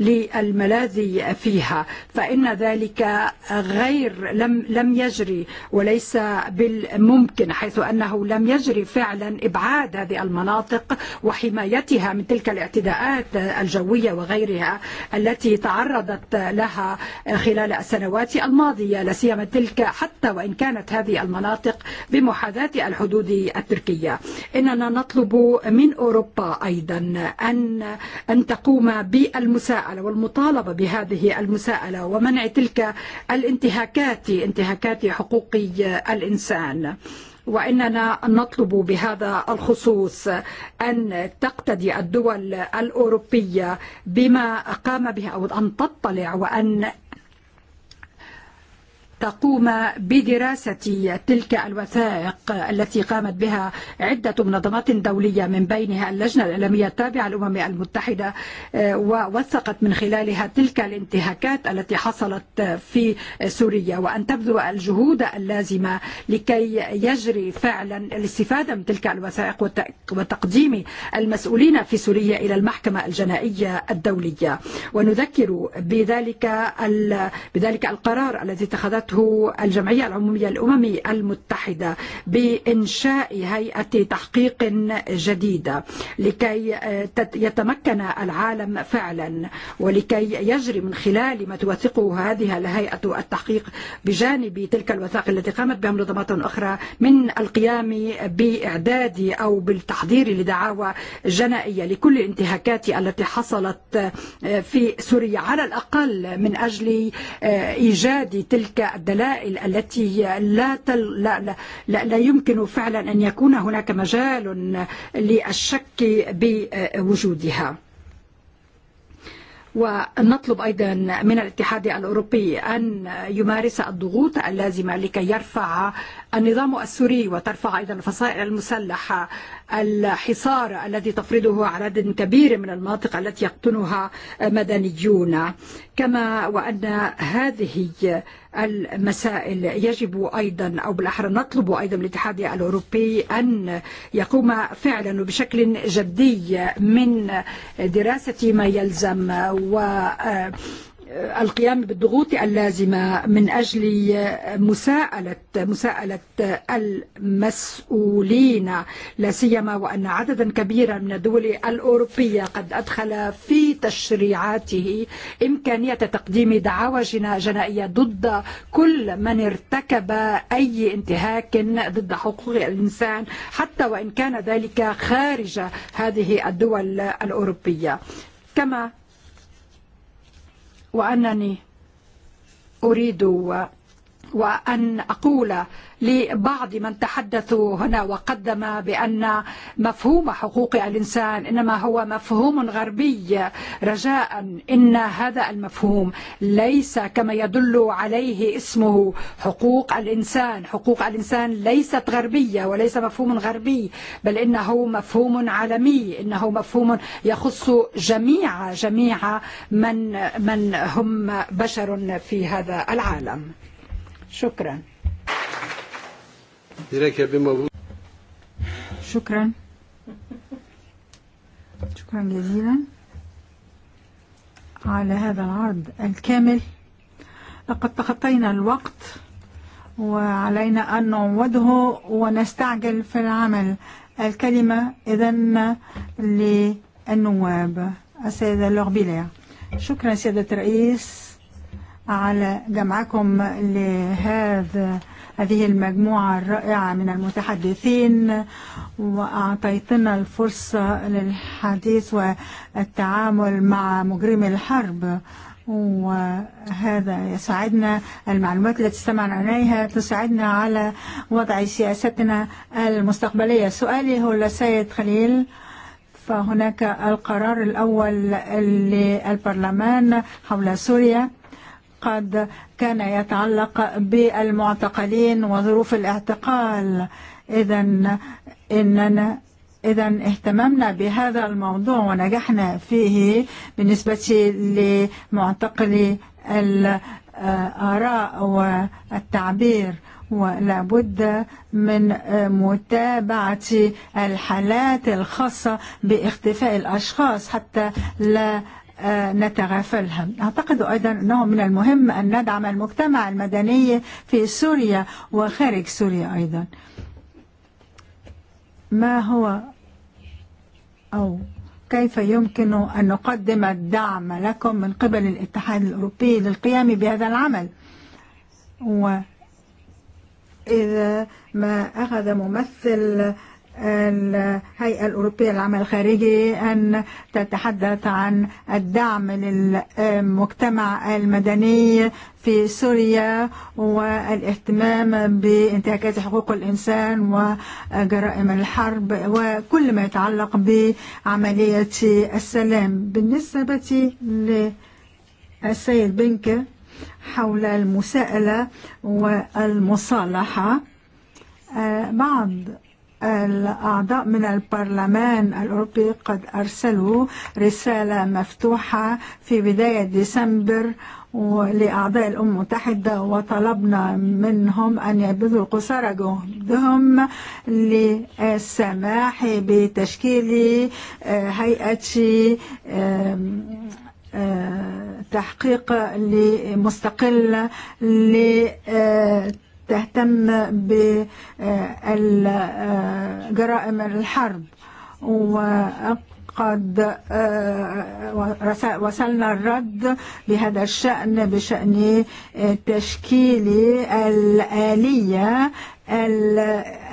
للملاذ فيها فإن ذلك غير لم لم يجري وليس بالممكن حيث أنه لم يجري فعلا إبعاد هذه المناطق وحمايتها من تلك الاعتداءات الجوية وغيرها التي تعرضت لها خلال السنوات الماضية لسيما تلك حتى وإن كانت هذه المناطق بمحاذاة الحدود التركية إننا نطلب من أوروبا أيضا أن أن تقوم بالمساءلة والمطالبة بهذه المساءلة ومنع تلك الانتهاكات انتهاكات حقوق الإنسان. وإننا نطلب بهذا الخصوص أن تقتدي الدول الأوروبية بما قام به أو أن تطلع وأن تقوم بدراسة تلك الوثائق التي قامت بها عدة منظمات دولية من بينها اللجنة الإعلامية التابعة للأمم المتحدة ووثقت من خلالها تلك الانتهاكات التي حصلت في سوريا وأن تبذل الجهود اللازمة لكي يجري فعلا الاستفادة من تلك الوثائق وتقديم المسؤولين في سوريا إلى المحكمة الجنائية الدولية ونذكر بذلك بذلك القرار الذي اتخذته وافقته الجمعية العمومية الأمم المتحدة بإنشاء هيئة تحقيق جديدة لكي يتمكن العالم فعلا ولكي يجري من خلال ما توثقه هذه الهيئة التحقيق بجانب تلك الوثائق التي قامت بها منظمات أخرى من القيام بإعداد أو بالتحضير لدعاوى جنائية لكل الانتهاكات التي حصلت في سوريا على الأقل من أجل إيجاد تلك الدلائل التي لا, تل لا, لا, لا لا يمكن فعلا أن يكون هناك مجال للشك بوجودها ونطلب أيضا من الاتحاد الأوروبي أن يمارس الضغوط اللازمة لكي يرفع النظام السوري وترفع أيضا الفصائل المسلحة الحصار الذي تفرضه على عدد كبير من المناطق التي يقطنها مدنيون كما وأن هذه المسائل يجب أيضا أو بالأحرى نطلب أيضا الاتحاد الأوروبي أن يقوم فعلا بشكل جدي من دراسة ما يلزم و القيام بالضغوط اللازمة من أجل مساءلة مساءلة المسؤولين لا سيما وأن عددا كبيرا من الدول الأوروبية قد أدخل في تشريعاته إمكانية تقديم دعاوى جنائية ضد كل من ارتكب أي انتهاك ضد حقوق الإنسان حتى وإن كان ذلك خارج هذه الدول الأوروبية كما وأنني أريد وأن أقول لبعض من تحدثوا هنا وقدم بأن مفهوم حقوق الإنسان إنما هو مفهوم غربي رجاء إن هذا المفهوم ليس كما يدل عليه اسمه حقوق الإنسان حقوق الإنسان ليست غربية وليس مفهوم غربي بل إنه مفهوم عالمي إنه مفهوم يخص جميع جميع من من هم بشر في هذا العالم شكرا شكرا شكرا جزيلا على هذا العرض الكامل لقد تخطينا الوقت وعلينا أن نعوده ونستعجل في العمل الكلمة إذن للنواب السيدة لوربيلير شكرا سيدة الرئيس على جمعكم لهذا هذه المجموعة الرائعة من المتحدثين وأعطيتنا الفرصة للحديث والتعامل مع مجرم الحرب وهذا يساعدنا المعلومات التي استمعنا عليها تساعدنا على وضع سياستنا المستقبلية سؤالي هو لسيد خليل فهناك القرار الأول للبرلمان حول سوريا قد كان يتعلق بالمعتقلين وظروف الاعتقال إذا إننا إذا اهتممنا بهذا الموضوع ونجحنا فيه بالنسبة لمعتقلي الآراء والتعبير ولا بد من متابعة الحالات الخاصة باختفاء الأشخاص حتى لا نتغافلها أعتقد أيضا أنه من المهم أن ندعم المجتمع المدني في سوريا وخارج سوريا أيضا ما هو أو كيف يمكن أن نقدم الدعم لكم من قبل الاتحاد الأوروبي للقيام بهذا العمل وإذا ما أخذ ممثل الهيئة الأوروبية للعمل الخارجي أن تتحدث عن الدعم للمجتمع المدني في سوريا والاهتمام بانتهاكات حقوق الإنسان وجرائم الحرب وكل ما يتعلق بعملية السلام بالنسبة للسيد بنك حول المساءلة والمصالحة بعض الأعضاء من البرلمان الأوروبي قد أرسلوا رسالة مفتوحة في بداية ديسمبر لأعضاء الأمم المتحدة وطلبنا منهم أن يبذلوا قصارى جهدهم للسماح بتشكيل هيئة تحقيق مستقلة ل تهتم بجرائم الحرب وقد وصلنا الرد بهذا الشأن بشأن تشكيل الآلية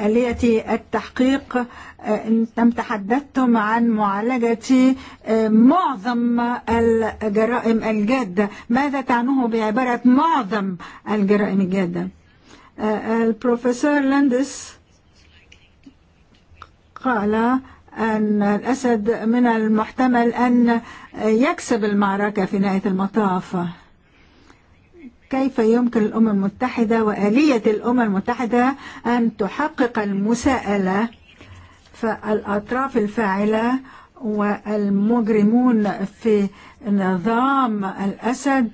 آلية التحقيق أنتم تحدثتم عن معالجة معظم الجرائم الجادة ماذا تعنوه بعبارة معظم الجرائم الجادة؟ البروفيسور لندس قال أن الأسد من المحتمل أن يكسب المعركة في نهاية المطاف كيف يمكن الأمم المتحدة وآلية الأمم المتحدة أن تحقق المساءلة فالأطراف الفاعلة والمجرمون في نظام الأسد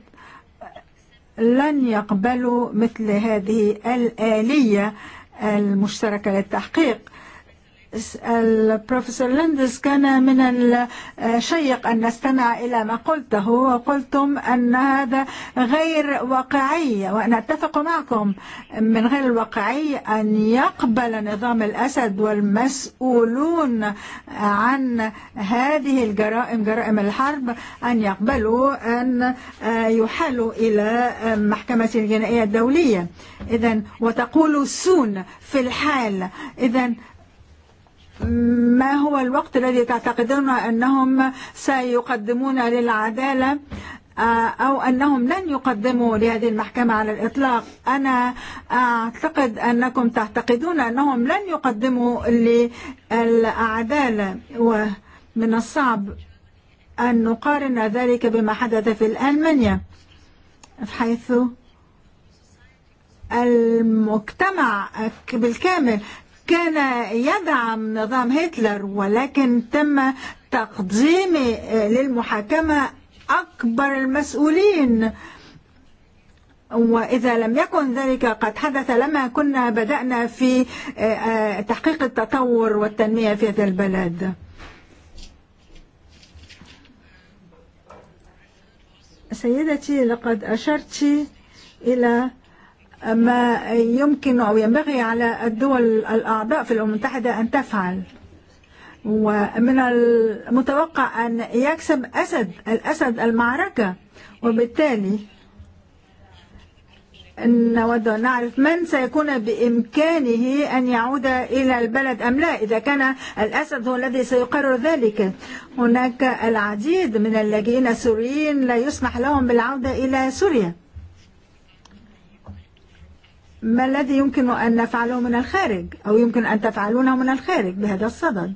لن يقبلوا مثل هذه الآلية المشتركة للتحقيق البروفيسور لندس كان من الشيق أن نستمع إلى ما قلته وقلتم أن هذا غير واقعي وأنا أتفق معكم من غير الواقعي أن يقبل نظام الأسد والمسؤولون عن هذه الجرائم جرائم الحرب أن يقبلوا أن يحالوا إلى محكمة الجنائية الدولية إذا وتقول سون في الحال إذا ما هو الوقت الذي تعتقدون أنهم سيقدمون للعدالة أو أنهم لن يقدموا لهذه المحكمة على الإطلاق أنا أعتقد أنكم تعتقدون أنهم لن يقدموا للعدالة ومن الصعب أن نقارن ذلك بما حدث في ألمانيا حيث المجتمع بالكامل كان يدعم نظام هتلر ولكن تم تقديم للمحاكمة أكبر المسؤولين وإذا لم يكن ذلك قد حدث لما كنا بدأنا في تحقيق التطور والتنمية في هذا البلد سيدتي لقد أشرت إلى ما يمكن أو ينبغي على الدول الأعضاء في الأمم المتحدة أن تفعل ومن المتوقع أن يكسب أسد الأسد المعركة وبالتالي نود أن نعرف من سيكون بإمكانه أن يعود إلى البلد أم لا إذا كان الأسد هو الذي سيقرر ذلك هناك العديد من اللاجئين السوريين لا يسمح لهم بالعودة إلى سوريا ما الذي يمكن أن نفعله من الخارج أو يمكن أن تفعلونه من الخارج بهذا الصدد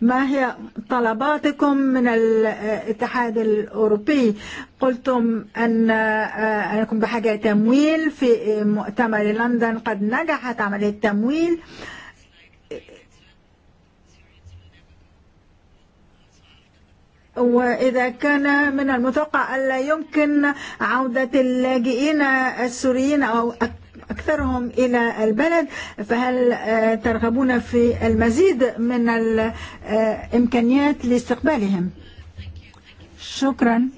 ما هي طلباتكم من الاتحاد الأوروبي قلتم أن أنكم بحاجة تمويل في مؤتمر لندن قد نجحت عملية تمويل وإذا كان من المتوقع ألا يمكن عودة اللاجئين السوريين أو أكثرهم إلى البلد فهل ترغبون في المزيد من الإمكانيات لاستقبالهم شكرا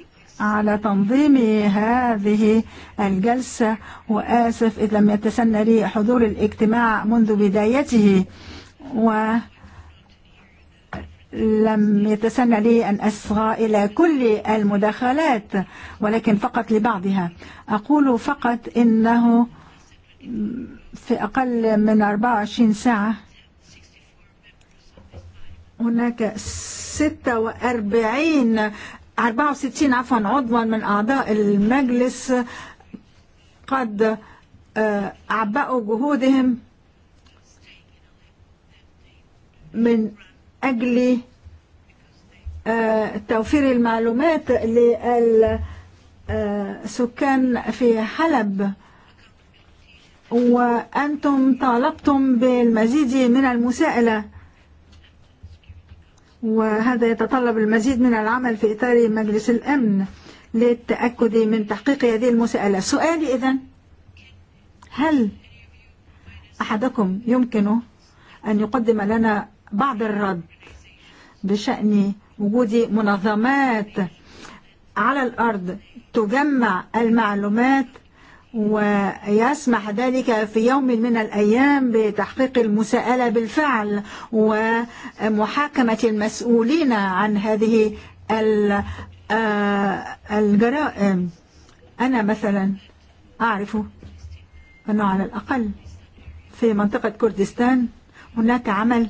على تنظيم هذه الجلسة وآسف إذ لم يتسنى لي حضور الاجتماع منذ بدايته و لم يتسنى لي أن أسغى إلى كل المداخلات ولكن فقط لبعضها أقول فقط إنه في أقل من 24 ساعة هناك 46 64 عفوا عضوا من أعضاء المجلس قد عبأوا جهودهم من أجل توفير المعلومات للسكان في حلب وأنتم طالبتم بالمزيد من المساءلة وهذا يتطلب المزيد من العمل في إطار مجلس الأمن للتأكد من تحقيق هذه المساءلة سؤالي إذن هل أحدكم يمكنه أن يقدم لنا بعض الرد بشأن وجود منظمات على الأرض تجمع المعلومات ويسمح ذلك في يوم من الأيام بتحقيق المساءلة بالفعل ومحاكمة المسؤولين عن هذه الجرائم أنا مثلا أعرف أنه على الأقل في منطقة كردستان هناك عمل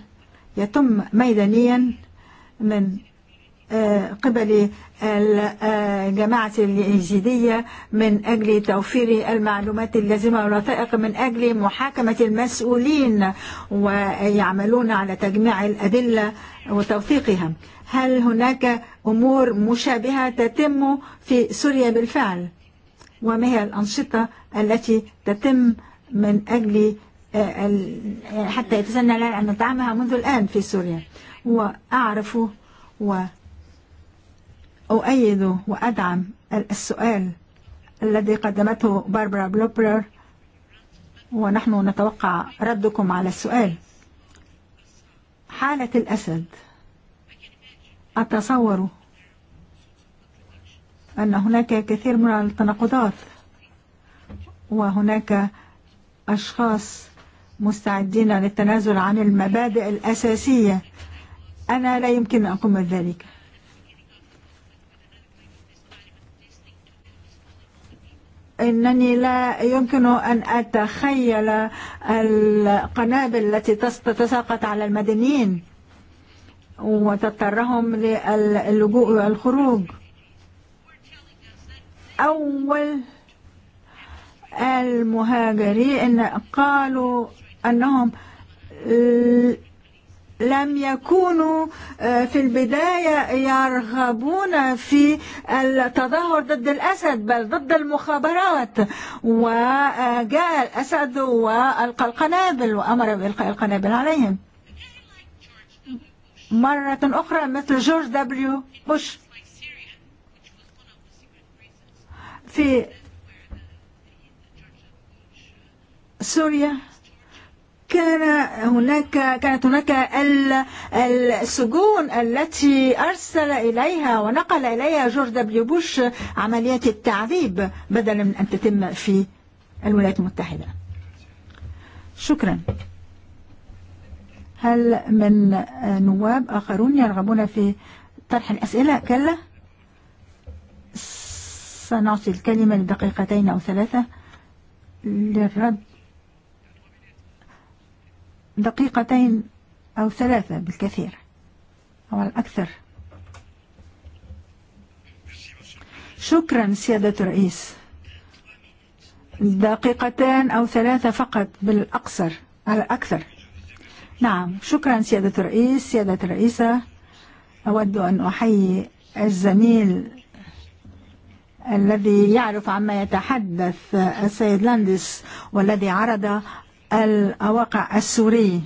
يتم ميدانيا من قبل الجماعة اليزيدية من أجل توفير المعلومات اللازمة والوثائق من أجل محاكمة المسؤولين ويعملون على تجميع الأدلة وتوثيقها هل هناك أمور مشابهة تتم في سوريا بالفعل وما هي الأنشطة التي تتم من أجل حتى يتسنى لنا أن ندعمها منذ الآن في سوريا وأعرفه وأؤيد وأدعم السؤال الذي قدمته باربرا بلوبرر ونحن نتوقع ردكم على السؤال حالة الأسد أتصور أن هناك كثير من التناقضات وهناك أشخاص مستعدين للتنازل عن المبادئ الأساسية أنا لا يمكن أن أقوم بذلك إنني لا يمكن أن أتخيل القنابل التي تتساقط على المدنيين وتضطرهم للجوء والخروج أول المهاجرين قالوا أنهم لم يكونوا في البداية يرغبون في التظاهر ضد الأسد بل ضد المخابرات وجاء الأسد وألقى القنابل وأمر بإلقاء القنابل عليهم مرة أخرى مثل جورج دبليو بوش في سوريا كان هناك كانت هناك السجون التي أرسل إليها ونقل إليها جورج دبليو بوش عمليات التعذيب بدلا من أن تتم في الولايات المتحدة شكرا هل من نواب آخرون يرغبون في طرح الأسئلة كلا سنعطي الكلمة لدقيقتين أو ثلاثة للرد دقيقتين أو ثلاثة بالكثير أو الأكثر شكرا سيادة الرئيس دقيقتان أو ثلاثة فقط بالأقصر على الأكثر نعم شكرا سيادة الرئيس سيادة الرئيسة أود أن أحيي الزميل الذي يعرف عما يتحدث السيد لاندس والذي عرض الواقع السوري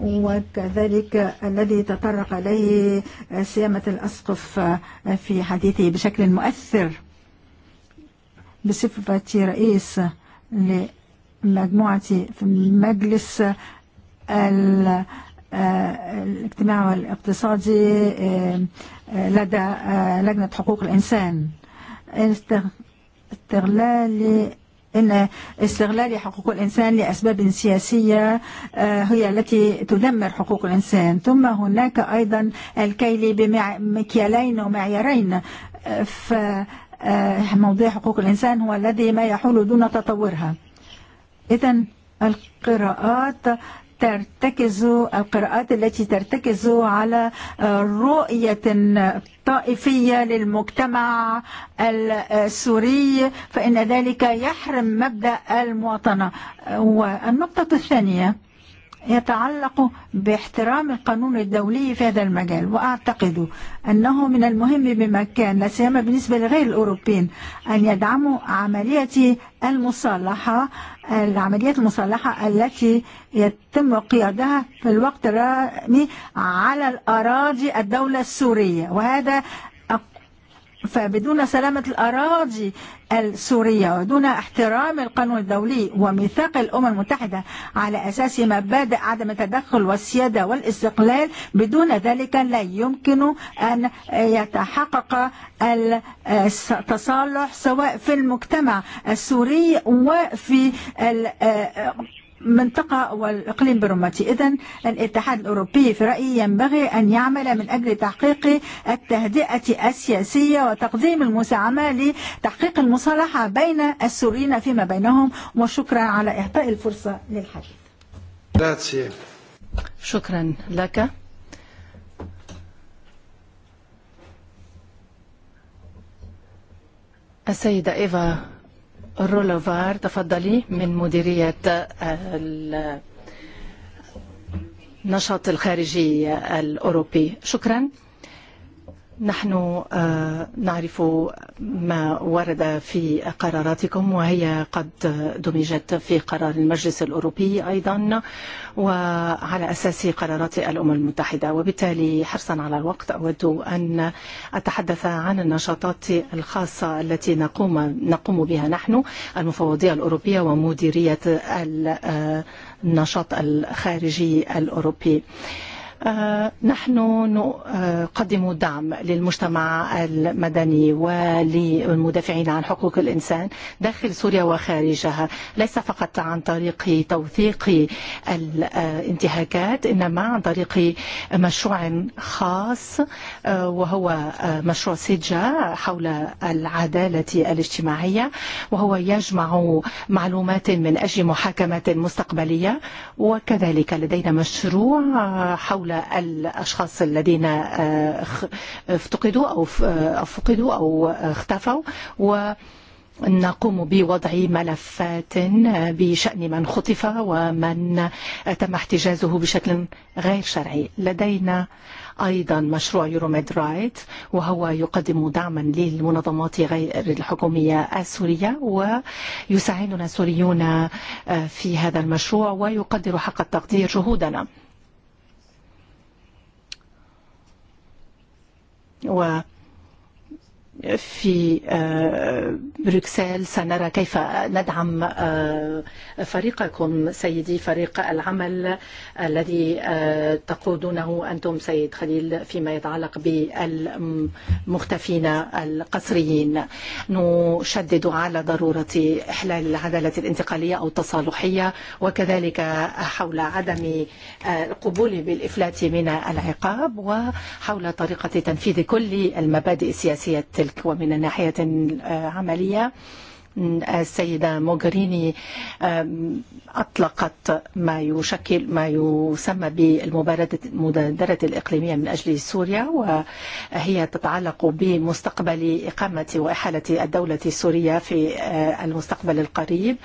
وكذلك الذي تطرق إليه سيامة الأسقف في حديثه بشكل مؤثر بصفة رئيس لمجموعة في مجلس الاجتماع والاقتصادي لدى لجنة حقوق الإنسان استغلال إن استغلال حقوق الإنسان لأسباب سياسية هي التي تدمر حقوق الإنسان ثم هناك أيضا الكيل بمكيالين ومعيارين فموضوع حقوق الإنسان هو الذي ما يحول دون تطورها إذا القراءات ترتكز القراءات التي ترتكز على رؤية الطائفية للمجتمع السوري فإن ذلك يحرم مبدأ المواطنة والنقطة الثانية يتعلق باحترام القانون الدولي في هذا المجال وأعتقد أنه من المهم بمكان لا سيما بالنسبة لغير الأوروبيين أن يدعموا عملية المصالحة العمليات المصالحة التي يتم قيادها في الوقت الرامي على الأراضي الدولة السورية وهذا فبدون سلامة الأراضي السورية ودون احترام القانون الدولي وميثاق الأمم المتحدة على أساس مبادئ عدم التدخل والسيادة والاستقلال بدون ذلك لا يمكن أن يتحقق التصالح سواء في المجتمع السوري وفي منطقة والإقليم برمتي إذن الاتحاد الأوروبي في رأيي ينبغي أن يعمل من أجل تحقيق التهدئة السياسية وتقديم المساهمة لتحقيق المصالحة بين السوريين فيما بينهم وشكرا على إعطاء الفرصة للحديث شكرا لك السيدة إيفا Rolovar, tafaddali, minn mudirijiet eh, l-naxat il-ħarġi eh, l-Europi. Xukran. نحن نعرف ما ورد في قراراتكم وهي قد دمجت في قرار المجلس الأوروبي أيضا وعلى أساس قرارات الأمم المتحدة وبالتالي حرصا على الوقت أود أن أتحدث عن النشاطات الخاصة التي نقوم, نقوم بها نحن المفوضية الأوروبية ومديرية النشاط الخارجي الأوروبي. نحن نقدم دعم للمجتمع المدني وللمدافعين عن حقوق الإنسان داخل سوريا وخارجها ليس فقط عن طريق توثيق الانتهاكات إنما عن طريق مشروع خاص وهو مشروع سجا حول العدالة الاجتماعية وهو يجمع معلومات من أجل محاكمة مستقبلية وكذلك لدينا مشروع حول حول الأشخاص الذين افتقدوا أو فقدوا أو اختفوا و نقوم بوضع ملفات بشأن من خطف ومن تم احتجازه بشكل غير شرعي لدينا أيضا مشروع يوروميد رايت وهو يقدم دعما للمنظمات غير الحكومية السورية ويساعدنا السوريون في هذا المشروع ويقدر حق التقدير جهودنا Well في بروكسل سنرى كيف ندعم فريقكم سيدي فريق العمل الذي تقودونه أنتم سيد خليل فيما يتعلق بالمختفين القصريين نشدد على ضرورة إحلال العدالة الانتقالية أو التصالحية وكذلك حول عدم القبول بالإفلات من العقاب وحول طريقة تنفيذ كل المبادئ السياسية تلك ومن ناحية عملية السيدة موغريني أطلقت ما يشكل ما يسمى بالمبادرة الإقليمية من أجل سوريا وهي تتعلق بمستقبل إقامة وإحالة الدولة السورية في المستقبل القريب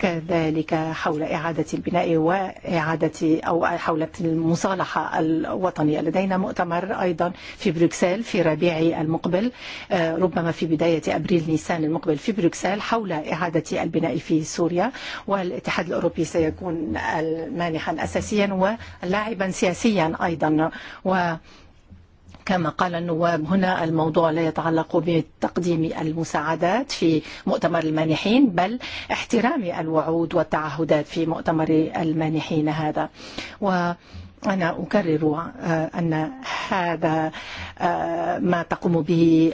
كذلك حول إعادة البناء وإعادة أو حول المصالحة الوطنية لدينا مؤتمر أيضا في بروكسل في ربيع المقبل ربما في بداية أبريل نيسان المقبل في بروكسل حول إعادة البناء في سوريا والاتحاد الأوروبي سيكون مانحا أساسيا ولاعبا سياسيا أيضا و كما قال النواب هنا الموضوع لا يتعلق بتقديم المساعدات في مؤتمر المانحين بل احترام الوعود والتعهدات في مؤتمر المانحين هذا و أنا أكرر أن هذا ما تقوم به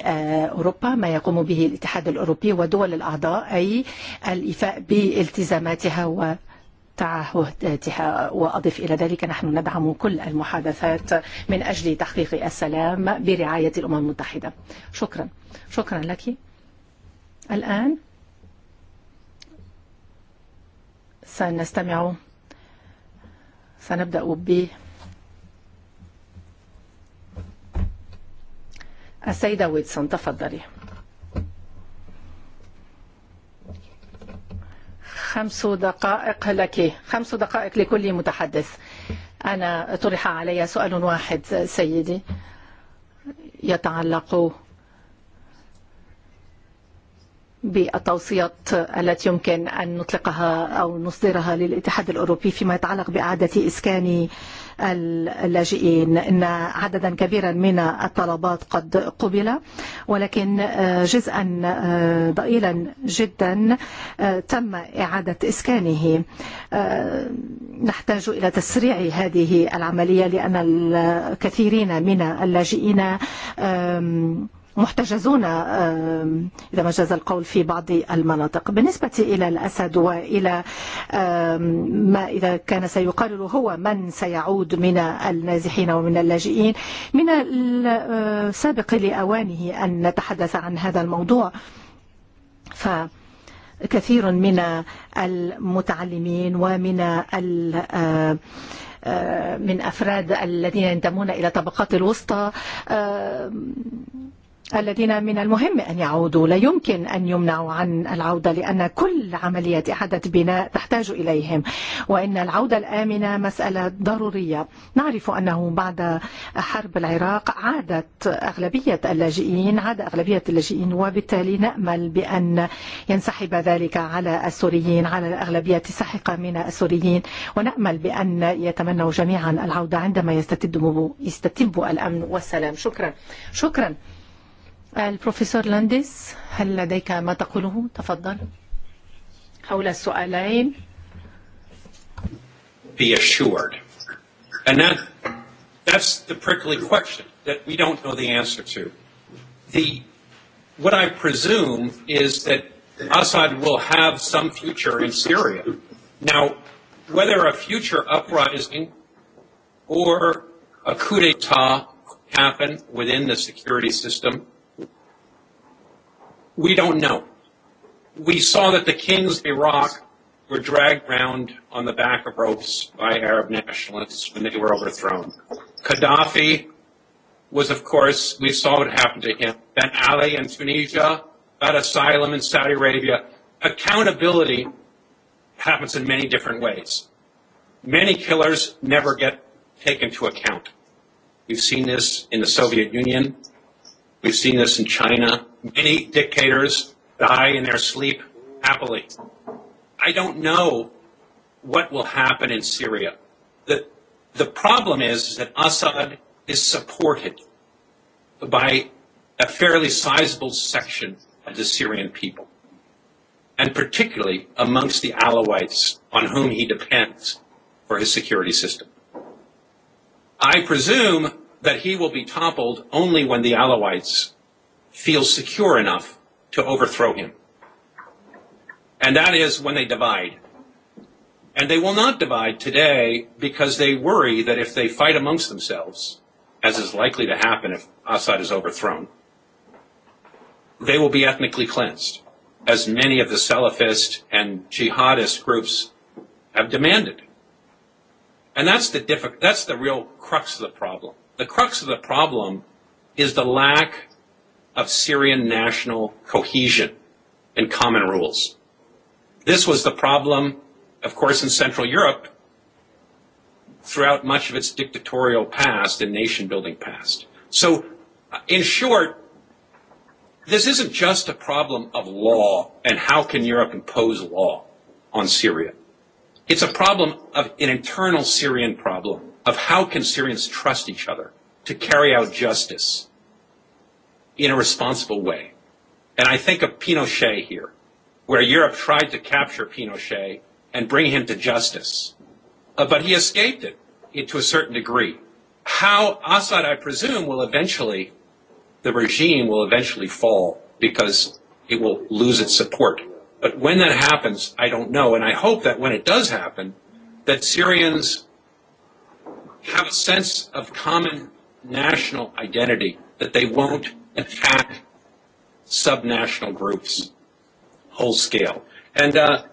أوروبا ما يقوم به الاتحاد الأوروبي ودول الأعضاء أي الإفاء بالتزاماتها تعهداتها وأضف إلى ذلك نحن ندعم كل المحادثات من أجل تحقيق السلام برعاية الأمم المتحدة شكرا شكرا لك الآن سنستمع سنبدأ ب السيدة ويتسون تفضلي خمس دقائق لك خمس دقائق لكل متحدث أنا طرح علي سؤال واحد سيدي يتعلق بالتوصيات التي يمكن أن نطلقها أو نصدرها للاتحاد الأوروبي فيما يتعلق بإعادة إسكان اللاجئين إن عددا كبيرا من الطلبات قد قبل ولكن جزءا ضئيلا جدا تم إعادة إسكانه نحتاج إلى تسريع هذه العملية لأن الكثيرين من اللاجئين محتجزون إذا ما جاز القول في بعض المناطق بالنسبة إلى الأسد وإلى ما إذا كان سيقرر هو من سيعود من النازحين ومن اللاجئين من السابق لأوانه أن نتحدث عن هذا الموضوع ف كثير من المتعلمين ومن من أفراد الذين ينتمون إلى طبقات الوسطى الذين من المهم أن يعودوا لا يمكن أن يمنعوا عن العودة لأن كل عملية إعادة بناء تحتاج إليهم وإن العودة الآمنة مسألة ضرورية نعرف أنه بعد حرب العراق عادت أغلبية اللاجئين عاد أغلبية اللاجئين وبالتالي نأمل بأن ينسحب ذلك على السوريين على الأغلبية الساحقة من السوريين ونأمل بأن يتمنوا جميعا العودة عندما يستتب يستتب الأمن والسلام شكرا شكرا البروفيسور لانديس هل لديك ما تقوله تفضل حول السؤالين be assured and that that's the prickly question that we don't know the answer to the what I presume is that Assad will have some future in Syria now whether a future uprising or a coup d'etat happen within the security system We don't know. We saw that the kings of Iraq were dragged round on the back of ropes by Arab nationalists when they were overthrown. Gaddafi was, of course, we saw what happened to him. Ben Ali in Tunisia, about asylum in Saudi Arabia. Accountability happens in many different ways. Many killers never get taken to account. We've seen this in the Soviet Union. We've seen this in China. Many dictators die in their sleep happily. I don't know what will happen in Syria. The, the problem is, that Assad is supported by a fairly sizable section of the Syrian people, and particularly amongst the Alawites on whom he depends for his security system. I presume that he will be toppled only when the Alawites feels secure enough to overthrow him. And that is when they divide. And they will not divide today because they worry that if they fight amongst themselves, as is likely to happen if Assad is overthrown, they will be ethnically cleansed, as many of the Salafist and jihadist groups have demanded. And that's the diffi- that's the real crux of the problem. The crux of the problem is the lack of Syrian national cohesion and common rules. This was the problem, of course, in Central Europe throughout much of its dictatorial past and nation building past. So, uh, in short, this isn't just a problem of law and how can Europe impose law on Syria. It's a problem of an internal Syrian problem of how can Syrians trust each other to carry out justice in a responsible way. And I think of Pinochet here, where Europe tried to capture Pinochet and bring him to justice. Uh, but he escaped it, it to a certain degree. How Assad, I presume, will eventually, the regime will eventually fall because it will lose its support. But when that happens, I don't know. And I hope that when it does happen, that Syrians have a sense of common national identity, that they won't attack subnational groups whole scale. And uh,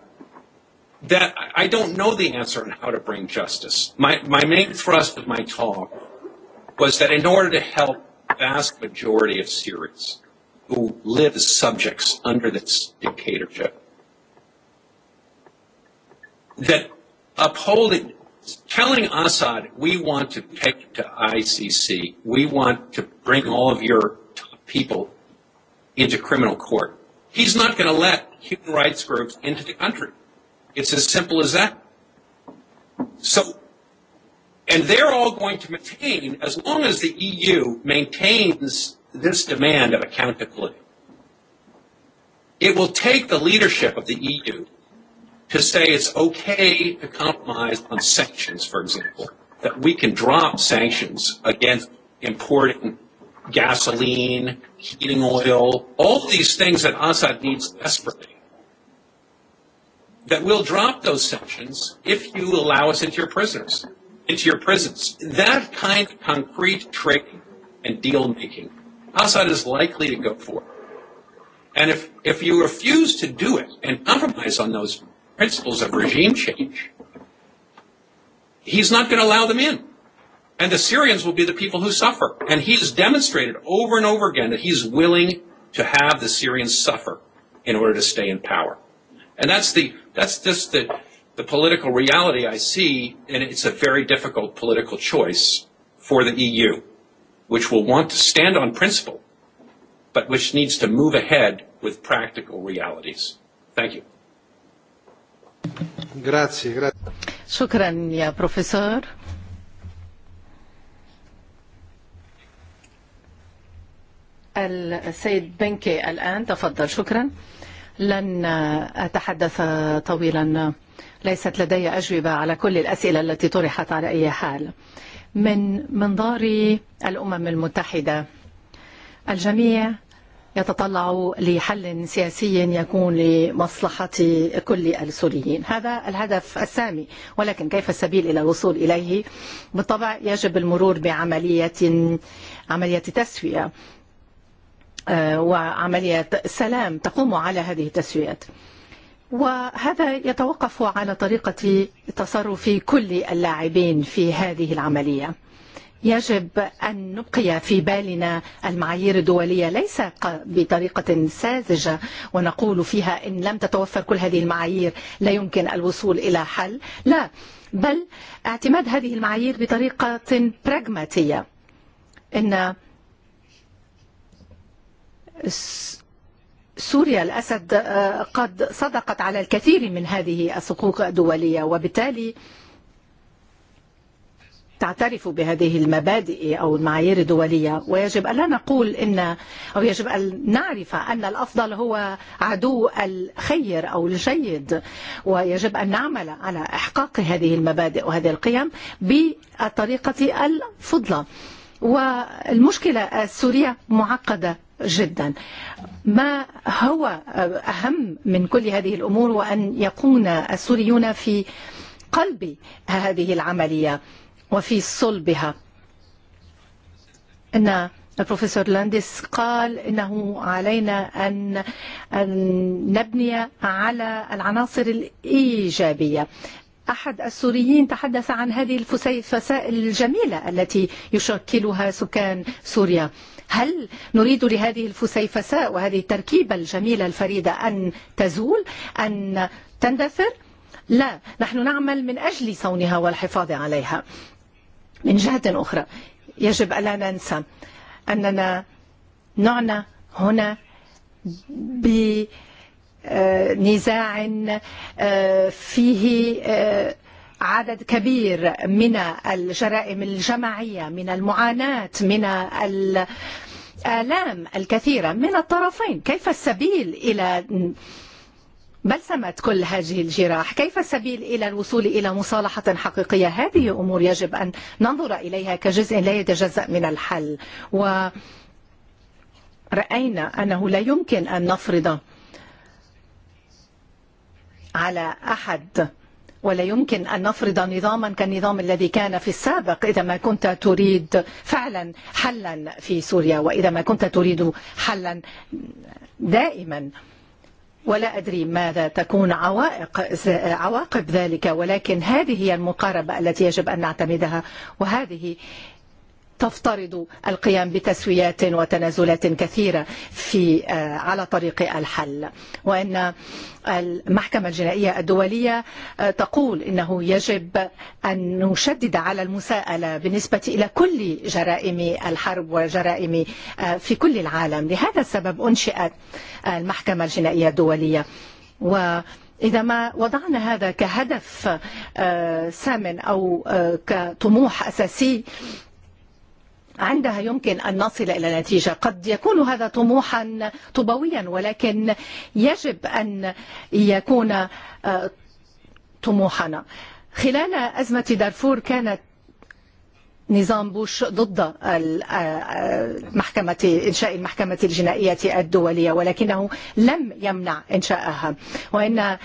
that I don't know the answer on how to bring justice. My, my main thrust of my talk was that in order to help the vast majority of Syrians who live as subjects under this dictatorship, that upholding, telling Assad, we want to take to ICC, we want to bring all of your people into criminal court. He's not going to let human rights groups into the country. It's as simple as that. So, and they're all going to maintain, as long as the EU maintains this demand of accountability, it will take the leadership of the EU to say it's okay to compromise on sanctions, for example, that we can drop sanctions against importing gasoline, heating oil, all these things that Assad needs desperately. That will drop those sanctions if you allow us into your prisons, into your prisons. That kind of concrete trick and deal making, Assad is likely to go for. And if, if you refuse to do it and compromise on those principles of regime change, he's not going to allow them in. And the Syrians will be the people who suffer. And he has demonstrated over and over again that he's willing to have the Syrians suffer in order to stay in power. And that's the that's just the the political reality I see, and it's a very difficult political choice for the EU, which will want to stand on principle, but which needs to move ahead with practical realities. Thank you. Grazie, grazie. Shukran, يا professor. السيد بنكي الآن تفضل شكرا لن أتحدث طويلا ليست لدي أجوبة على كل الأسئلة التي طرحت على أي حال من منظار الأمم المتحدة الجميع يتطلع لحل سياسي يكون لمصلحة كل السوريين هذا الهدف السامي ولكن كيف السبيل إلى الوصول إليه بالطبع يجب المرور بعملية عملية تسوية وعمليات سلام تقوم على هذه التسويات وهذا يتوقف على طريقة تصرف كل اللاعبين في هذه العملية يجب أن نبقي في بالنا المعايير الدولية ليس بطريقة ساذجة ونقول فيها إن لم تتوفر كل هذه المعايير لا يمكن الوصول إلى حل لا بل اعتماد هذه المعايير بطريقة براغماتية إن سوريا الأسد قد صدقت على الكثير من هذه الصكوك الدولية وبالتالي تعترف بهذه المبادئ أو المعايير الدولية ويجب أن لا نقول إن أو يجب أن نعرف أن الأفضل هو عدو الخير أو الجيد ويجب أن نعمل على إحقاق هذه المبادئ وهذه القيم بالطريقة الفضلة والمشكلة السورية معقدة جدا ما هو أهم من كل هذه الأمور وأن يكون السوريون في قلب هذه العملية وفي صلبها أن البروفيسور لانديس قال إنه علينا أن, أن نبني على العناصر الإيجابية أحد السوريين تحدث عن هذه الفسيفساء الجميلة التي يشكلها سكان سوريا هل نريد لهذه الفسيفساء وهذه التركيبة الجميلة الفريدة أن تزول أن تندثر لا نحن نعمل من أجل صونها والحفاظ عليها من جهة أخرى يجب ألا ننسى أننا نعنى هنا بنزاع فيه عدد كبير من الجرائم الجماعية من المعاناة من الآلام الكثيرة من الطرفين كيف السبيل إلى بلسمت كل هذه الجراح كيف السبيل إلى الوصول إلى مصالحة حقيقية هذه أمور يجب أن ننظر إليها كجزء لا يتجزأ من الحل ورأينا أنه لا يمكن أن نفرض على أحد ولا يمكن أن نفرض نظاما كالنظام الذي كان في السابق إذا ما كنت تريد فعلا حلا في سوريا وإذا ما كنت تريد حلا دائما ولا أدري ماذا تكون عوائق عواقب ذلك ولكن هذه هي المقاربة التي يجب أن نعتمدها وهذه تفترض القيام بتسويات وتنازلات كثيرة في على طريق الحل وأن المحكمة الجنائية الدولية تقول أنه يجب أن نشدد على المساءلة بالنسبة إلى كل جرائم الحرب وجرائم في كل العالم لهذا السبب أنشئت المحكمة الجنائية الدولية و إذا ما وضعنا هذا كهدف سامن أو كطموح أساسي عندها يمكن أن نصل إلى نتيجة قد يكون هذا طموحا طبويا ولكن يجب أن يكون طموحنا خلال أزمة دارفور كانت نظام بوش ضد محكمة إنشاء المحكمة الجنائية الدولية ولكنه لم يمنع إنشاءها وإن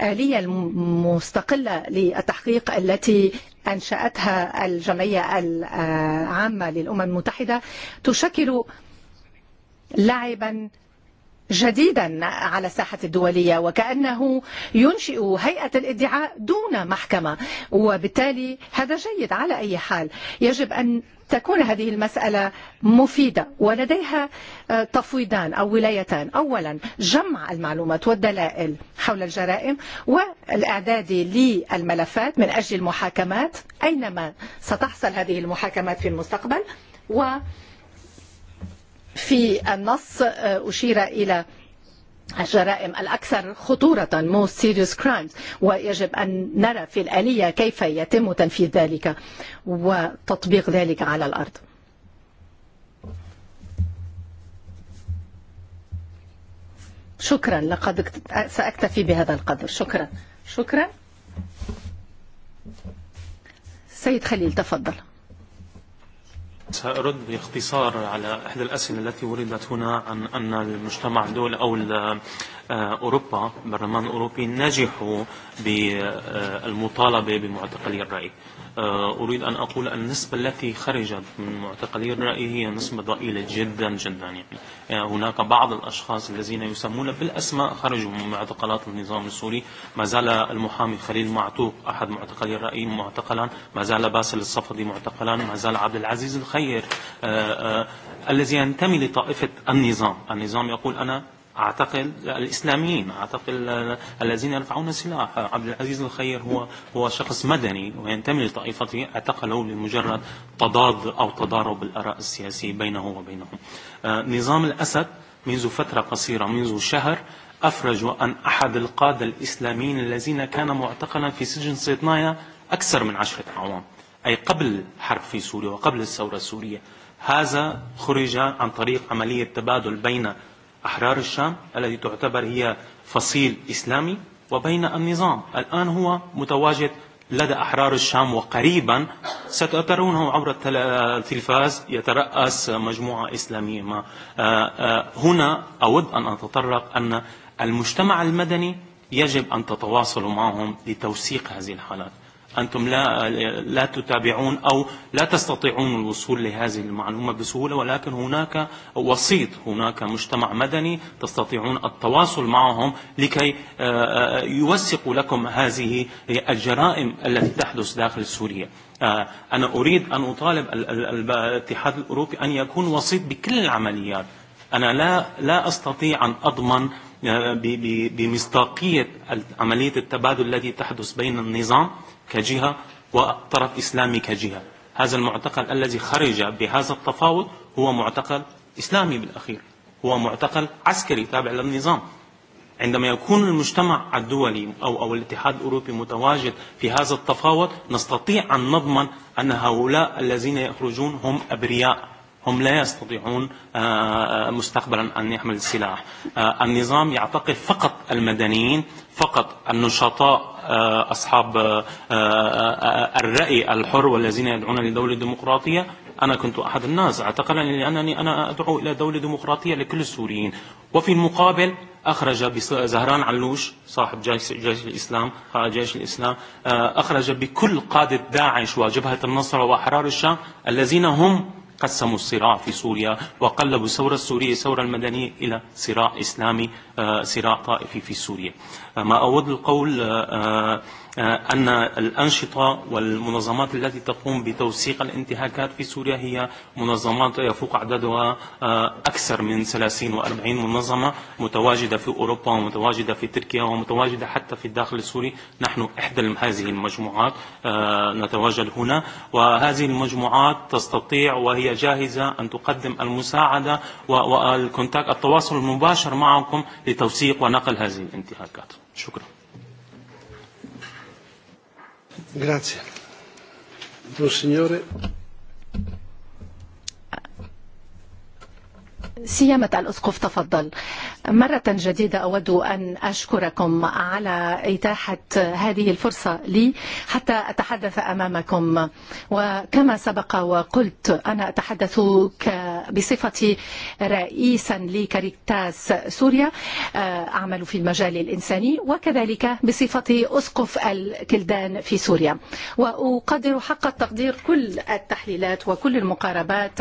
الآلية المستقلة للتحقيق التي أنشأتها الجمعية العامة للأمم المتحدة تشكل لاعبا جديدا على الساحة الدولية وكأنه ينشئ هيئة الادعاء دون محكمة وبالتالي هذا جيد على أي حال يجب أن تكون هذه المسألة مفيدة ولديها تفويضان أو ولايتان أولا جمع المعلومات والدلائل حول الجرائم والإعداد للملفات من أجل المحاكمات أينما ستحصل هذه المحاكمات في المستقبل وكذلك في النص أشير إلى الجرائم الأكثر خطورة most serious crimes ويجب أن نرى في الآلية كيف يتم تنفيذ ذلك وتطبيق ذلك على الأرض شكرا لقد سأكتفي بهذا القدر شكرا شكرا سيد خليل تفضل سأرد باختصار على إحدى الأسئلة التي وردت هنا عن أن المجتمع الدول أو أوروبا برلمان أوروبي نجحوا بالمطالبة بمعتقلي الرأي أريد أن أقول أن النسبة التي خرجت من معتقلي الرأي هي نسبة ضئيلة جدا جدا يعني. هناك بعض الأشخاص الذين يسمون بالأسماء خرجوا من معتقلات النظام السوري ما زال المحامي خليل معتوق أحد معتقلي الرأي معتقلا ما زال باسل الصفدي معتقلا ما زال عبد العزيز الخير الذي ينتمي لطائفة النظام النظام يقول أنا اعتقد الاسلاميين اعتقد الذين يرفعون السلاح عبد العزيز الخير هو هو شخص مدني وينتمي لطائفته اعتقلوا لمجرد تضاد او تضارب الاراء السياسي بينه وبينهم نظام الاسد منذ فتره قصيره منذ شهر افرج أن أحد القاده الاسلاميين الذين كان معتقلا في سجن سيطنايا أكثر من عشرة اعوام أي قبل حرب في سوريا وقبل الثوره السوريه هذا خرج عن طريق عملية تبادل بين أحرار الشام التي تعتبر هي فصيل إسلامي وبين النظام الآن هو متواجد لدى أحرار الشام وقريبا ستأترونه عبر التلفاز يترأس مجموعة إسلامية ما هنا أود أن أتطرق أن المجتمع المدني يجب أن تتواصلوا معهم لتوسيق هذه الحالات أنتم لا, لا تتابعون أو لا تستطيعون الوصول لهذه المعلومة بسهولة ولكن هناك وسيط هناك مجتمع مدني تستطيعون التواصل معهم لكي يوثقوا لكم هذه الجرائم التي تحدث داخل سوريا أنا أريد أن أطالب الاتحاد الأوروبي أن يكون وسيط بكل العمليات أنا لا, لا أستطيع أن أضمن بمصداقية عملية التبادل التي تحدث بين النظام كجهة وطرف إسلامي كجهة هذا المعتقل الذي خرج بهذا التفاوض هو معتقل إسلامي بالأخير هو معتقل عسكري تابع للنظام عندما يكون المجتمع الدولي أو, أو الاتحاد الأوروبي متواجد في هذا التفاوض نستطيع أن نضمن أن هؤلاء الذين يخرجون هم أبرياء هم لا يستطيعون مستقبلا أن يحمل السلاح النظام يعتقد فقط المدنيين فقط النشطاء أصحاب الرأي الحر والذين يدعون لدولة ديمقراطية أنا كنت أحد الناس اعتقلا لأنني أنا أدعو إلى دولة ديمقراطية لكل السوريين وفي المقابل أخرج زهران علوش صاحب جيش, جيش الإسلام جيش الإسلام أخرج بكل قادة داعش وجبهة النصر وأحرار الشام الذين هم قسموا الصراع في سوريا وقلبوا الثورة السورية الثورة المدنية إلى صراع إسلامي صراع طائفي في سوريا ما أود القول أن الأنشطة والمنظمات التي تقوم بتوثيق الانتهاكات في سوريا هي منظمات يفوق عددها أكثر من 30 و 40 منظمة متواجدة في أوروبا ومتواجدة في تركيا ومتواجدة حتى في الداخل السوري نحن إحدى هذه المجموعات نتواجد هنا وهذه المجموعات تستطيع وهي جاهزة أن تقدم المساعدة والكونتاك التواصل المباشر معكم لتوثيق ونقل هذه الانتهاكات شكرا Grazie. Pro signore. سيامة الأسقف تفضل مرة جديدة أود أن أشكركم على إتاحة هذه الفرصة لي حتى أتحدث أمامكم وكما سبق وقلت أنا أتحدث بصفتي رئيسا لكاريتاس سوريا أعمل في المجال الإنساني وكذلك بصفتي أسقف الكلدان في سوريا وأقدر حق التقدير كل التحليلات وكل المقاربات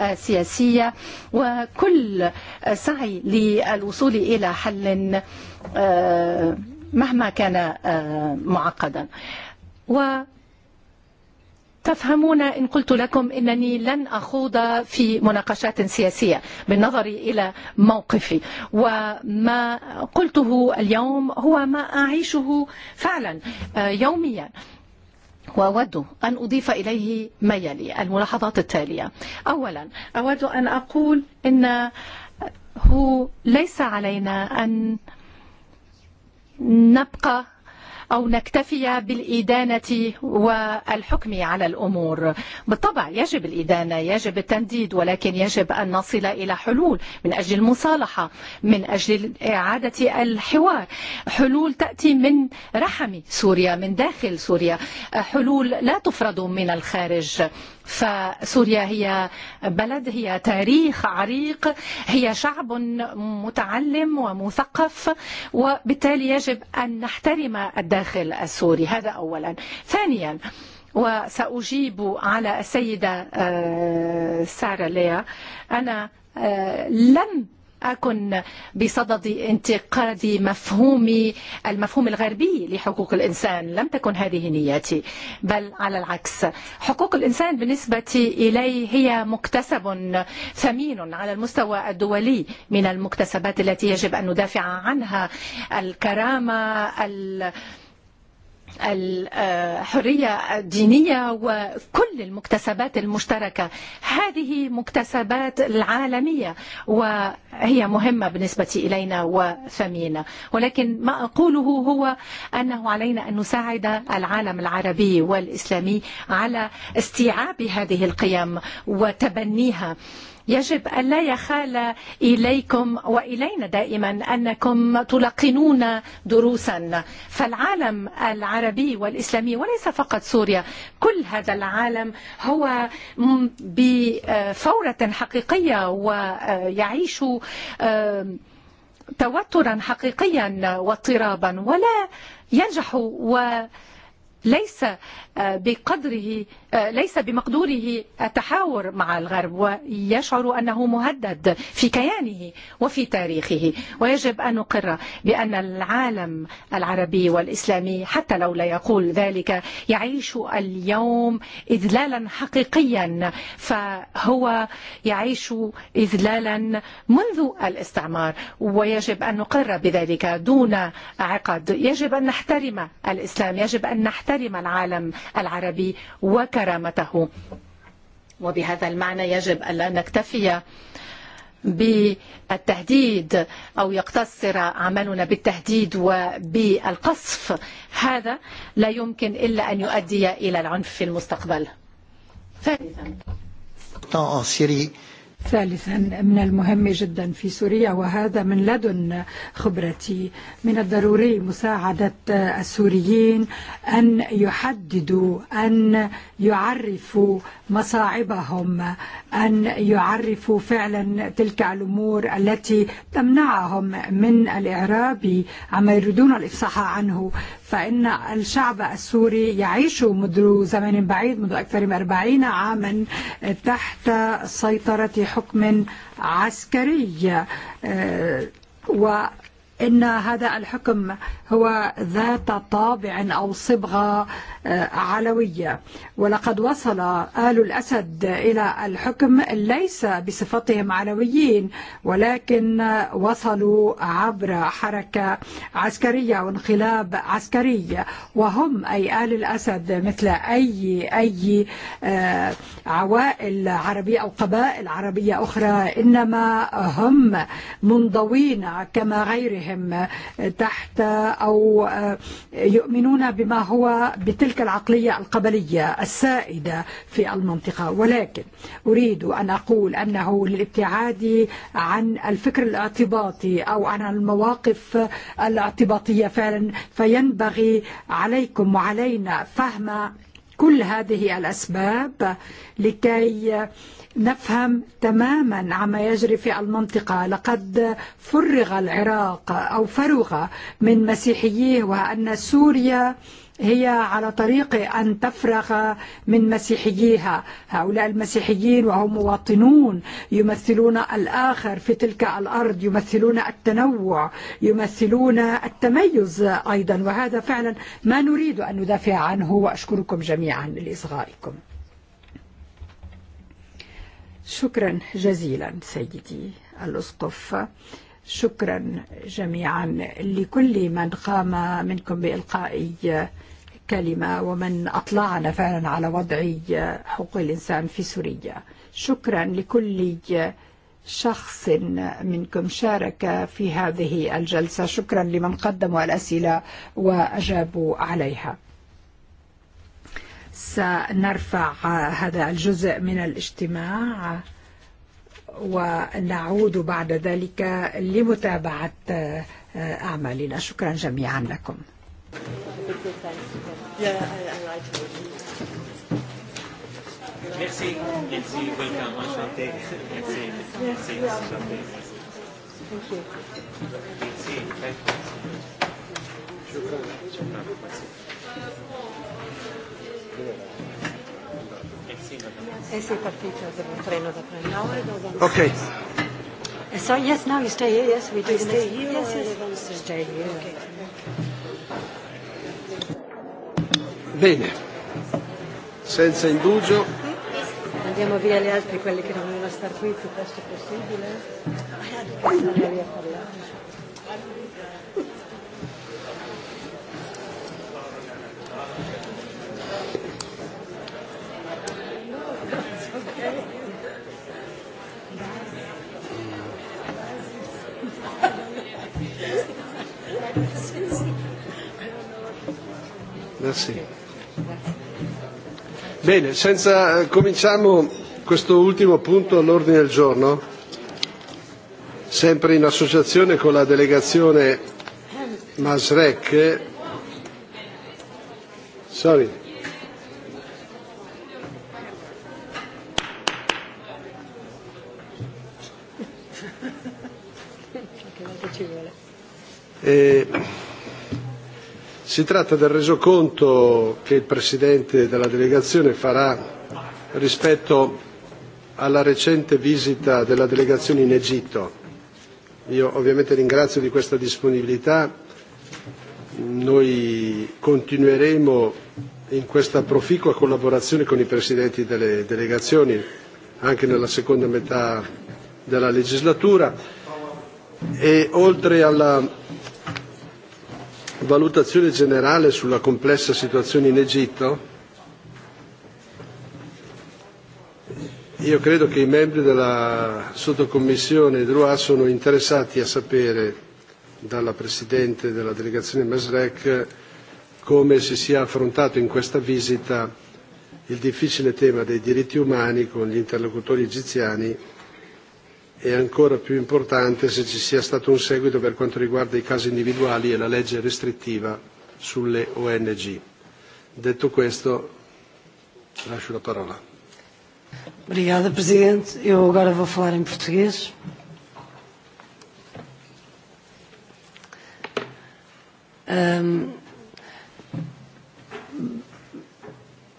السياسية وكل سعي الوصول إلى حل مهما كان معقدا تفهمون إن قلت لكم إنني لن أخوض في مناقشات سياسية بالنظر إلى موقفي وما قلته اليوم هو ما أعيشه فعلا يوميا وأود أن أضيف إليه ما يلي الملاحظات التالية أولا أود أن أقول إن هو ليس علينا أن نبقى أو نكتفي بالإدانة والحكم على الأمور بالطبع يجب الإدانة يجب التنديد ولكن يجب أن نصل إلى حلول من أجل المصالحة من أجل إعادة الحوار حلول تأتي من رحم سوريا من داخل سوريا حلول لا تفرض من الخارج فسوريا هي بلد هي تاريخ عريق هي شعب متعلم ومثقف وبالتالي يجب أن نحترم الداخل السوري هذا أولا ثانيا وسأجيب على السيدة سارة ليا أنا لن أكن بصدد انتقاد مفهومي المفهوم الغربي لحقوق الإنسان لم تكن هذه نيتي بل على العكس حقوق الإنسان بالنسبة إلي هي مكتسب ثمين على المستوى الدولي من المكتسبات التي يجب أن ندافع عنها الكرامة الكرامة الحرية الدينية وكل المكتسبات المشتركة هذه مكتسبات العالمية وهي مهمة بالنسبة إلينا وثمينة ولكن ما أقوله هو أنه علينا أن نساعد العالم العربي والإسلامي على استيعاب هذه القيم وتبنيها يجب ألا يخال إليكم وإلينا دائما أنكم تلقنون دروسا فالعالم العربي والإسلامي وليس فقط سوريا كل هذا العالم هو بفورة حقيقية ويعيش توترا حقيقيا واضطرابا ولا ينجح وليس بقدره ليس بمقدوره التحاور مع الغرب ويشعر أنه مهدد في كيانه وفي تاريخه ويجب أن نقر بأن العالم العربي والإسلامي حتى لو لا يقول ذلك يعيش اليوم إذلالا حقيقيا فهو يعيش إذلالا منذ الاستعمار ويجب أن نقر بذلك دون عقد يجب أن نحترم الإسلام يجب أن نحترم العالم العربي وكرم كرامته وبهذا المعنى يجب ألا نكتفي بالتهديد أو يقتصر عملنا بالتهديد وبالقصف هذا لا يمكن إلا أن يؤدي إلى العنف في المستقبل ثالثا oh, ثالثا من المهم جدا في سوريا وهذا من لدن خبرتي من الضروري مساعدة السوريين أن يحددوا أن يعرفوا مصاعبهم أن يعرفوا فعلا تلك الأمور التي تمنعهم من الإعراب عما يريدون الإفصاح عنه فإن الشعب السوري يعيش منذ زمن بعيد منذ أكثر من أربعين عاما تحت سيطرة حكم عسكري وإن هذا الحكم هو ذات طابع أو صبغة علوية ولقد وصل آل الأسد إلى الحكم ليس بصفتهم علويين ولكن وصلوا عبر حركة عسكرية وانقلاب عسكري وهم أي آل الأسد مثل أي أي عوائل عربية أو قبائل عربية أخرى إنما هم منضوين كما غيرهم تحت أو يؤمنون بما هو بتلك العقلية القبلية السائدة في المنطقة ولكن أريد أن أقول أنه للابتعاد عن الفكر الاعتباطي أو عن المواقف الاعتباطية فعلا فينبغي عليكم وعلينا فهم كل هذه الأسباب لكي نفهم تماما عما يجري في المنطقة لقد فرغ العراق أو فرغ من مسيحيه وأن سوريا هي على طريق أن تفرغ من مسيحييها هؤلاء المسيحيين وهم مواطنون يمثلون الآخر في تلك الأرض يمثلون التنوع يمثلون التميز أيضا وهذا فعلا ما نريد أن ندافع عنه وأشكركم جميعا لإصغائكم شكرا جزيلا سيدي الأسقف شكرا جميعا لكل من قام منكم بإلقاء كلمة ومن أطلعنا فعلا على وضع حقوق الإنسان في سوريا شكرا لكل شخص منكم شارك في هذه الجلسة شكرا لمن قدموا الأسئلة وأجابوا عليها سنرفع هذا الجزء من الاجتماع ونعود بعد ذلك لمتابعة أعمالنا شكرا جميعا لكم Merci, thank you. Eh, eh Ok. Eh, so, yes, now you stay here, yes, we do. I stay here, yes, yes. Stay here. Okay. Bene, senza indugio. Andiamo via gli altri, quelli che non vogliono star qui, più presto possibile. Ah, Andiamo via a parlare. Merci. Bene, senza, eh, cominciamo questo ultimo punto all'ordine del giorno, sempre in associazione con la delegazione Masrec. Sorry. Eh, Si tratta del resoconto che il Presidente della delegazione farà rispetto alla recente visita della delegazione in Egitto. Io ovviamente ringrazio di questa disponibilità. Noi continueremo in questa proficua collaborazione con i presidenti delle delegazioni anche nella seconda metà della legislatura e oltre alla valutazione generale sulla complessa situazione in Egitto, io credo che i membri della sottocommissione DRUA sono interessati a sapere dalla Presidente della delegazione Masrec come si sia affrontato in questa visita il difficile tema dei diritti umani con gli interlocutori egiziani e ancora più importante se ci sia stato un seguito per quanto riguarda i casi individuali e la legge restrittiva sulle ONG. Detto questo, lascio la parola. Obrigada, Presidente. Eu agora vou falar em português. Um,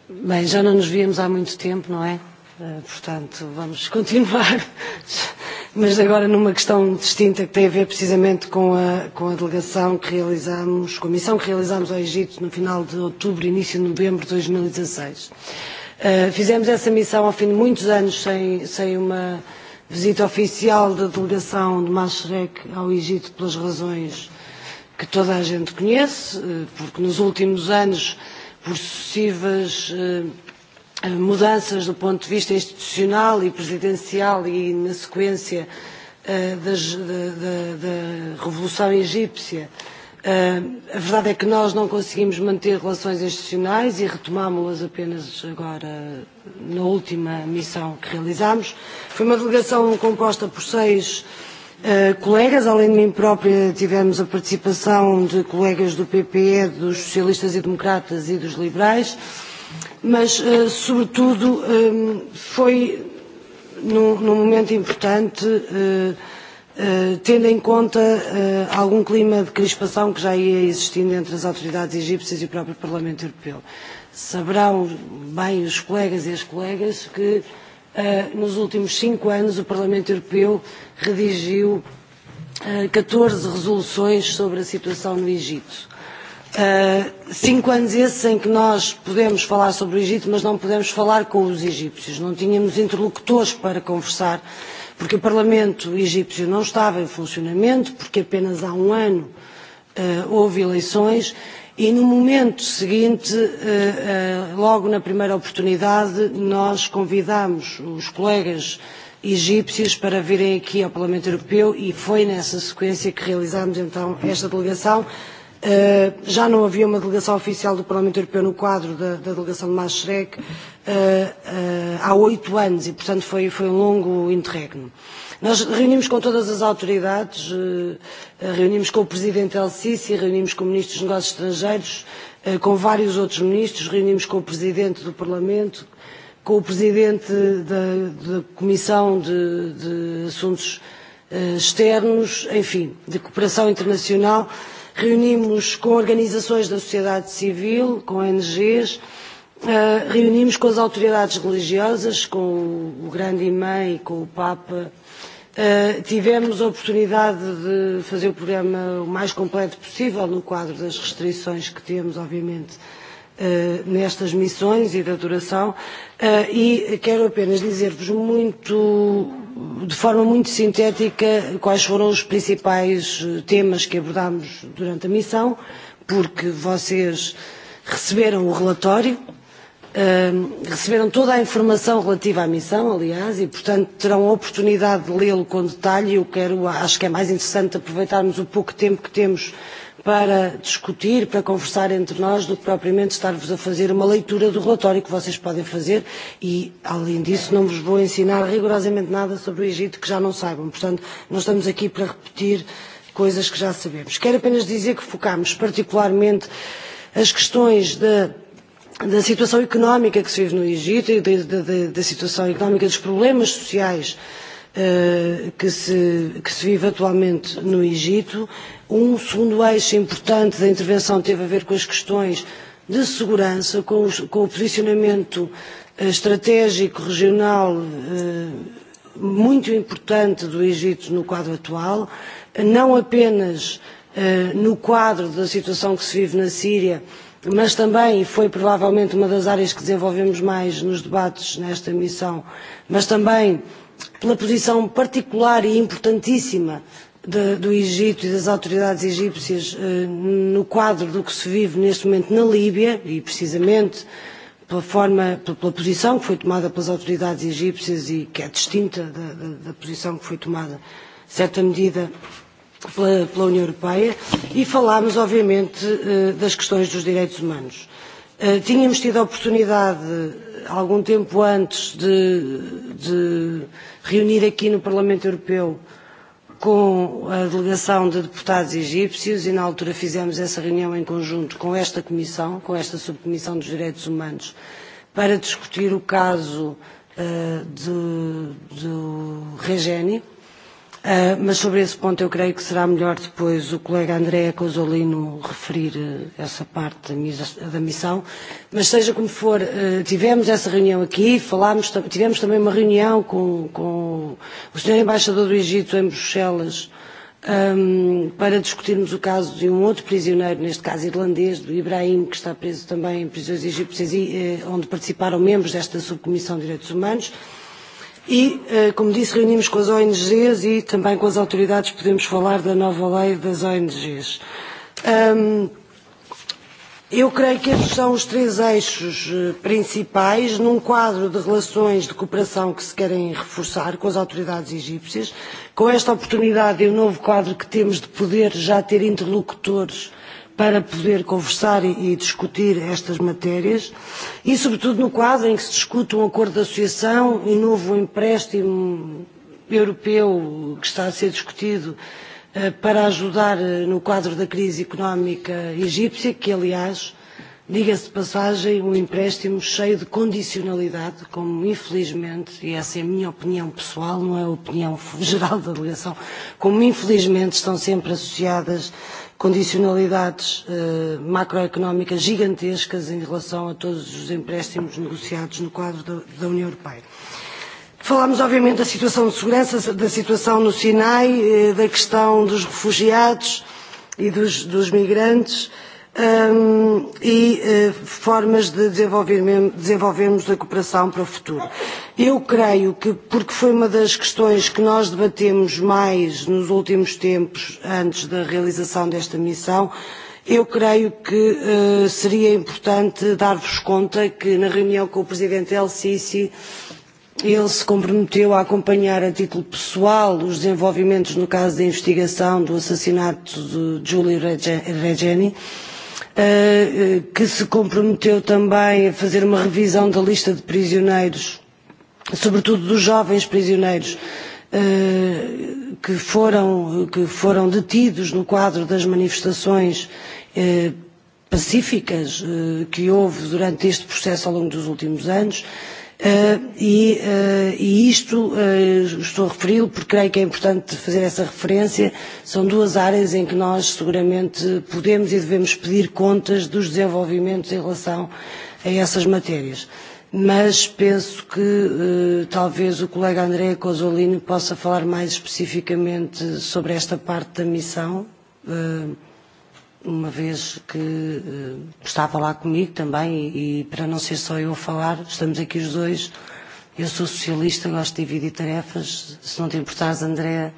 bem, já não nos víamos há muito tempo, não é? Uh, portanto, vamos continuar mas agora numa questão distinta que tem a ver precisamente com a, com a delegação que realizamos, com a missão que realizámos ao Egito no final de outubro, início de novembro de 2016. Uh, e eh, fizemos essa missão ao fim de muitos anos sem, sem uma visita oficial da delegação de Mashrek ao Egito pelas razões que toda a gente conhece, eh, porque nos últimos anos, por sucessivas... Uh, Eh, mudanças do ponto de vista institucional e presidencial e na sequência eh, das, da, da, da Revolução Egípcia, eh, a verdade é que nós não conseguimos manter relações institucionais e retomámo-las apenas agora na última missão que realizámos. Foi uma delegação composta por seis Uh, colegas, além de mim própria, tivemos a participação de colegas do PPE, dos Socialistas e Democratas e dos Liberais mas, uh, sobretudo, um, foi num, num momento importante, uh, uh, tendo em conta uh, algum clima de crispação que já ia existindo entre as autoridades egípcias e o próprio Parlamento Europeu. Saberão bem os colegas e as colegas que uh, nos últimos cinco anos o Parlamento Europeu redigiu uh, 14 resoluções sobre a situação no Egito Eh, cinco anos e esses em que nós podemos falar sobre o Egito, mas não podemos falar com os egípcios. Não tínhamos interlocutores para conversar, porque o Parlamento egípcio não estava em funcionamento, porque apenas há um ano uh, houve eleições e no momento seguinte, uh, uh, logo na primeira oportunidade, nós convidámos os colegas egípcios para virem aqui ao Parlamento Europeu e foi nessa sequência que realizámos então esta delegação Uh, já não havia uma delegação oficial do Parlamento Europeu no quadro da, da delegação de Maastricht uh, uh, há oito anos e, portanto, foi, foi um longo interregno. Nós reunimos com todas as autoridades, uh, reunimos com o Presidente El Sisi, reunimos com o Ministro dos Negócios Estrangeiros, uh, com vários outros ministros, reunimos com o Presidente do Parlamento, com o Presidente da, da Comissão de, de Assuntos Externos, enfim, de Cooperação Internacional, uh, reunimos com organizações da sociedade civil, com ONGs, Uh, ah, reunimos com as autoridades religiosas, com o grande imã e com o Papa. Uh, tivemos a oportunidade de fazer o programa o mais completo possível no quadro das restrições que temos, obviamente, Eh, nestas missões e da duração eh, e quero apenas dizer-vos muito de forma muito sintética quais foram os principais eh, temas que abordámos durante a missão porque vocês receberam o relatório Uh, receberam toda a informação relativa à missão, aliás, e, portanto, terão a oportunidade de lê-lo com detalhe. Eu quero, acho que é mais interessante aproveitarmos o pouco tempo que temos para discutir, para conversar entre nós, do que propriamente estar-vos a fazer uma leitura do relatório que vocês podem fazer e, além disso, não vos vou ensinar rigorosamente nada sobre o Egito que já não saibam. Portanto, não estamos aqui para repetir coisas que já sabemos. Quero apenas dizer que focámos particularmente as questões da da situação económica que se vive no Egito e da, da, da situação económica dos problemas sociais uh, Eh, que se, que se vive atualmente no Egito. Um segundo eixo importante da intervenção teve a ver com as questões de segurança, com, os, com o posicionamento eh, estratégico regional eh, muito importante do Egito no quadro atual, não apenas no quadro da situação que se vive na Síria, mas também, e foi provavelmente uma das áreas que desenvolvemos mais nos debates nesta missão, mas também pela posição particular e importantíssima de, do Egito e das autoridades egípcias uh, no quadro do que se vive neste momento na Líbia e precisamente pela forma, pela, pela posição que foi tomada pelas autoridades egípcias e que é distinta da, da, da posição que foi tomada, em certa medida, pela, pela União Europeia, e falámos, obviamente, eh, das questões dos direitos humanos. Eh, tínhamos tido a oportunidade, algum tempo antes, de, de reunir aqui no Parlamento Europeu com a delegação de deputados egípcios e na altura fizemos essa reunião em conjunto com esta comissão, com esta subcomissão dos direitos humanos, para discutir o caso uh, do, do Regeni. Eh, mas sobre esse ponto eu creio que será melhor depois o colega André Cosolino referir eh, essa parte da missão. Mas seja como for, eh, tivemos essa reunião aqui, falámos, tivemos também uma reunião com, com o Sr. Embaixador do Egito em Bruxelas um, para discutirmos o caso de um outro prisioneiro, neste caso irlandês, do Ibrahim, que está preso também em prisões egípcias, e, onde participaram membros desta subcomissão de direitos humanos. E, eh, como disse, reunimos com as ONGs e também com as autoridades podemos falar da nova lei das ONGs. Um, eu creio que estes são os três eixos eh, principais num quadro de relações de cooperação que se querem reforçar com as autoridades egípcias, com esta oportunidade e o novo quadro que temos de poder já ter interlocutores para poder conversar e, e discutir estas matérias e, sobretudo, no quadro em que se discute um acordo de associação e novo empréstimo europeu que está a ser discutido eh, para ajudar eh, no quadro da crise económica egípcia, que, aliás, diga-se de passagem, um empréstimo cheio de condicionalidade, como, infelizmente, e essa é a minha opinião pessoal, não é a opinião geral da delegação, como, infelizmente, estão sempre associadas condicionalidades uh, macroeconómicas gigantescas em relação a todos os empréstimos negociados no quadro da, da União Europeia. Falámos, obviamente, da situação de segurança, da situação no Sinai, eh, da questão dos refugiados e dos, dos migrantes um, e uh, formas de desenvolvermos, desenvolvermos cooperação para o futuro. Eu creio que, porque foi uma das questões que nós debatemos mais nos últimos tempos, antes da realização desta missão, eu creio que uh, seria importante dar-vos conta que na reunião com o Presidente El Sisi, Ele se comprometeu a acompanhar a título pessoal os desenvolvimentos no caso da investigação do assassinato de Julie Regeni Eh, eh, que se comprometeu também a fazer uma revisão da lista de prisioneiros, sobretudo dos jovens prisioneiros eh, que foram, que foram detidos no quadro das manifestações pacíficas que houve durante este processo ao longo dos últimos anos Eh, e, eh, e isto, eh, estou a referi-lo porque creio que é importante fazer essa referência, são duas áreas em que nós seguramente podemos e devemos pedir contas dos desenvolvimentos em relação a essas matérias. Mas penso que talvez o colega André Cozolino possa falar mais especificamente sobre esta parte da missão. Uh, uma vez que uh, eh, está a falar comigo também e, e para não ser só eu a falar, estamos aqui os dois. Eu sou socialista, gosto de dividir tarefas. Se não te importares, Andréa, uh,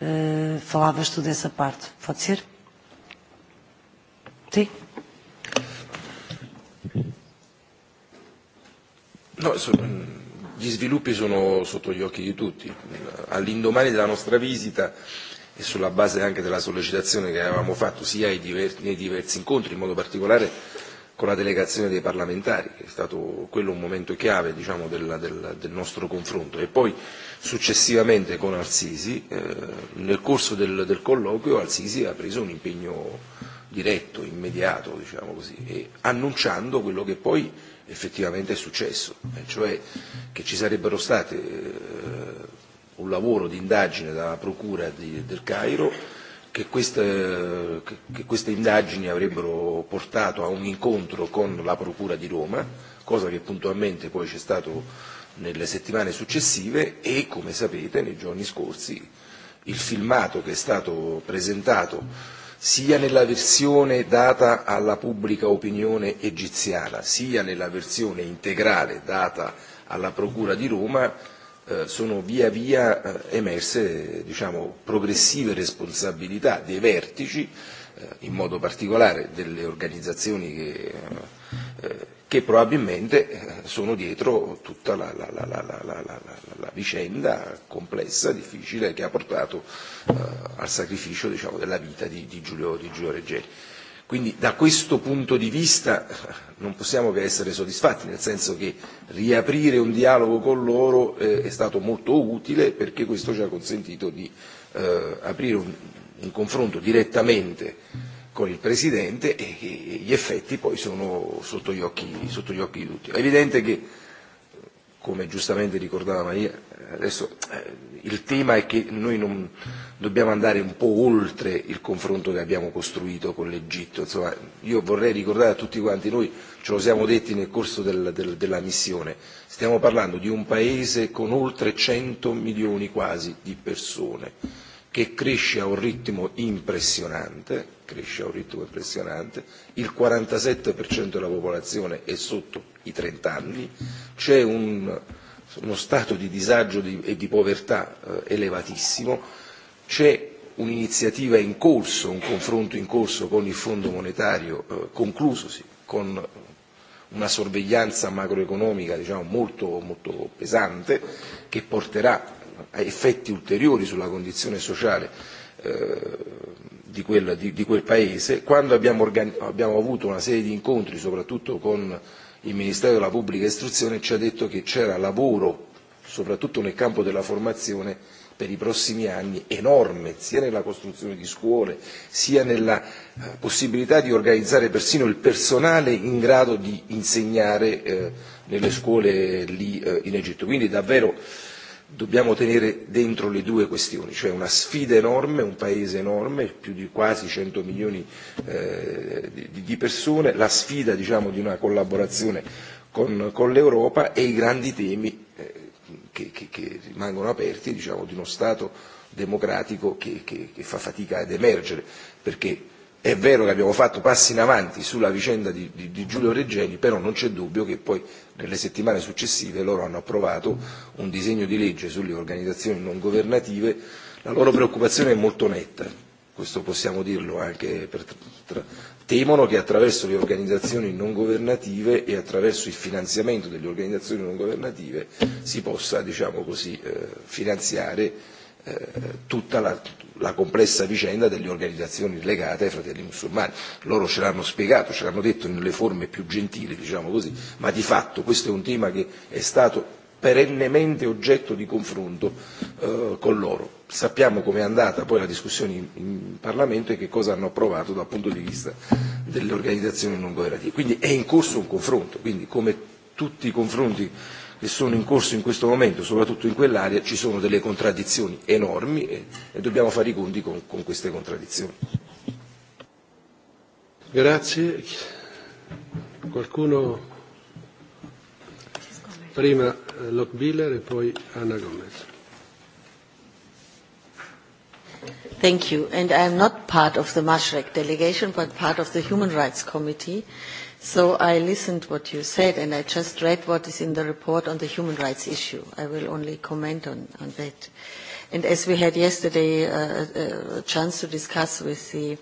eh, falavas tu dessa parte. Pode ser? Sim? No, so, mm, gli sviluppi sono sotto gli occhi di tutti. All'indomani della nostra visita e sulla base anche della sollecitazione che avevamo fatto sia ai diversi, nei diversi incontri, in modo particolare con la delegazione dei parlamentari, che è stato quello un momento chiave diciamo, del, del, del nostro confronto, e poi successivamente con al eh, nel corso del, del colloquio al ha preso un impegno diretto, immediato, diciamo così, e annunciando quello che poi effettivamente è successo, e cioè che ci sarebbero state eh, un lavoro di indagine dalla Procura di, del Cairo che queste, che queste indagini avrebbero portato a un incontro con la Procura di Roma, cosa che puntualmente poi c'è stato nelle settimane successive e, come sapete, nei giorni scorsi il filmato che è stato presentato sia nella versione data alla pubblica opinione egiziana, sia nella versione integrale data alla Procura di Roma, Eh, sono via via eh, emerse diciamo, progressive responsabilità dei vertici, eh, in modo particolare delle organizzazioni che, che probabilmente sono dietro tutta la, la, la, la, la, la, la, la vicenda complessa, difficile, che ha portato al sacrificio diciamo, della vita di, di, Giulio, di Giulio Reggeri. Quindi da questo punto di vista *laughs* non possiamo che essere soddisfatti, nel senso che riaprire un dialogo con loro eh, è stato molto utile perché questo ci ha consentito di eh, aprire un, un confronto direttamente con il Presidente e, e gli effetti poi sono sotto gli occhi, sotto gli occhi di tutti. È evidente che, come giustamente ricordava Maria, adesso eh, il tema è che noi non dobbiamo andare un po' oltre il confronto che abbiamo costruito con l'Egitto. Insomma, io vorrei ricordare a tutti quanti, noi ce lo siamo detti nel corso del, del, della missione, stiamo parlando di un paese con oltre 100 milioni quasi di persone, che cresce a un ritmo impressionante, cresce a un ritmo impressionante, il 47% della popolazione è sotto i 30 anni, c'è un, uno stato di disagio di, e di povertà eh, elevatissimo, C'è un'iniziativa in corso, un confronto in corso con il Fondo monetario eh, conclusosi, con eh, una sorveglianza macroeconomica diciamo, molto, molto pesante che porterà a effetti ulteriori sulla condizione sociale eh, di, quel, di, di quel Paese. Quando abbiamo, abbiamo avuto una serie di incontri, soprattutto con il Ministero della Pubblica Istruzione, ci ha detto che c'era lavoro, soprattutto nel campo della formazione, per i prossimi anni enorme, sia nella costruzione di scuole, sia nella eh, possibilità di organizzare persino il personale in grado di insegnare eh, nelle scuole lì eh, in Egitto. Quindi davvero dobbiamo tenere dentro le due questioni, cioè una sfida enorme, un paese enorme, più di quasi 100 milioni eh, di, di persone, la sfida diciamo, di una collaborazione con, con l'Europa e i grandi temi eh, che, che, che rimangono aperti diciamo, di uno Stato democratico che, che, che fa fatica ad emergere, perché è vero che abbiamo fatto passi in avanti sulla vicenda di, di, di Giulio Reggeni, però non c'è dubbio che poi nelle settimane successive loro hanno approvato un disegno di legge sulle organizzazioni non governative, la loro preoccupazione è molto netta, questo possiamo dirlo anche per tra, temono che attraverso le organizzazioni non governative e attraverso il finanziamento delle organizzazioni non governative si possa, diciamo così, eh, finanziare eh, tutta la, la complessa vicenda delle organizzazioni legate ai fratelli musulmani. Loro ce l'hanno spiegato, ce l'hanno detto nelle forme più gentili, diciamo così, ma di fatto questo è un tema che è stato perennemente oggetto di confronto eh, con loro. Sappiamo com'è andata poi la discussione in, in Parlamento e che cosa hanno approvato dal punto di vista delle organizzazioni non governative. Quindi è in corso un confronto, quindi come tutti i confronti che sono in corso in questo momento, soprattutto in quell'area, ci sono delle contraddizioni enormi e, e dobbiamo fare i conti con, con queste contraddizioni. Grazie. Qualcuno prima Lockbiller e poi Anna Gomez. Thank you. And I am not part of the Mashrek delegation, but part of the Human Rights Committee. So I listened what you said, and I just read what is in the report on the human rights issue. I will only comment on, on that. And as we had yesterday uh, a, uh, a chance to discuss with the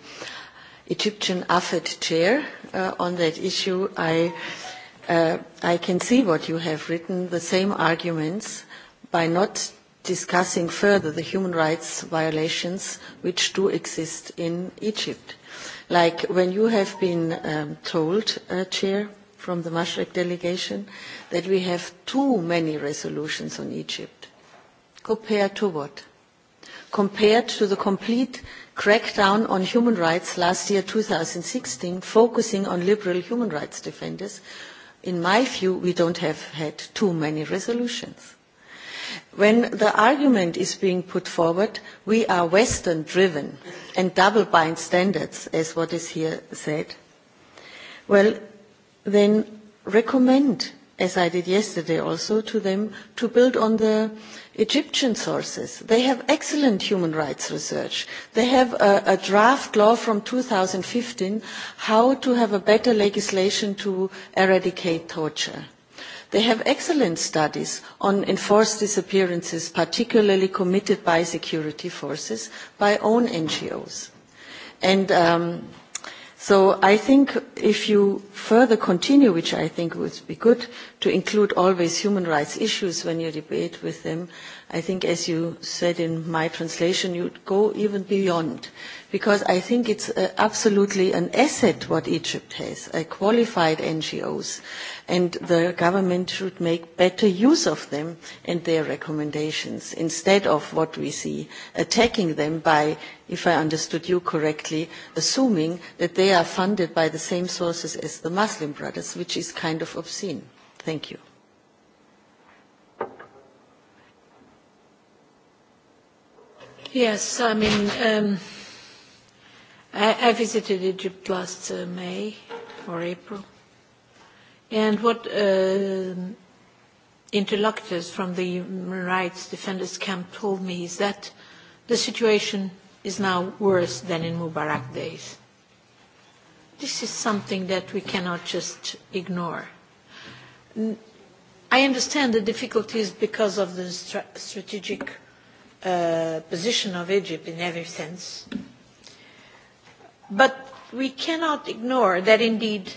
Egyptian AFED chair uh, on that issue, I Uh, I can see what you have written, the same arguments, by not discussing further the human rights violations which do exist in Egypt. Like when you have been um, told, uh, Chair, from the Mashrek delegation, that we have too many resolutions on Egypt. Compared to what? Compared to the complete crackdown on human rights last year, 2016, focusing on liberal human rights defenders, in my view, we don't have had too many resolutions. When the argument is being put forward, we are Western driven and double bind standards, as what is here said. Well, then recommend, as I did yesterday also, to them to build on the Egyptian sources. They have excellent human rights research. They have a, a draft law from 2015 how to have a better legislation to eradicate torture. They have excellent studies on enforced disappearances, particularly committed by security forces, by own NGOs. And um, So I think if you further continue, which I think would be good, to include always human rights issues when you debate with them, I think as you said in my translation, you'd go even beyond. Because I think it's uh, absolutely an asset what Egypt has, uh, qualified NGOs and the government should make better use of them and their recommendations instead of what we see attacking them by, if I understood you correctly, assuming that they are funded by the same sources as the Muslim Brothers, which is kind of obscene. Thank you. Yes, I mean, um, I, I visited Egypt last uh, May or April, And what uh, interlocutors from the Human Rights Defenders Camp told me is that the situation is now worse than in Mubarak days. This is something that we cannot just ignore. I understand the difficulties because of the stra strategic uh, position of Egypt in every sense. But we cannot ignore that indeed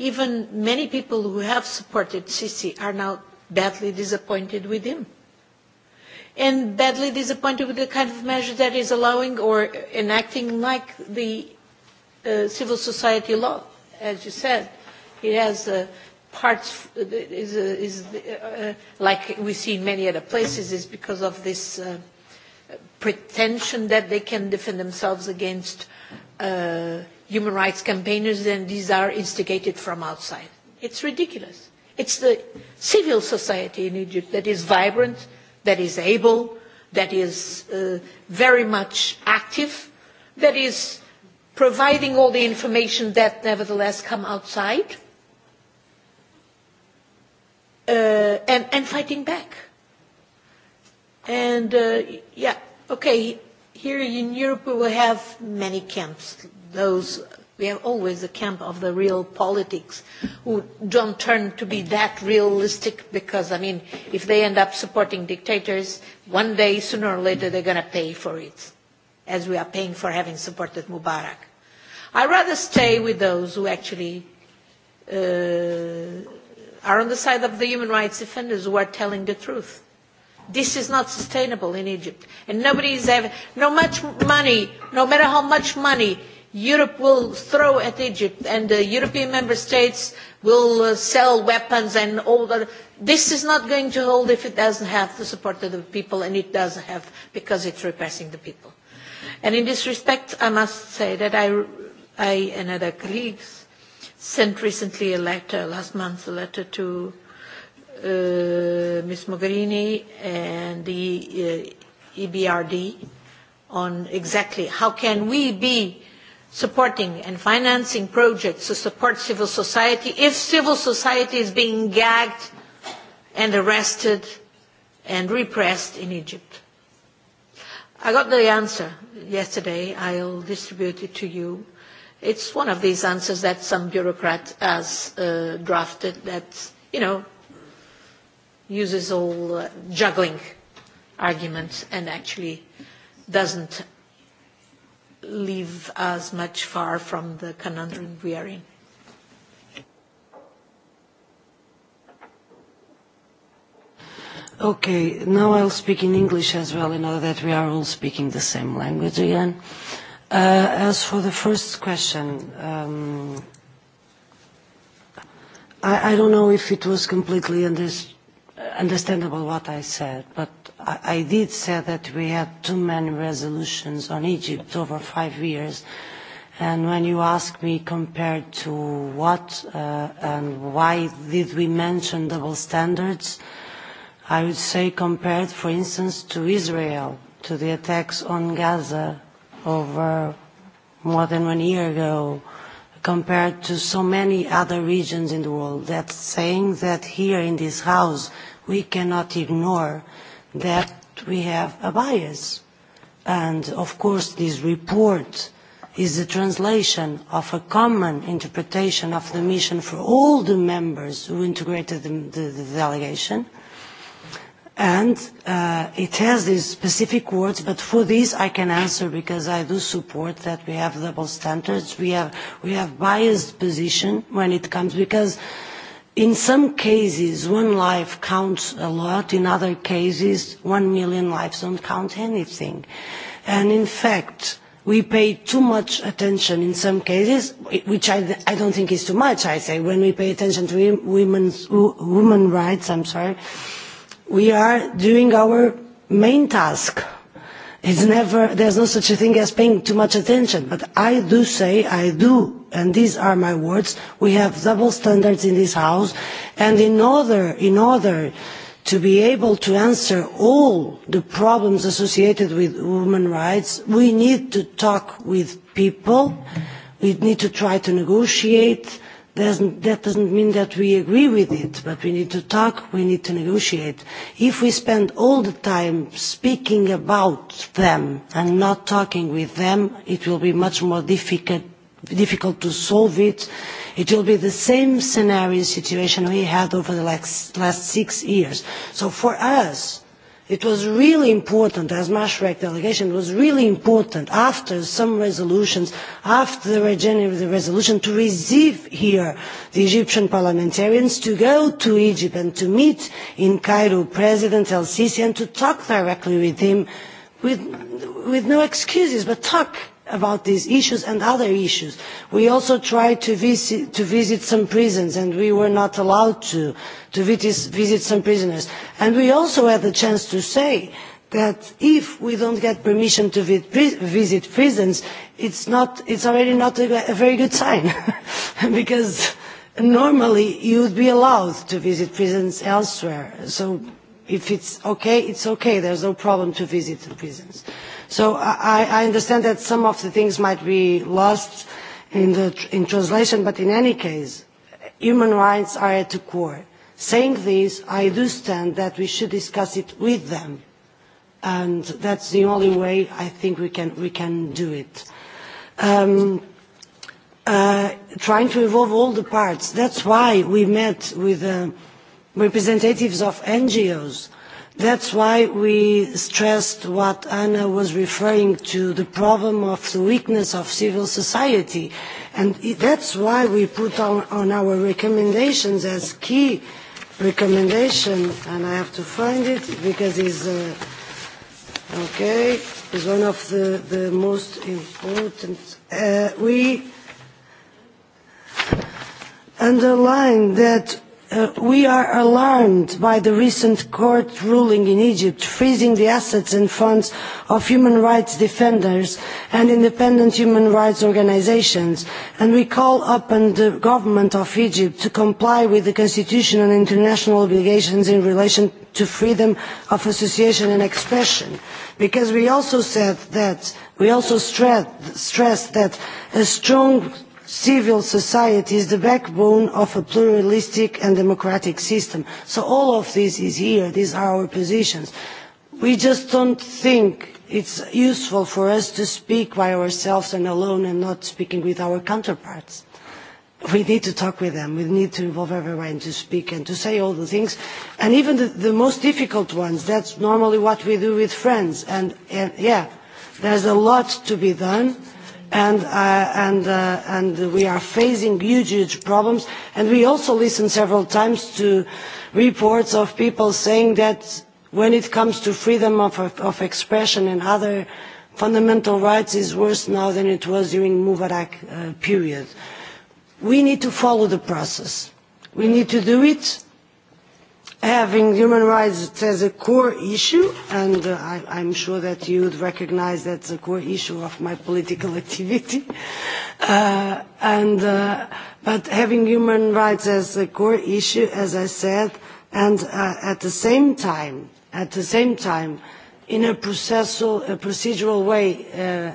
even many people who have supported Sisi are now badly disappointed with him and badly disappointed with the kind of measure that is allowing or enacting like the uh, civil society law, as you said. It has uh, parts, uh is, uh, is uh, uh, like we see in many other places, is because of this uh, pretension that they can defend themselves against uh, human rights campaigners and these are instigated from outside. It's ridiculous. It's the civil society in Egypt that is vibrant, that is able, that is uh, very much active, that is providing all the information that nevertheless come outside uh, and, and fighting back. And uh, yeah, okay, here in Europe we will have many camps those we have always the camp of the real politics who don't turn to be that realistic because, I mean, if they end up supporting dictators, one day, sooner or later, they're going to pay for it, as we are paying for having supported Mubarak. I rather stay with those who actually uh, are on the side of the human rights defenders who are telling the truth. This is not sustainable in Egypt. And nobody is having, no much money, no matter how much money Europe will throw at Egypt and the European member states will uh, sell weapons and all that. This is not going to hold if it doesn't have the support of the people and it doesn't have because it's repressing the people. And in this respect, I must say that I, I and other colleagues sent recently a letter, last month, a letter to uh, Ms. Mogherini and the uh, EBRD on exactly how can we be supporting and financing projects to support civil society if civil society is being gagged and arrested and repressed in Egypt? I got the answer yesterday. I'll distribute it to you. It's one of these answers that some bureaucrat has uh, drafted that, you know, uses all uh, juggling arguments and actually doesn't leave us much far from the conundrum we are in. Okay, now I'll speak in English as well in order that we are all speaking the same language again. Uh, as for the first question, um, I, I don't know if it was completely under, understandable what I said, but I, I did say that we had too many resolutions on Egypt over five years. And when you ask me compared to what uh, and why did we mention double standards, I would say compared, for instance, to Israel, to the attacks on Gaza over more than one year ago, compared to so many other regions in the world. That's saying that here in this house we cannot ignore that we have a bias. And of course this report is a translation of a common interpretation of the mission for all the members who integrated the, the, the delegation. And uh, it has these specific words, but for this I can answer because I do support that we have double standards. We have, we have biased position when it comes because In some cases, one life counts a lot. In other cases, one million lives don't count anything. And in fact, we pay too much attention in some cases, which I, I don't think is too much, I say, when we pay attention to women's, women rights, I'm sorry, we are doing our main task, It's never, there's no such a thing as paying too much attention. But I do say, I do, and these are my words, we have double standards in this house, and in order, in order to be able to answer all the problems associated with human rights, we need to talk with people, we need to try to negotiate, doesn't, that doesn't mean that we agree with it, but we need to talk, we need to negotiate. If we spend all the time speaking about them and not talking with them, it will be much more difficult, difficult to solve it. It will be the same scenario situation we had over the last, last six years. So for us, It was really important, as Mashrek delegation, it was really important after some resolutions, after the regenerative resolution, to receive here the Egyptian parliamentarians, to go to Egypt and to meet in Cairo President El Sisi and to talk directly with him with, with no excuses, but talk about these issues and other issues. We also tried to visit, to visit some prisons and we were not allowed to, to visit, some prisoners. And we also had the chance to say that if we don't get permission to visit prisons, it's, not, it's already not a, a very good sign *laughs* because normally you would be allowed to visit prisons elsewhere. So if it's okay, it's okay. There's no problem to visit the prisons. So I, I understand that some of the things might be lost in, the, in translation, but in any case, human rights are at the core. Saying this, I do stand that we should discuss it with them. And that's the only way I think we can, we can do it. Um, uh, trying to involve all the parts. That's why we met with uh, representatives of NGOs That's why we stressed what Anna was referring to, the problem of the weakness of civil society. And that's why we put on, on our recommendations as key recommendation, and I have to find it because it's, uh, okay, it's one of the, the most important. Uh, we underline that Uh, we are alarmed by the recent court ruling in Egypt freezing the assets and funds of human rights defenders and independent human rights organizations, and we call upon the government of Egypt to comply with the constitution and international obligations in relation to freedom of association and expression, because we also said that, we also stressed stress that a strong civil society is the backbone of a pluralistic and democratic system. So all of this is here. These are our positions. We just don't think it's useful for us to speak by ourselves and alone and not speaking with our counterparts. We need to talk with them. We need to involve everyone to speak and to say all the things. And even the, the most difficult ones, that's normally what we do with friends. And, and yeah, there's a lot to be done and, uh, and, uh, and we are facing huge, huge problems. And we also listened several times to reports of people saying that when it comes to freedom of, of, of expression and other fundamental rights is worse now than it was during Mubarak uh, period. We need to follow the process. We need to do it having human rights as a core issue, and uh, I, I'm sure that you would recognize that's a core issue of my political *laughs* activity. Uh, and, uh, but having human rights as a core issue, as I said, and uh, at the same time, at the same time, in a, processual, a procedural way, uh,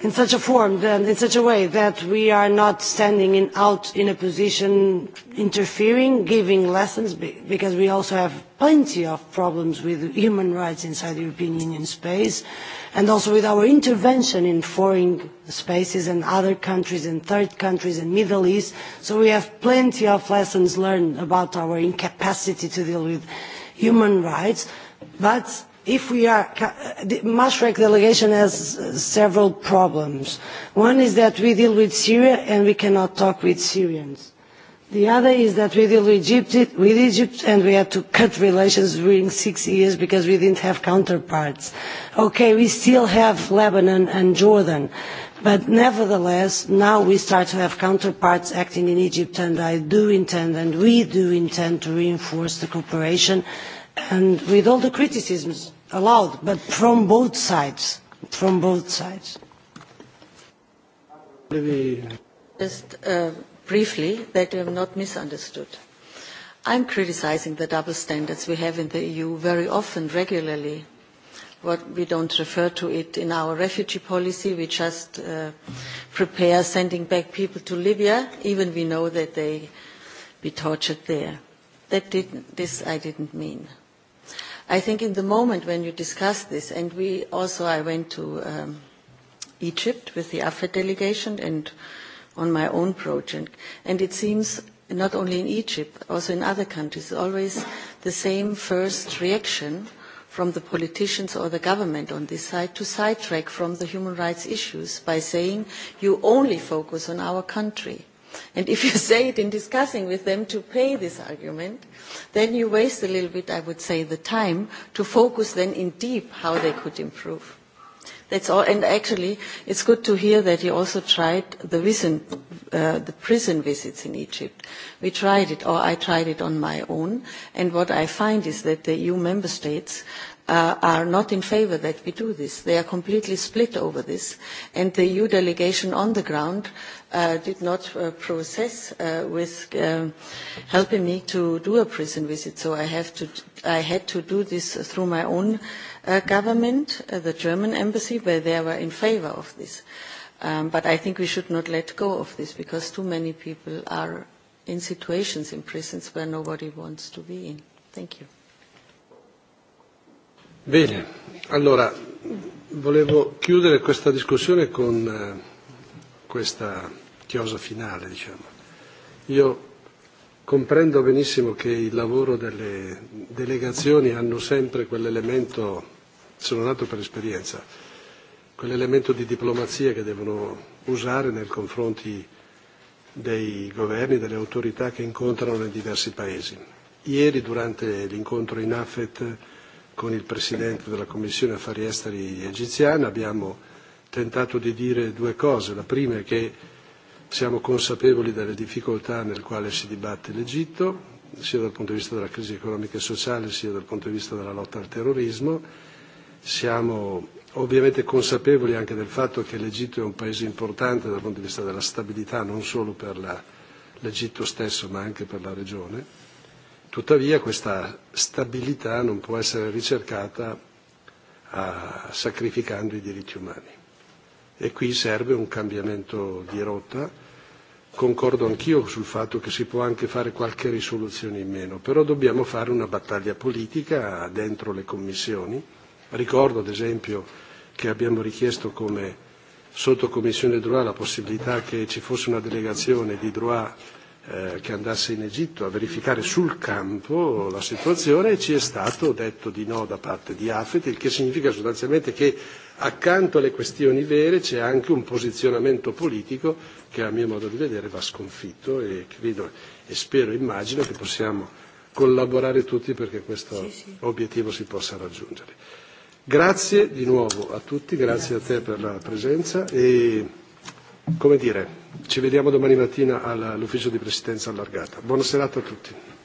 in such a form and in such a way that we are not standing in, out in a position interfering, giving lessons, because we also have plenty of problems with human rights inside the European Union space, and also with our intervention in foreign spaces and other countries and third countries and Middle East. So we have plenty of lessons learned about our incapacity to deal with human rights, but if we are, uh, the Maastricht delegation has uh, several problems. One is that we deal with Syria and we cannot talk with Syrians. The other is that we deal with Egypt, with Egypt and we had to cut relations during six years because we didn't have counterparts. Okay, we still have Lebanon and Jordan, but nevertheless, now we start to have counterparts acting in Egypt and I do intend and we do intend to reinforce the cooperation and with all the criticisms allowed, but from both sides, from both sides. Just uh, briefly, that you have not misunderstood. I'm criticizing the double standards we have in the EU very often, regularly. What we don't refer to it in our refugee policy. We just uh, prepare sending back people to Libya, even we know that they be tortured there. That didn't, this I didn't mean. I think in the moment when you discuss this, and we also, I went to um, Egypt with the AFED delegation and on my own project, and it seems not only in Egypt, also in other countries, always the same first reaction from the politicians or the government on this side to sidetrack from the human rights issues by saying you only focus on our country. And if you *laughs* say it in discussing with them to pay this argument, then you waste a little bit, I would say, the time to focus then in deep how they could improve. That's all. And actually, it's good to hear that you also tried the, vision, uh, the prison visits in Egypt. We tried it, or I tried it on my own. And what I find is that the EU member states uh, are not in favor that we do this. They are completely split over this. And the EU delegation on the ground uh, did not uh, process uh, with um, helping me to do a prison visit. So I, have to, I had to do this through my own uh, government, uh, the German embassy, where they were in favor of this. Um, but I think we should not let go of this because too many people are in situations in prisons where nobody wants to be in. Thank you. Bene, allora volevo chiudere questa discussione con Uh, questa chiosa finale. Diciamo. Io comprendo benissimo che il lavoro delle delegazioni hanno sempre quell'elemento, sono nato per esperienza, quell'elemento di diplomazia che devono usare nei confronti dei governi, delle autorità che incontrano nei diversi paesi. Ieri durante l'incontro in Afet con il Presidente della Commissione Affari Esteri egiziana abbiamo tentato di dire due cose. La prima è che siamo consapevoli delle difficoltà nel quale si dibatte l'Egitto, sia dal punto di vista della crisi economica e sociale, sia dal punto di vista della lotta al terrorismo. Siamo ovviamente consapevoli anche del fatto che l'Egitto è un paese importante dal punto di vista della stabilità, non solo per l'Egitto stesso, ma anche per la regione. Tuttavia questa stabilità non può essere ricercata a, ah, sacrificando i diritti umani e qui serve un cambiamento di rotta. Concordo anch'io sul fatto che si può anche fare qualche risoluzione in meno, però dobbiamo fare una battaglia politica dentro le commissioni. Ricordo ad esempio che abbiamo richiesto come sottocommissione Droit la possibilità che ci fosse una delegazione di Droit eh, che andasse in Egitto a verificare sul campo la situazione e ci è stato detto di no da parte di Afet, il che significa sostanzialmente che Accanto alle questioni vere c'è anche un posizionamento politico che a mio modo di vedere va sconfitto e credo e spero e immagino che possiamo collaborare tutti perché questo sì, sì. obiettivo si possa raggiungere. Grazie di nuovo a tutti, grazie, grazie. a te per la presenza e come dire, ci vediamo domani mattina all'ufficio di presidenza allargata. Buona serata a tutti.